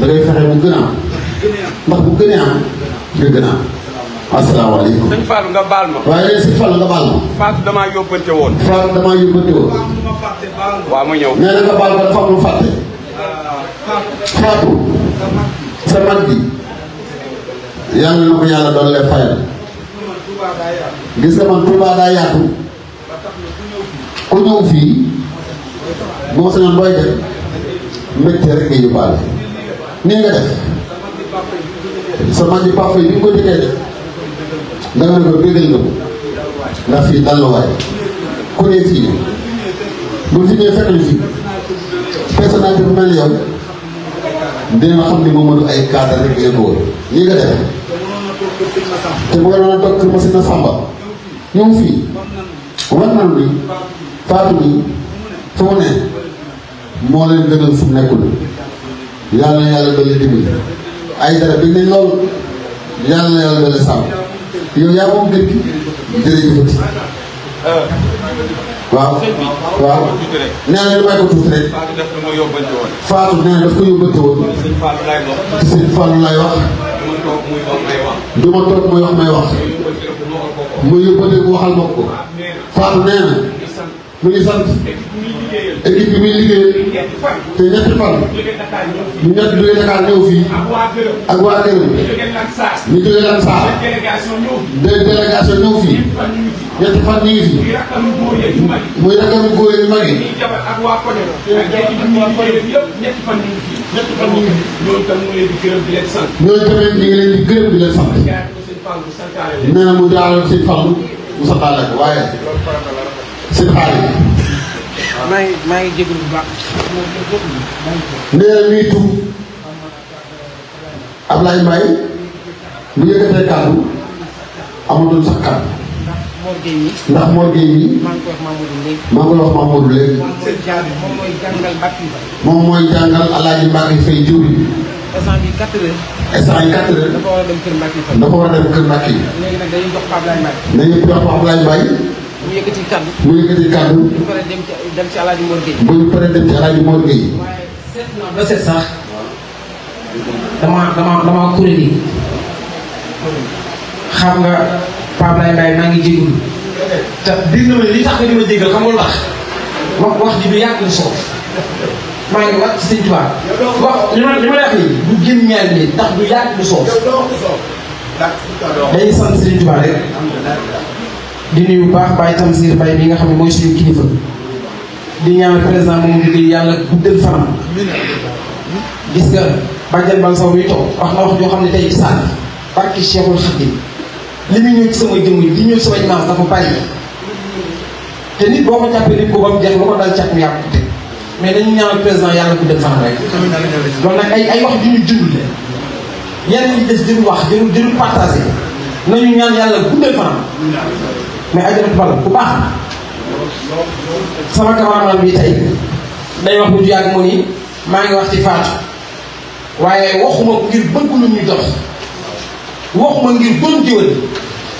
da ngay fexe mu gën a am ndax bu gënee am nga gën a am. asalaamaaleykum. sëñ Fallou nga baal ma. waaye léegi sëñ Fallou nga baal ma. Fatou damaa yóbbante woon. Fatou damaa yóbbante woon. waaw ma ñëw. nee na nga baal ma dafa am lu fàtte. Ah, Fatou. sa yàlla na ko yàlla doon lee fayal gis nga man Touba daa yaatu ku ñëw fii moo sañoon booy def mbégte rek nga yóbbaale nii nga def sa mag yi papa yi bi ko jëkkee def danga ne ko bégal nga ko ndax fii dalluwaay ku ne fii fi ñëwee fekk fii personnalité bu mel yow dina xam ni moom ay cadre rek nga ko nga def te bu yàlla docteur Massina Samba ñëw fii war nañu ni faatu bi fa ne moo leen gënal fu nekkul yàlla na yàlla dolli dimbali ay dara bi ne lool yàlla na yàlla dolli sàmm yow yaa moom dëkk jërëjëfati waaw waaw nee na lu may ko tuuti rek faatu nee na daf ko yóbbante woon te sëñ Fallou lay wax ma toog muy wax may wax. muy wax may wax. waxal ma ko. Fatou nee sant. équipe muy liggéeyal. te ñetti fan. ñu ñett jógee Dakar ñëw fii. ak waa këram. ñu jógee lan saa. deux délégation ñëw fii. ñetti fan ñu ngi fi. muy rakam góor yi mag ñetti fan ñu ñooñu tam ngi leen tamit ñu ngi leen di gërëm di sant. nee na mu jaarale seen fàllu mu santaale ko waaye seen xaar yi. maa ngi maa ngi jégalu bu baax. nee na muy tuub Ablaye Mbaye bu Mor Gueye mi ndax Mor Gueye mi koy wax Mamadou léegi maa koy jàngal Mbacke Faye moom mooy yi quatre dafa war a dem kër Mbacke Faye dafa war a dem kër Mbacke léegi nag dañuy jox Pape Laye Mbaye mu yëkkati kaddu mu yëkkati kaddu bu ñu paree dem ci dem ci Alaaji yi xam nga Pape Laye Mbaye maa ngi jégalu te biir na ma ne li tax nga di ma jégal xamul ndax wax wax ji du yàq lu soof maa ngi wax ci sëñ Tuubaa wax li ma li ma wax nii du génn ñaari nit ndax du yàq lu soof dañuy sant sëñ Tuubaa rek di nuyu bu baax Baye Tamsir Mbaye bi nga xam ne mooy suñu kilifa di ñaan président moom di nuyu yàlla guddal fanam gis nga bàjjan ban saw mi toog wax na wax joo xam ne tey ci sànni barki Cheikhul Khadim li muy ñëw ci sama jëmm li ñëw sama image dafa bari te nit boo ko jàppee ko ba mu jeex lu ko dal càpp yàq te mais dañu ñaanal président yàlla ko dem fan rek. ay ay wax ju ñu jublu wax jëru jëru partagé nañu ñaan yàlla guddal fan mais ajarat bala bu baax sama cameraman bi tey day wax maa ngi wax ci Fatou waaye waxuma ngir bëgg lu ñuy dox. waxuma ngir doon géwél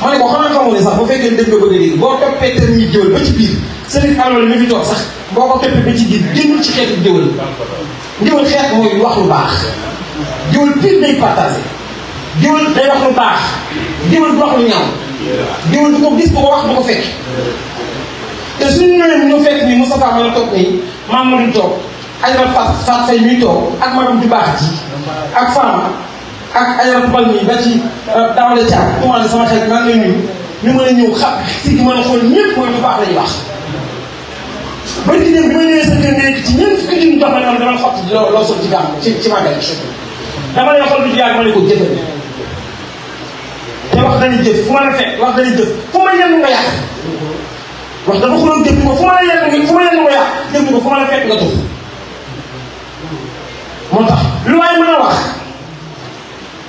ma ne ko xanaa xamoo ne sax bu fekkee dégg nga bëgg a boo toppee tër ñuy géwél ba ci biir Serigne Allé mi fi toog sax boo ko toppee ba ci biir génnul ci xeetu géwél géwél xeet mooy wax lu baax géwél wax lu baax géwél wax du ko gis bu ko wax du ko fekk te suñu ñëwee ñu fekk ni Moustapha ma la toog nii maam ma du toog ay na fat fat fay ñuy toog ak madame ju baax ji ak Fama ak ayam mbal mi ba ci euh, daawale caag tumaane sama xel maa ngi lay nuyu ñu mën a ñëw xam si gi mën a xool ñëpp mooy lu baax la ñu baax. ba ci dégg bi ma ñëwee sa kër nekk ci ñeent fukki junni jox ma ne dama xotti di loo loo sol ci gàmm ci ci màggal dama lay xool bi jaar ma ne ko jëfal te wax dañuy jëf fu ma la fekk wax dañuy jëf fu ma yenn nga yàq wax dafa xuloon jëf ko fu ma la yenn fu ma yenn nga yàq jëf ko fu ma la fekk nga tuuf moo tax lu waay mën a wax.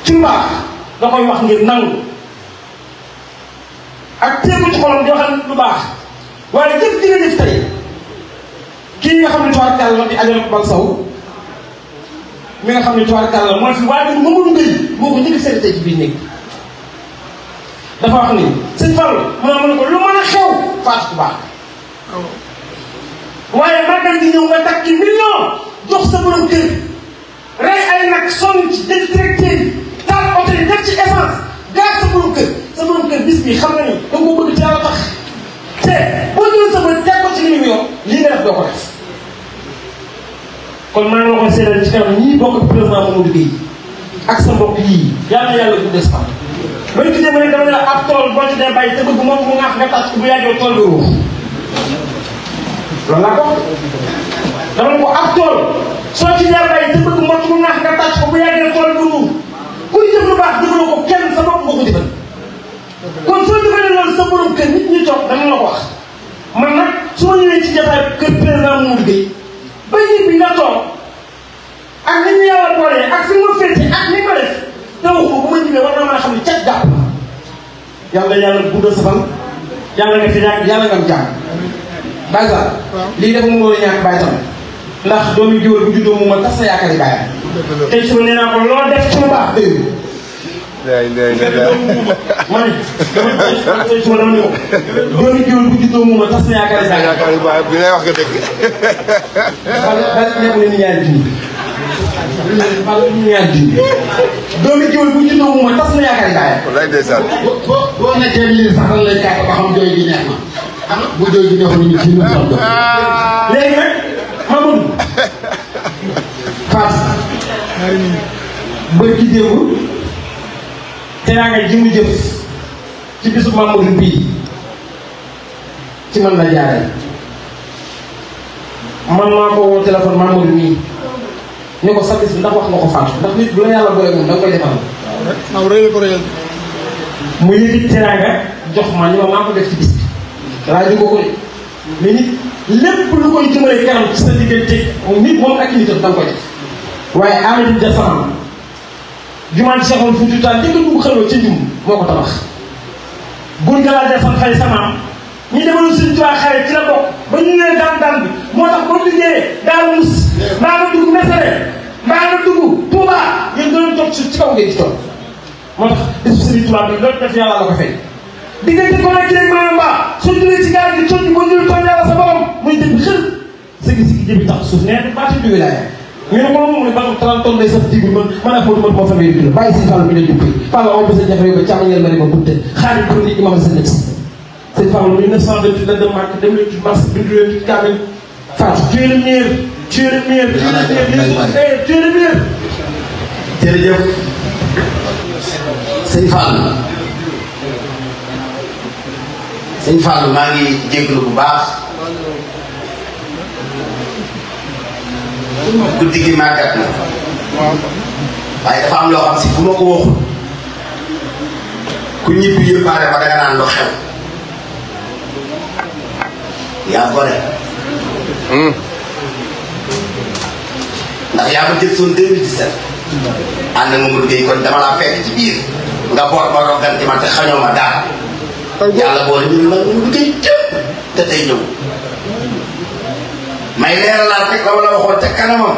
ci mbaax da koy wax ngir nangu ak teegu ci xolam di baax waaye jëf dina def kii nga xam ne tuwaar kàlla di ajal bal saw mi nga xam ne tuwaar kàlla mooy fi waaye du mënul ngay moo ko dafa wax ko lu mën a xew faatu ku baax waaye màggal di ñëw nga takki million jox sa borom kër rey ay nag sonn ci dëkk dafa oto yi def ci essence gaas sa borom kër sa borom kër bis bi xam nga ni da nga ko bëgg jaay tax te boo jëlee sa bët teg ko ci li mu yor lii nga def doo ko def kon maa ngi waxoon séeréer ci kanam ñii bokk président Mamadou Guèye ak sa mbokk yii yal na yàlla guddee sa fan. loolu ci demee dama ne la ab tool boo ci dee bàyyi te bëgg moom mu ŋaax nga tàcc bu yàggee tool bi ruux loolu laa ko dama ne ko ab tool soo ci dee bàyyi te bëgg moom mu ŋaax nga tàcc bu yàggee tool bi ruux kuy jëf lu baax jëfaloo ko kenn sa bopp nga ko jëfal kon soo jëfalee loolu sa borom kër nit ñi toog dama la ko wax man nag su ma ñëwee ci jataay kër président Mouride Gueye ba nit bi nga toog ak li ñu yàlla boolee ak fi ma féete ak li ma def taw ko bu ma ñëwee war na sa fan yàlla nga fi ñàkk yàlla nga am jàmm bàyyi lii def mu war a ñàkk bàyyi tam ndax doomi géwél bu juddoo mu ma tas sa yaakaari bàyyi tey suba nee naa ko loo def Touba. yaay yaay yaay yaay ma ne. dama tey suba dama ñëw. loolu jiw bu juddoo mu ma tas na yaakaar saa yaakaar bu baax bi lay wax nga dëgg. xale ne ni ñaari jiw. xale ne ni ñaari jiw. doomi jiw bu juddoo mu ma tas na yaakaar saa yaakaar. walaay ndeysaan. boo boo boo nekkee nii sax lan lay kàq ba xam jooy gi neex na. bu jooy gi neexul ñu ci ñu léegi nag Mamadou. Fass. bërki déewu teraanga ji mu jëf ci bisu Mamadou bii ci man la jaaree man maa ko woo téléphone Mamadou mii ne ko sa bis ndax wax nga ko Fatou ndax nit bu la yàlla boole moom da koy defal. waaw mu yëgit teraanga jox ma ni ma maa ko def ci bis bi. rajo ko ko mais nit lépp lu koy jëmale kanam ci sa diggante nit moom ak nitam da nga koy waaye Amady Diassane jumaan Seexul Fuuti Taal dëgg bu xeloo ca njum moo ko tabax gun galaa Diassane fay samaam ñu demoon suñu tubaab xare ci la bokk ba ñu nee daan daan bi moo tax ba liggéeyee daal mus mbaa nga dugg mesare mbaa nga dugg Touba yéen doon toog ci kaw ngeen ci toog moo tax bisu Sëriñ Tuubaa bi loolu def yàlla la ko fay diggante ko nag jéeg maanaam mbaa soo jëlee ci gaal gi coono ko jël toog yàlla sa borom muy dégg xel sëgg sëgg jëbi tax suuf nee na baatu bi wilaaya ñu ne moom mu ne ba 30 tonnes day saf jiw bi man man ak Modou Modou moo fa nuyu dund bàyyi si Fallou bi la jubbee Fallou amoon na sa jafe ba càmmoñal ma ne ma bunte xaaral pour nit ñi ma ma sa nekk si. sëñ Fallou 1928 la dem Màkka dem leen ci mars bi ñu leen ci kaamil Fatou tué le miir tué le miir tué le miir eh, jërëjëf sëñ Fallou sëñ Fallou maa ngi jégalu bu baax. guddi gi màggat na waaye dafa am loo xam si bu ma ko waxul ku ñibbi yëppaare ba danga naan lu xew yaa gore hmm. ndax yaa ma jël soon 2017 ànd ak Mamadou Gueye kon dama laa fekk ci biir nga boor ma roggante ma te xañoo ma daal yàlla boole ñu ne ma Mamadou Gueye jëm te tey ñëw may leeralaat rek la ma la waxoon ca kanamam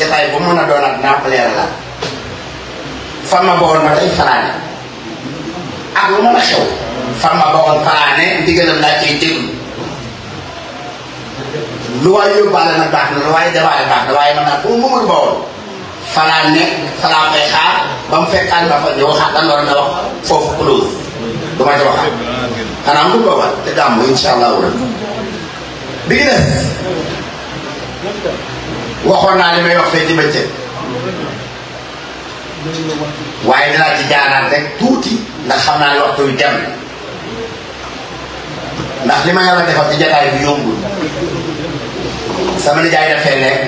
jataay bu mën a doonaat naa ko leeralaat fan ma bowoon ma tey fanaane ak lu mën a xew fan ma bowoon fanaane ndigalam baax na lu waay dabaale baax na waaye man daal foo mumul bowoon fanaan ne fanaa koy xaar ba mu fekkaan ma fa ñu waxaat lan war wax foofu close du ma ci waxaat xanaa mu boobaa te gàmmu incha allah bi ngi waxoon naa li may wax fee ci bëccëg waaye dinaa ci jaaraat rek tuuti ndax xam naa ne waxtu wi dem ndax li ma yàlla defal ci jataay bi yombul sama nijaay dafay nekk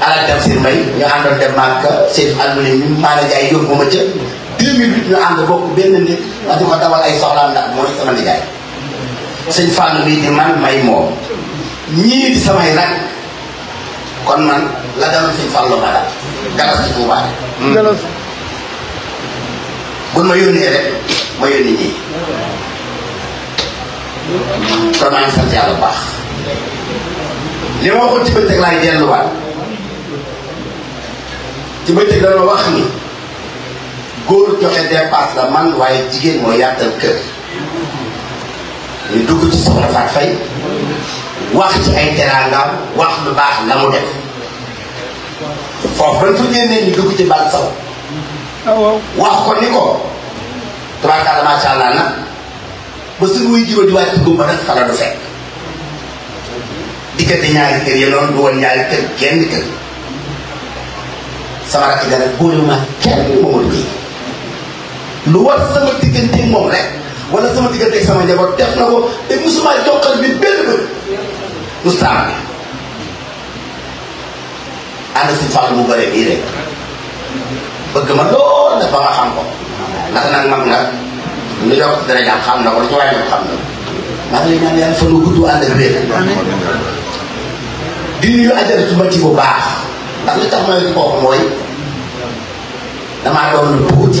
alal Tafsir Mbay ñu àndoon dem màkk Seydou Almuni mi maa nijaay yóbbu ma ca ñu ànd bokk benn nit ndax di ko dawal ay soxlaam ndax mooy sama nijaay sëñ Fallou bii di man may moom ñii samay rak kon man la daloon sëñ Fallou ma daal galas ci Touba galas bu mm. ma yónnee rek ma yónni ñii kon maa ngi yàlla baax li ma waxoon ci bëccëg delluwaat ci bëccëg wax ni góor joxe dépasse la man waaye jigéen moo yaatal kër ñu dugg ci soxna Fat Faye wax ci ay teraangaam wax lu baax la mu def foofu ba fu génnee ñu dugg ci baat saw ah, wax ko ni ko tabarkalla macha allah nag ba suñu wuy jiba di wàcc gumba nag fa la du fekk diggante ñaari kër yi noonu du ñaari kër genn kër sama rakk dara góoruma kenn moomal kii lu war sama diggante moom rek wala sama diggante ak sama njaboot def na ko te musuma jokkal bi benn bët lu saam bi ànd si fàll bu bare bii rek bëgg ma lool dafa ma xam ko ndax nag mag nag ñu yokk dara jàmm xam na ko lu ci waaye xam na maa ngi lay fa lu gudd ànd ak wér di nuyu ajara ci mati bu baax ndax li tax ma ne kooku mooy doon lu tuuti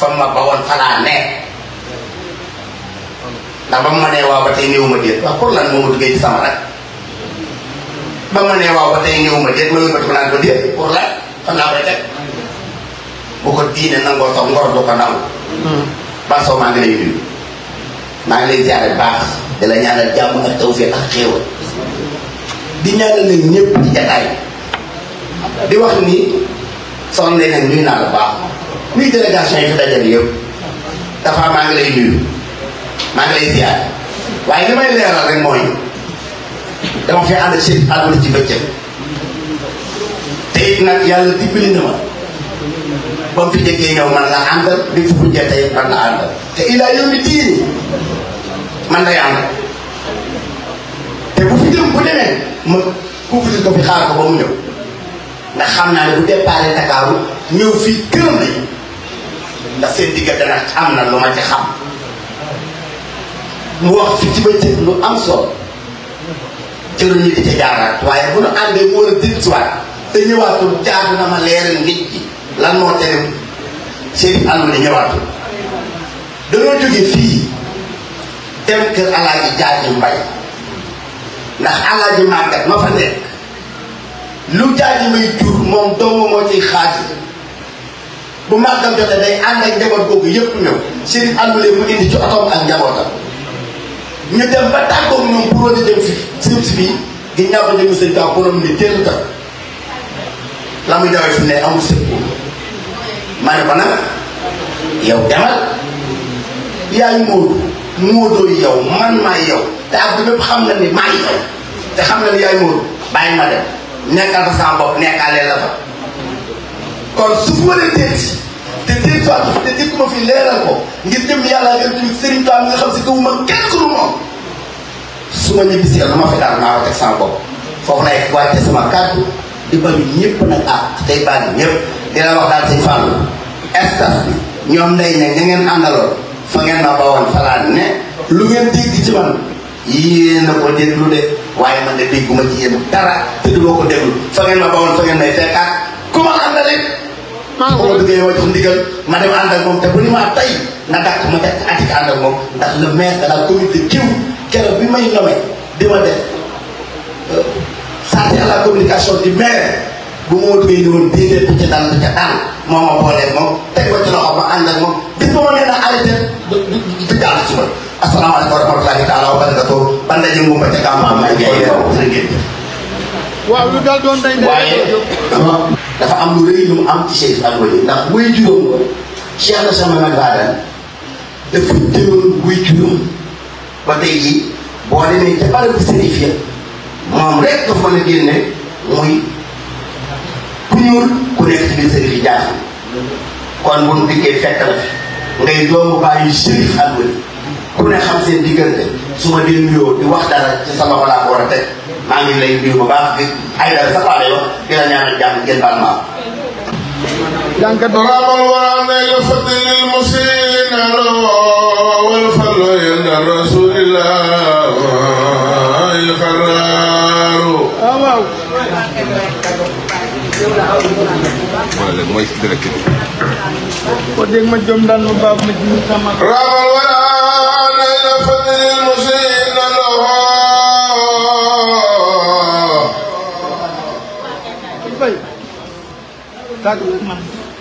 fa ma bawoon falaa ne ndax ba mu ma nee ba tey néew ma déet waaw pour lan ma duggee ci sama rek ba ma nee ba tey néew ma déet ma yóbbatu ko naan ko déet pour lan fan laa koy teg bu ko diine nangoo sax ngor du hmm. ba soo maa ngi lay nuyu maa baax di la ñaanal jàmm ak tawfiq ak xéewal di ñaanal nag ñëpp ci jataay di wax ni soxna nag nuyu naa la baax nuy délégation yi fi dajale yëpp dafa maa ngi lay nuyu maa waaye li may leeral rek mooy dama fi ànd si àll ci bëccëg te it nag yàlla dimbali na ma ba fi jëkkee ñëw man la am te bu fi jëm bu demee ma kuufati ko fi xaar ko ba ñëw ndax xam naa ne bu départ ñëw fii këram lañ. ndax seen diggante nag am na lu ma ci xam mu wax fi ci bëccëg lu am solo jëruñu di ca jaaraat waaye bu nu àndee mu war a dilsiwaat te ñëwaatul jaar na ma leeral nit ñi lan moo tere Chérif Alwely ñëwaatul dañoo jóge fii dem kër alaaji jaaji mbay ndax alaaji màggat ma fa nekk lu jaaji jur moom doomu moo ciy xaaju bu màggal jotee day ànd ak njaboot googu yëpp ñëw Chérif àndule mu indi ci otoom ak njabootam ñu dem ba tàggoog ñoom pour wala jëm si suuf si fii di ñaaw a jëm sëñ Ka borom ni teel kat la mu jawee fi ne amul sëñ ko ma ne ko nag yow demal yaay Moodu Moodu yow man maay yow te àdduna bépp xam na ni maay yow te xam na ni yaay Moodu bàyyi ma dem nekkal fa sama bopp nekkaalee la fa. kon su ma leen denc ko fi te njëkk ma fi leeral ko ngir jëm yàlla ngeen tamit sëriñ Tuubaa mi nga xam si gëmuma kenn ku dul moom su ma ñibbisi la ma fi daal naa ko teg sama bopp foofu lay wàcce sama kàddu di balu ñëpp nag ak tey baal ñëpp di la wax daal sëñ Fallou staff bi ñoom day ne ña ngeen àndaloon fa ngeen ma bawoon falaan ne lu ngeen dégg ci man yéen a ko déglu de waaye man de dégguma ci yéen dara te du ko déglu fa ngeen ma bawoon fa ngeen may fekkaat ku ma àndalee. maa ngi bëgg yow a jox ndigal ma dem ànd ak moom te bu ni maa tey nga dàq ma teg ati ànd ak moom ndax le maire de la commune de Kiew keroog bi may nommé di ma def euh, chargé à la communication du maire bu ma duggee woon déedéet bu ca daan bu ca daan moo ma boolee moom teg ko ci loxo ma ànd ak moom bis ba ma nee na arrêté du du du jàll ci man asalaamaaleykum wa rahmatulahi taala wa barakatuh ban daje moom ba ca gàmm am ay. waaw waaw waaw waaw lu dal waaye dafa am lu rëy lu mu am ci Cheikh Alwali ndax wuy juróom ko Cheikh na sama nag baadan dafa jëloon wuy juróom ba tey jii boo demee ca barab bi moom rek dafa mën a génne muy ku ku nekk ci biir sérif yi jaaxal kon bu nu dikkee fekk la fi ngay doomu bàyyi Cheikh Alwali ku ne xam seen diggante su ma dee nuyoo di wax dara ci sama loxo laa ko war a teg maa ngi lay nuyu bu baax di ay dara sa paale wax di la ñaanal jàmm ngeen baal maam. jàngat ramal waraane la fadlil musina wal fallo yenda rasulillah ay xaraaru ah, waaw mooy direct ko dégg ma jom daan ma baab ma ji sama ramal waraane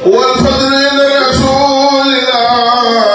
والفضل لرسول الله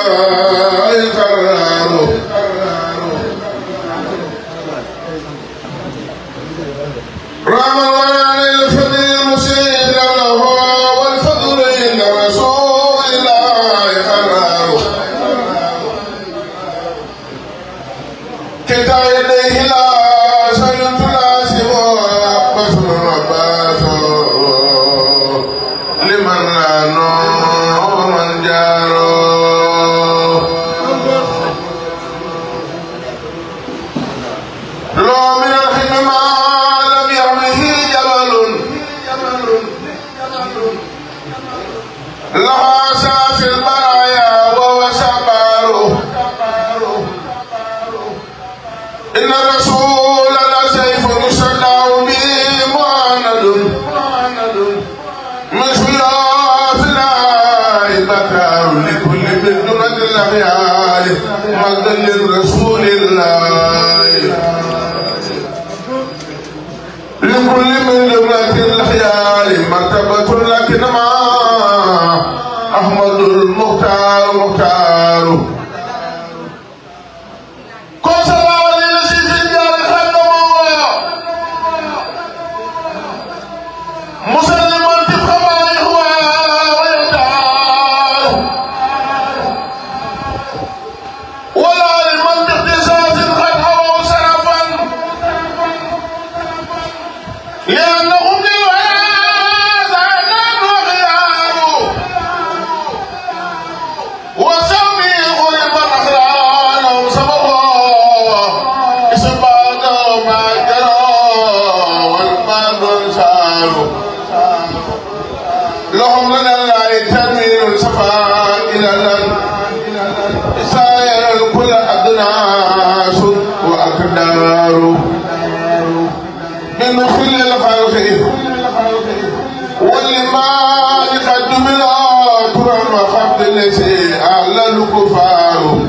الكفار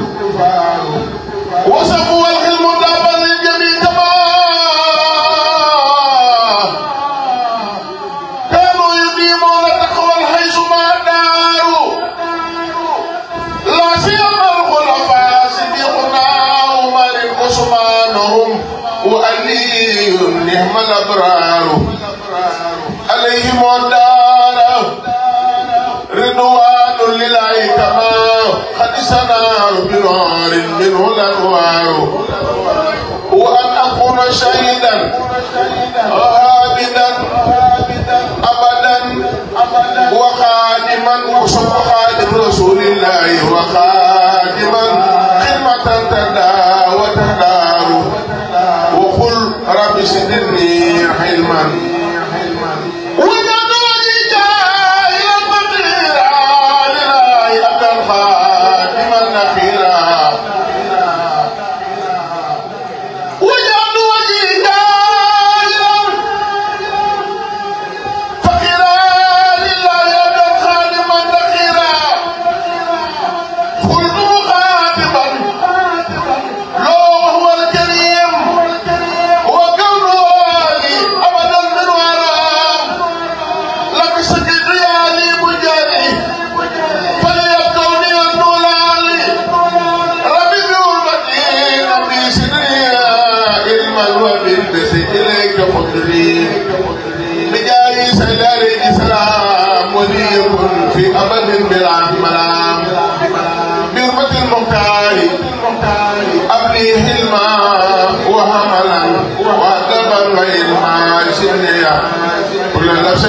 وسموا الحلم دابا للجميع كما كانوا يقيمون تقوى حيثما داروا لا سيما الخلفاء صديقنا عمر عثمانهم وعلي نعم الابرار عليهم ودار سنار بنار منه الانوار وان اكون شهيدا هابدا ابدا وخادما وصف خادم رسول الله وخادما خدمة تدا وتدار وقل رب زدني علما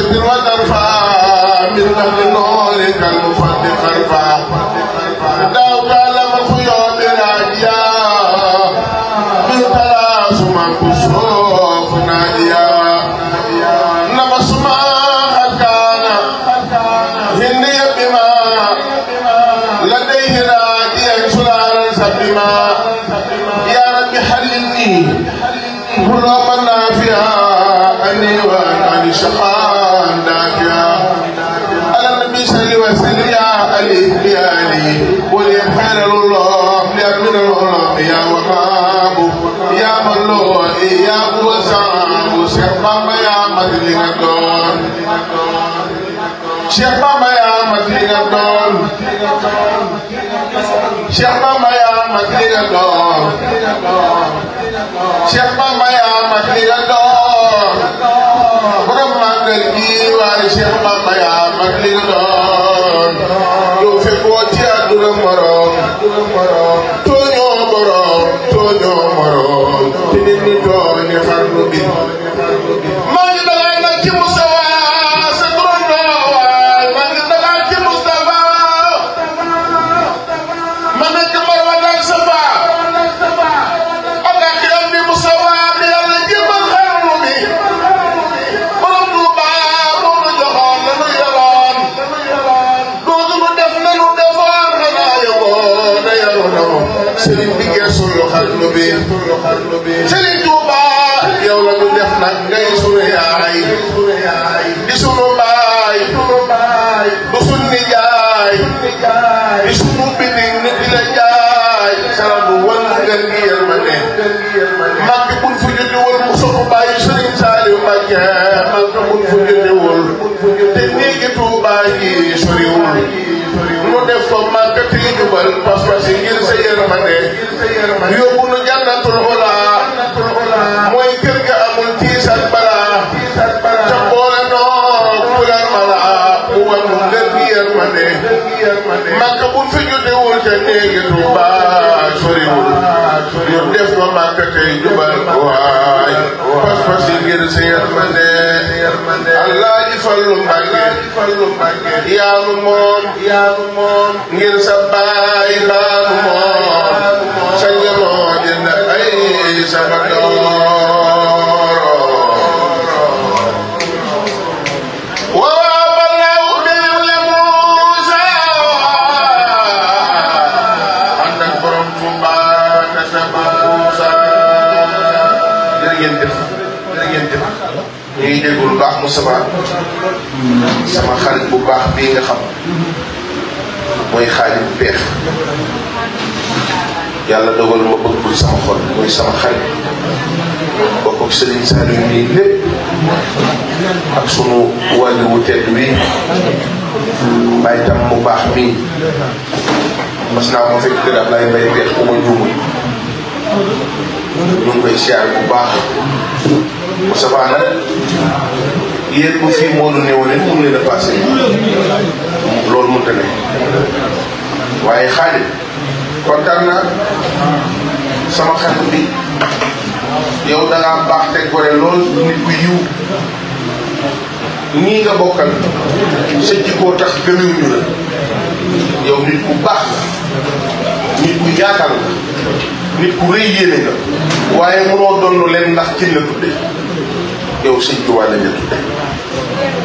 وجد وترفع من أهل نورك المفتح ارفع دعوك لم خيوم الأجياء من تراس من كشوف ناديا نما اسمع كان هندي بما لديه راجيا سلال سبما يا رب حللني كل من نافع أني وأنا عن الشقاء Cheikh Bamba yaa mat li nga doon Cheikh Bamba yaa mat li nga doon Cheikh Bamba yaa mat li nga doon Cheikh Bamba yaa mat li nga doon màggal gi waaye Cheikh Bamba yaa mag li nga doon lu fekkoo ci àdduna morom tooñoo borom tooñoo morom te nit ñi tooñi xarnu bi maa ngi dalay nag ci Musaa mag buñ fa jógewul mu sopp bàyyi Sëriñ Saaliw Mbàkke mag buñ fa jógewul te néegi Tuubaa ji soriwul mu def ko mag te jubal pas-pas yi ngir sa yërmande yóbbu nu jànnatul xolaa mooy kër ga amul tiis ak balaa ca boole noog pular malaa bu wàllu ngër gi yërmande mag buñ fa jógewul te soriwul ñu def ko màkk tey jubal waay pas-pas yi ngir si yërmande allah ji fallu mbàkke yaanu moom yaanu moom ngir sa baay laanu moom sa njaboot yi ay sama doom sama sama xarit bu baax bii nga xam mooy xaalim peex yàlla dogal ma bëggul sama xol mooy sama xarit bokk ak sëriñ Saliou nii lépp ak sunu wàllu mu baax mii mas naa ma fekk kër Ablaye Mbaye peex bu ma juumul ñu ngi baax yéen aussi moo nu néew leen mun leen a passé loolu mënta ne waaye xaalis kontaan naa sama xarit bi yow da baax te gore lool nit ku yiw ñii nga bokkal sa jikko tax gëmewuñu la yow nit ku baax la nit ku yaatal la nit ku rëy yéene nga waaye mënoo doon leen ndax cin la yow sëñ Tuubaa la ñu tudde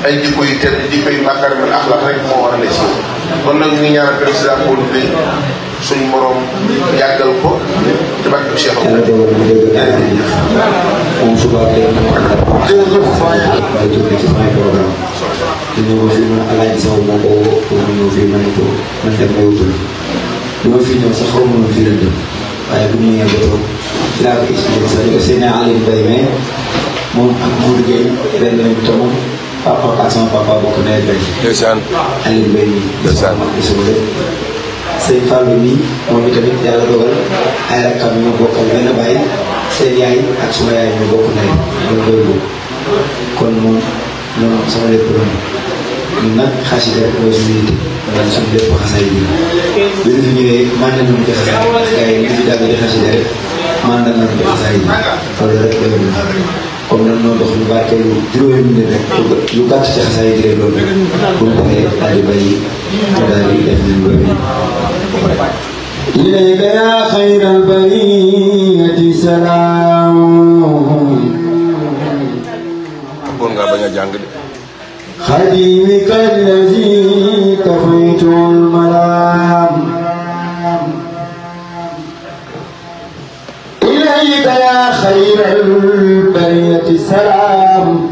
ay jikko yu tedd di koy makaarimul axlaaq rek moo war a lay siiw kon nag ñu ngi ñaanal président Paul Bley suñu morom yàggal ko ci barke Cheikh Abdou. jërëjëf. moom subaa tey moom ak ak. jërëjëf waaye. waaye jóge ci sama programme. dañoo ma fi man Alaaji Sow moo ko woo pour ma ñëw fii ma ne ko man dem may wutal. li ma fi ñëw sax xaw ma fi la dem waaye bu ñu ñëwee ba toog ci laa ko expliqué sax ni ko seen Aliou Mbaye mais. moom ak Modou Gueye benn lañ toog papa ak sama papa bokk nawet benn. ndeysaan Aliou Mbaye mi. ndeysaan sëñ Fallou mi moom itamit yàlla dogal seen yaay ak suma yaay ñu bokk loolu doy boobu kon moom ñoom sama lépp loolu ñun nag xasida rek mooy suñu yitte wala suñu lépp xasaay bi bi ñu fi ñëwee man nañu ko xasaay parce que gars yi ñu man nañu ko xasaay bi loolu rek na comme ñoom ñoo dox ñu barkeelu juróomi minute rek lu gàtt ci xasaay di leen doon bu ñu paree daal di bàyyi daal di def ñu bëri إليك يا خير البرية سلام خديمك الذي كفيت الملام إليك يا خير البرية البرية سلام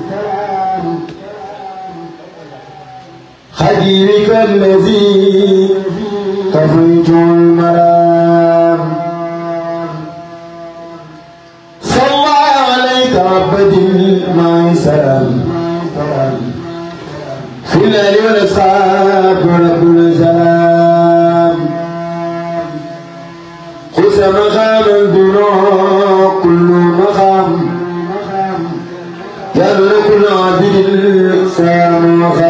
خديرك الذي يبلغ العدل سامخا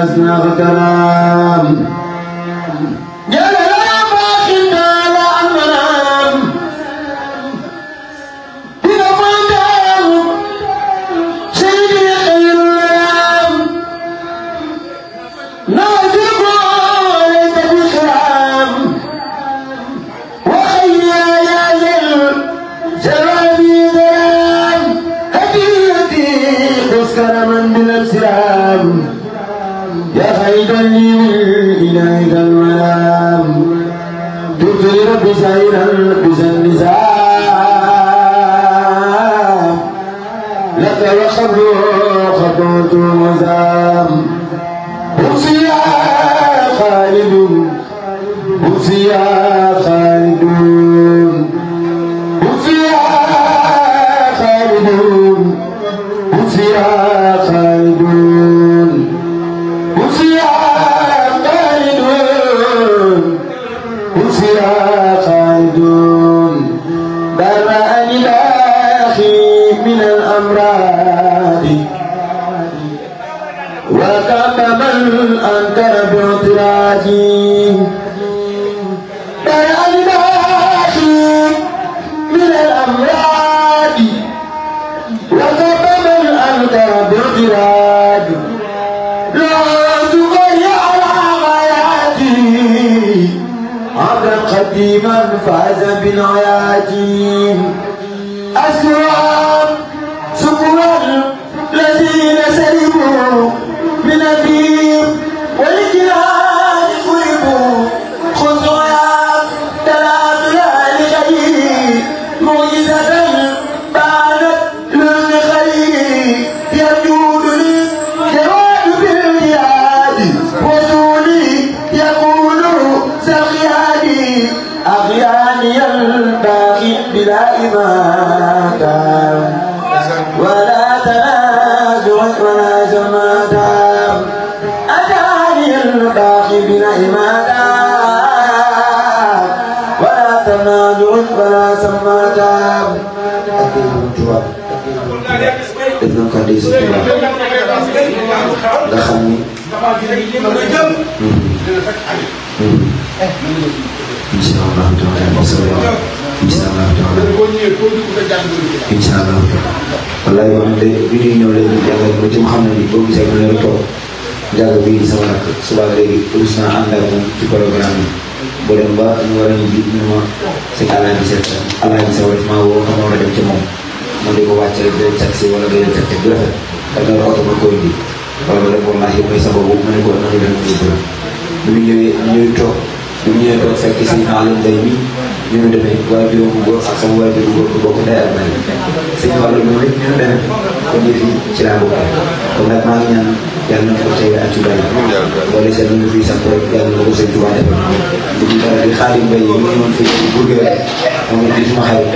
حسن وكرام déjà من فاز بالعلم maadaam ak biir borom Tuubaa def na kàddu si Tuubaa nga xam ni. incha allahu taala incha allahu taala incha allahu taala wallaay man de bi ñuy ñëw léegi jàngal ba ci ma xam ne nii boo gisee mu ne la toog jàngal bii sama rakk suba léegi pour ànd ak moom ci programme bi Touba ñu war a ñibbi si ma sëñ Alaaji Seck Alaaji Seck daf maa woo a dem ci moom mu di ko wàcce benn taxi wala benn taxi bu rafet da nga oto ba koy indi wala ba wallaahi mooy sababu mu ne ko nañu dem ñu bu bi mu ñëwee ñuy toog bi mu ñëwee toog fekk sëñ Alim Ndey mi ñu mu demee waajuram bu góor ak sama waajur bu góor bokk ndey ak baay sëñ Fallou moom it ñu demee kon yëf yi ci laa bokk kon nag maa ngi ñaan yàlla na ko tey at yu bëri boo desee ñu ngi fiy sant rek yàlla na ko sëñ Tuubaa defal di xaadim mbay yi ñu ñoon fii Bourguel moom it di suma xarit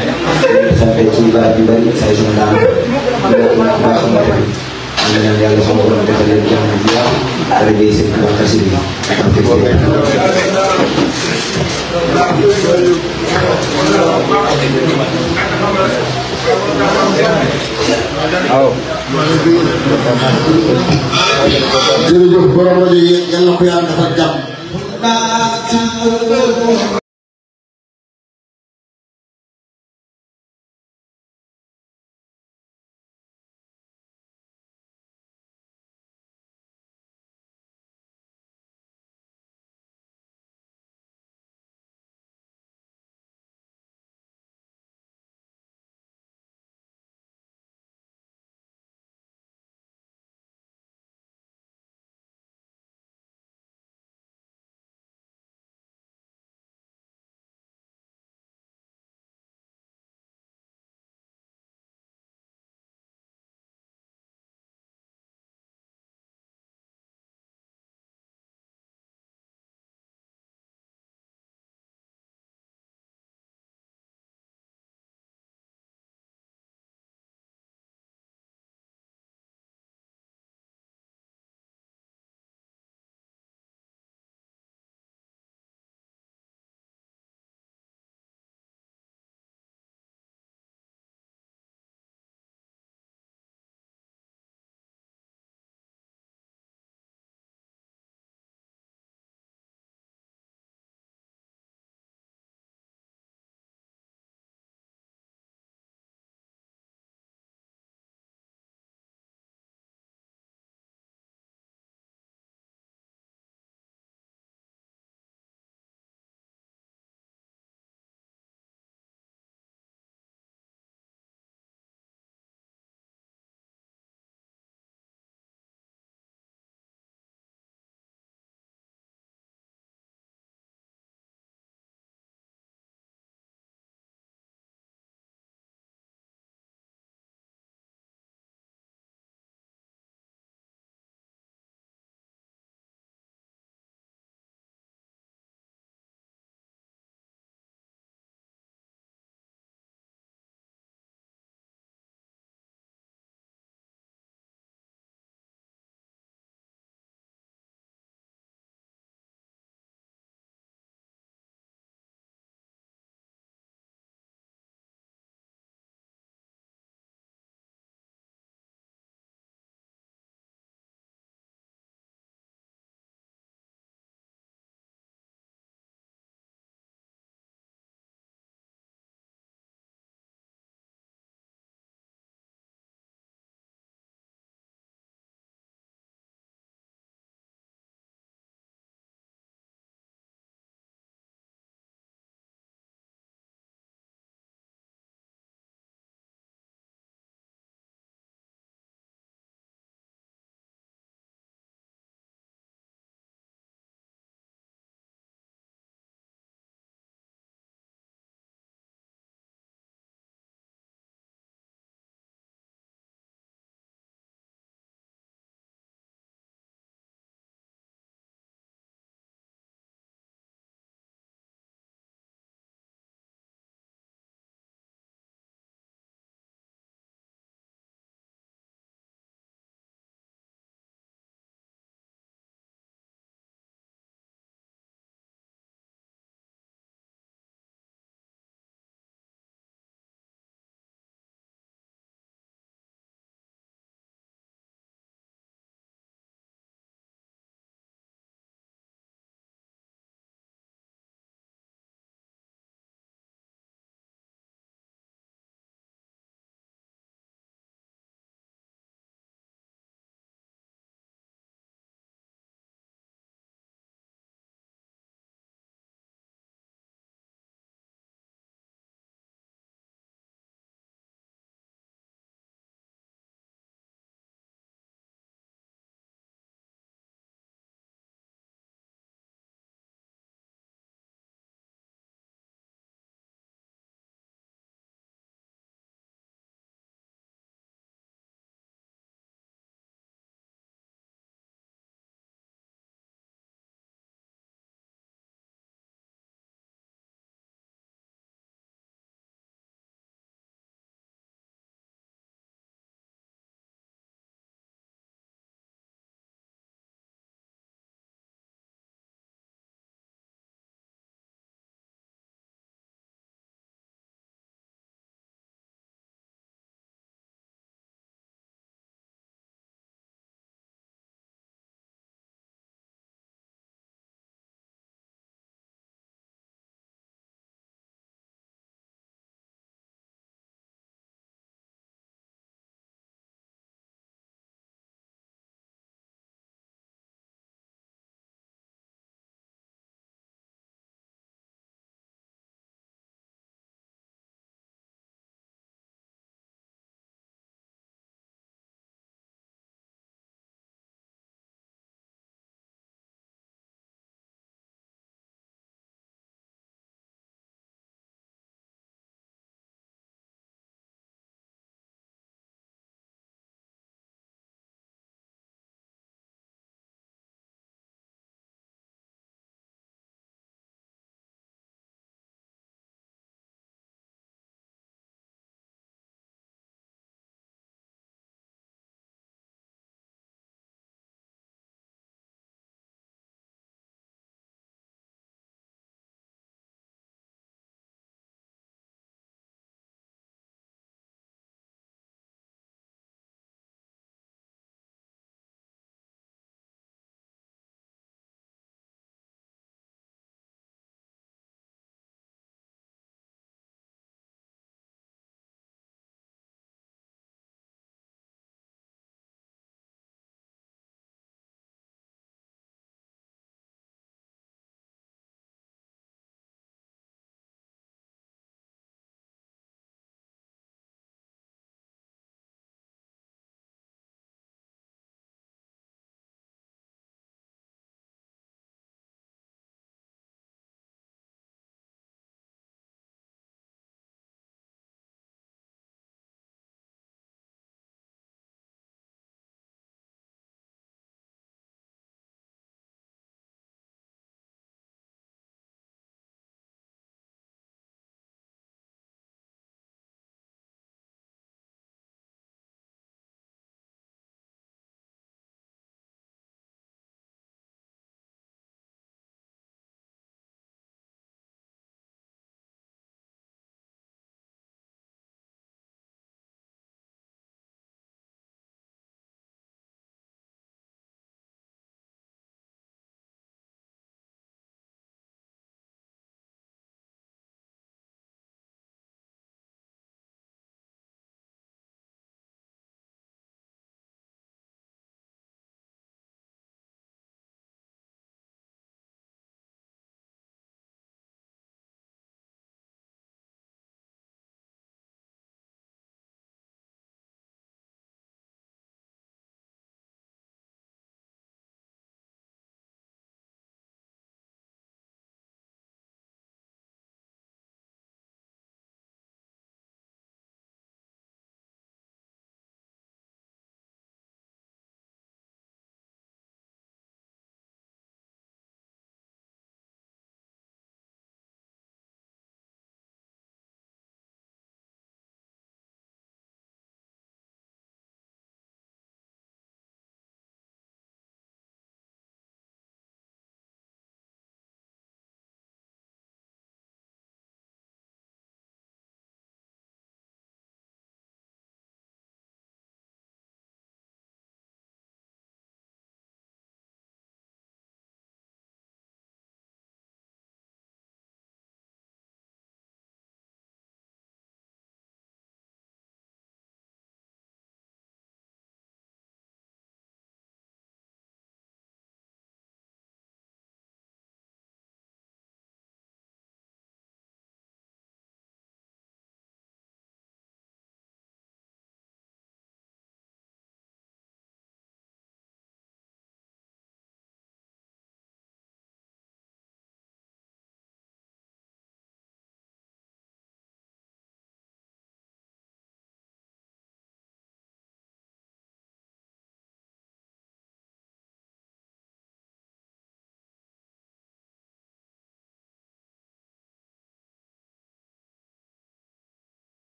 sant ci barab yu bëri say suma daan ko baax xam nga ñaan yàlla sama borom defal leen jàmm bu baax ak liggéey sëñ Tuubaa xasida waaw. jërëjëf borom rajo yi yal na ko yàlla defal jàmm.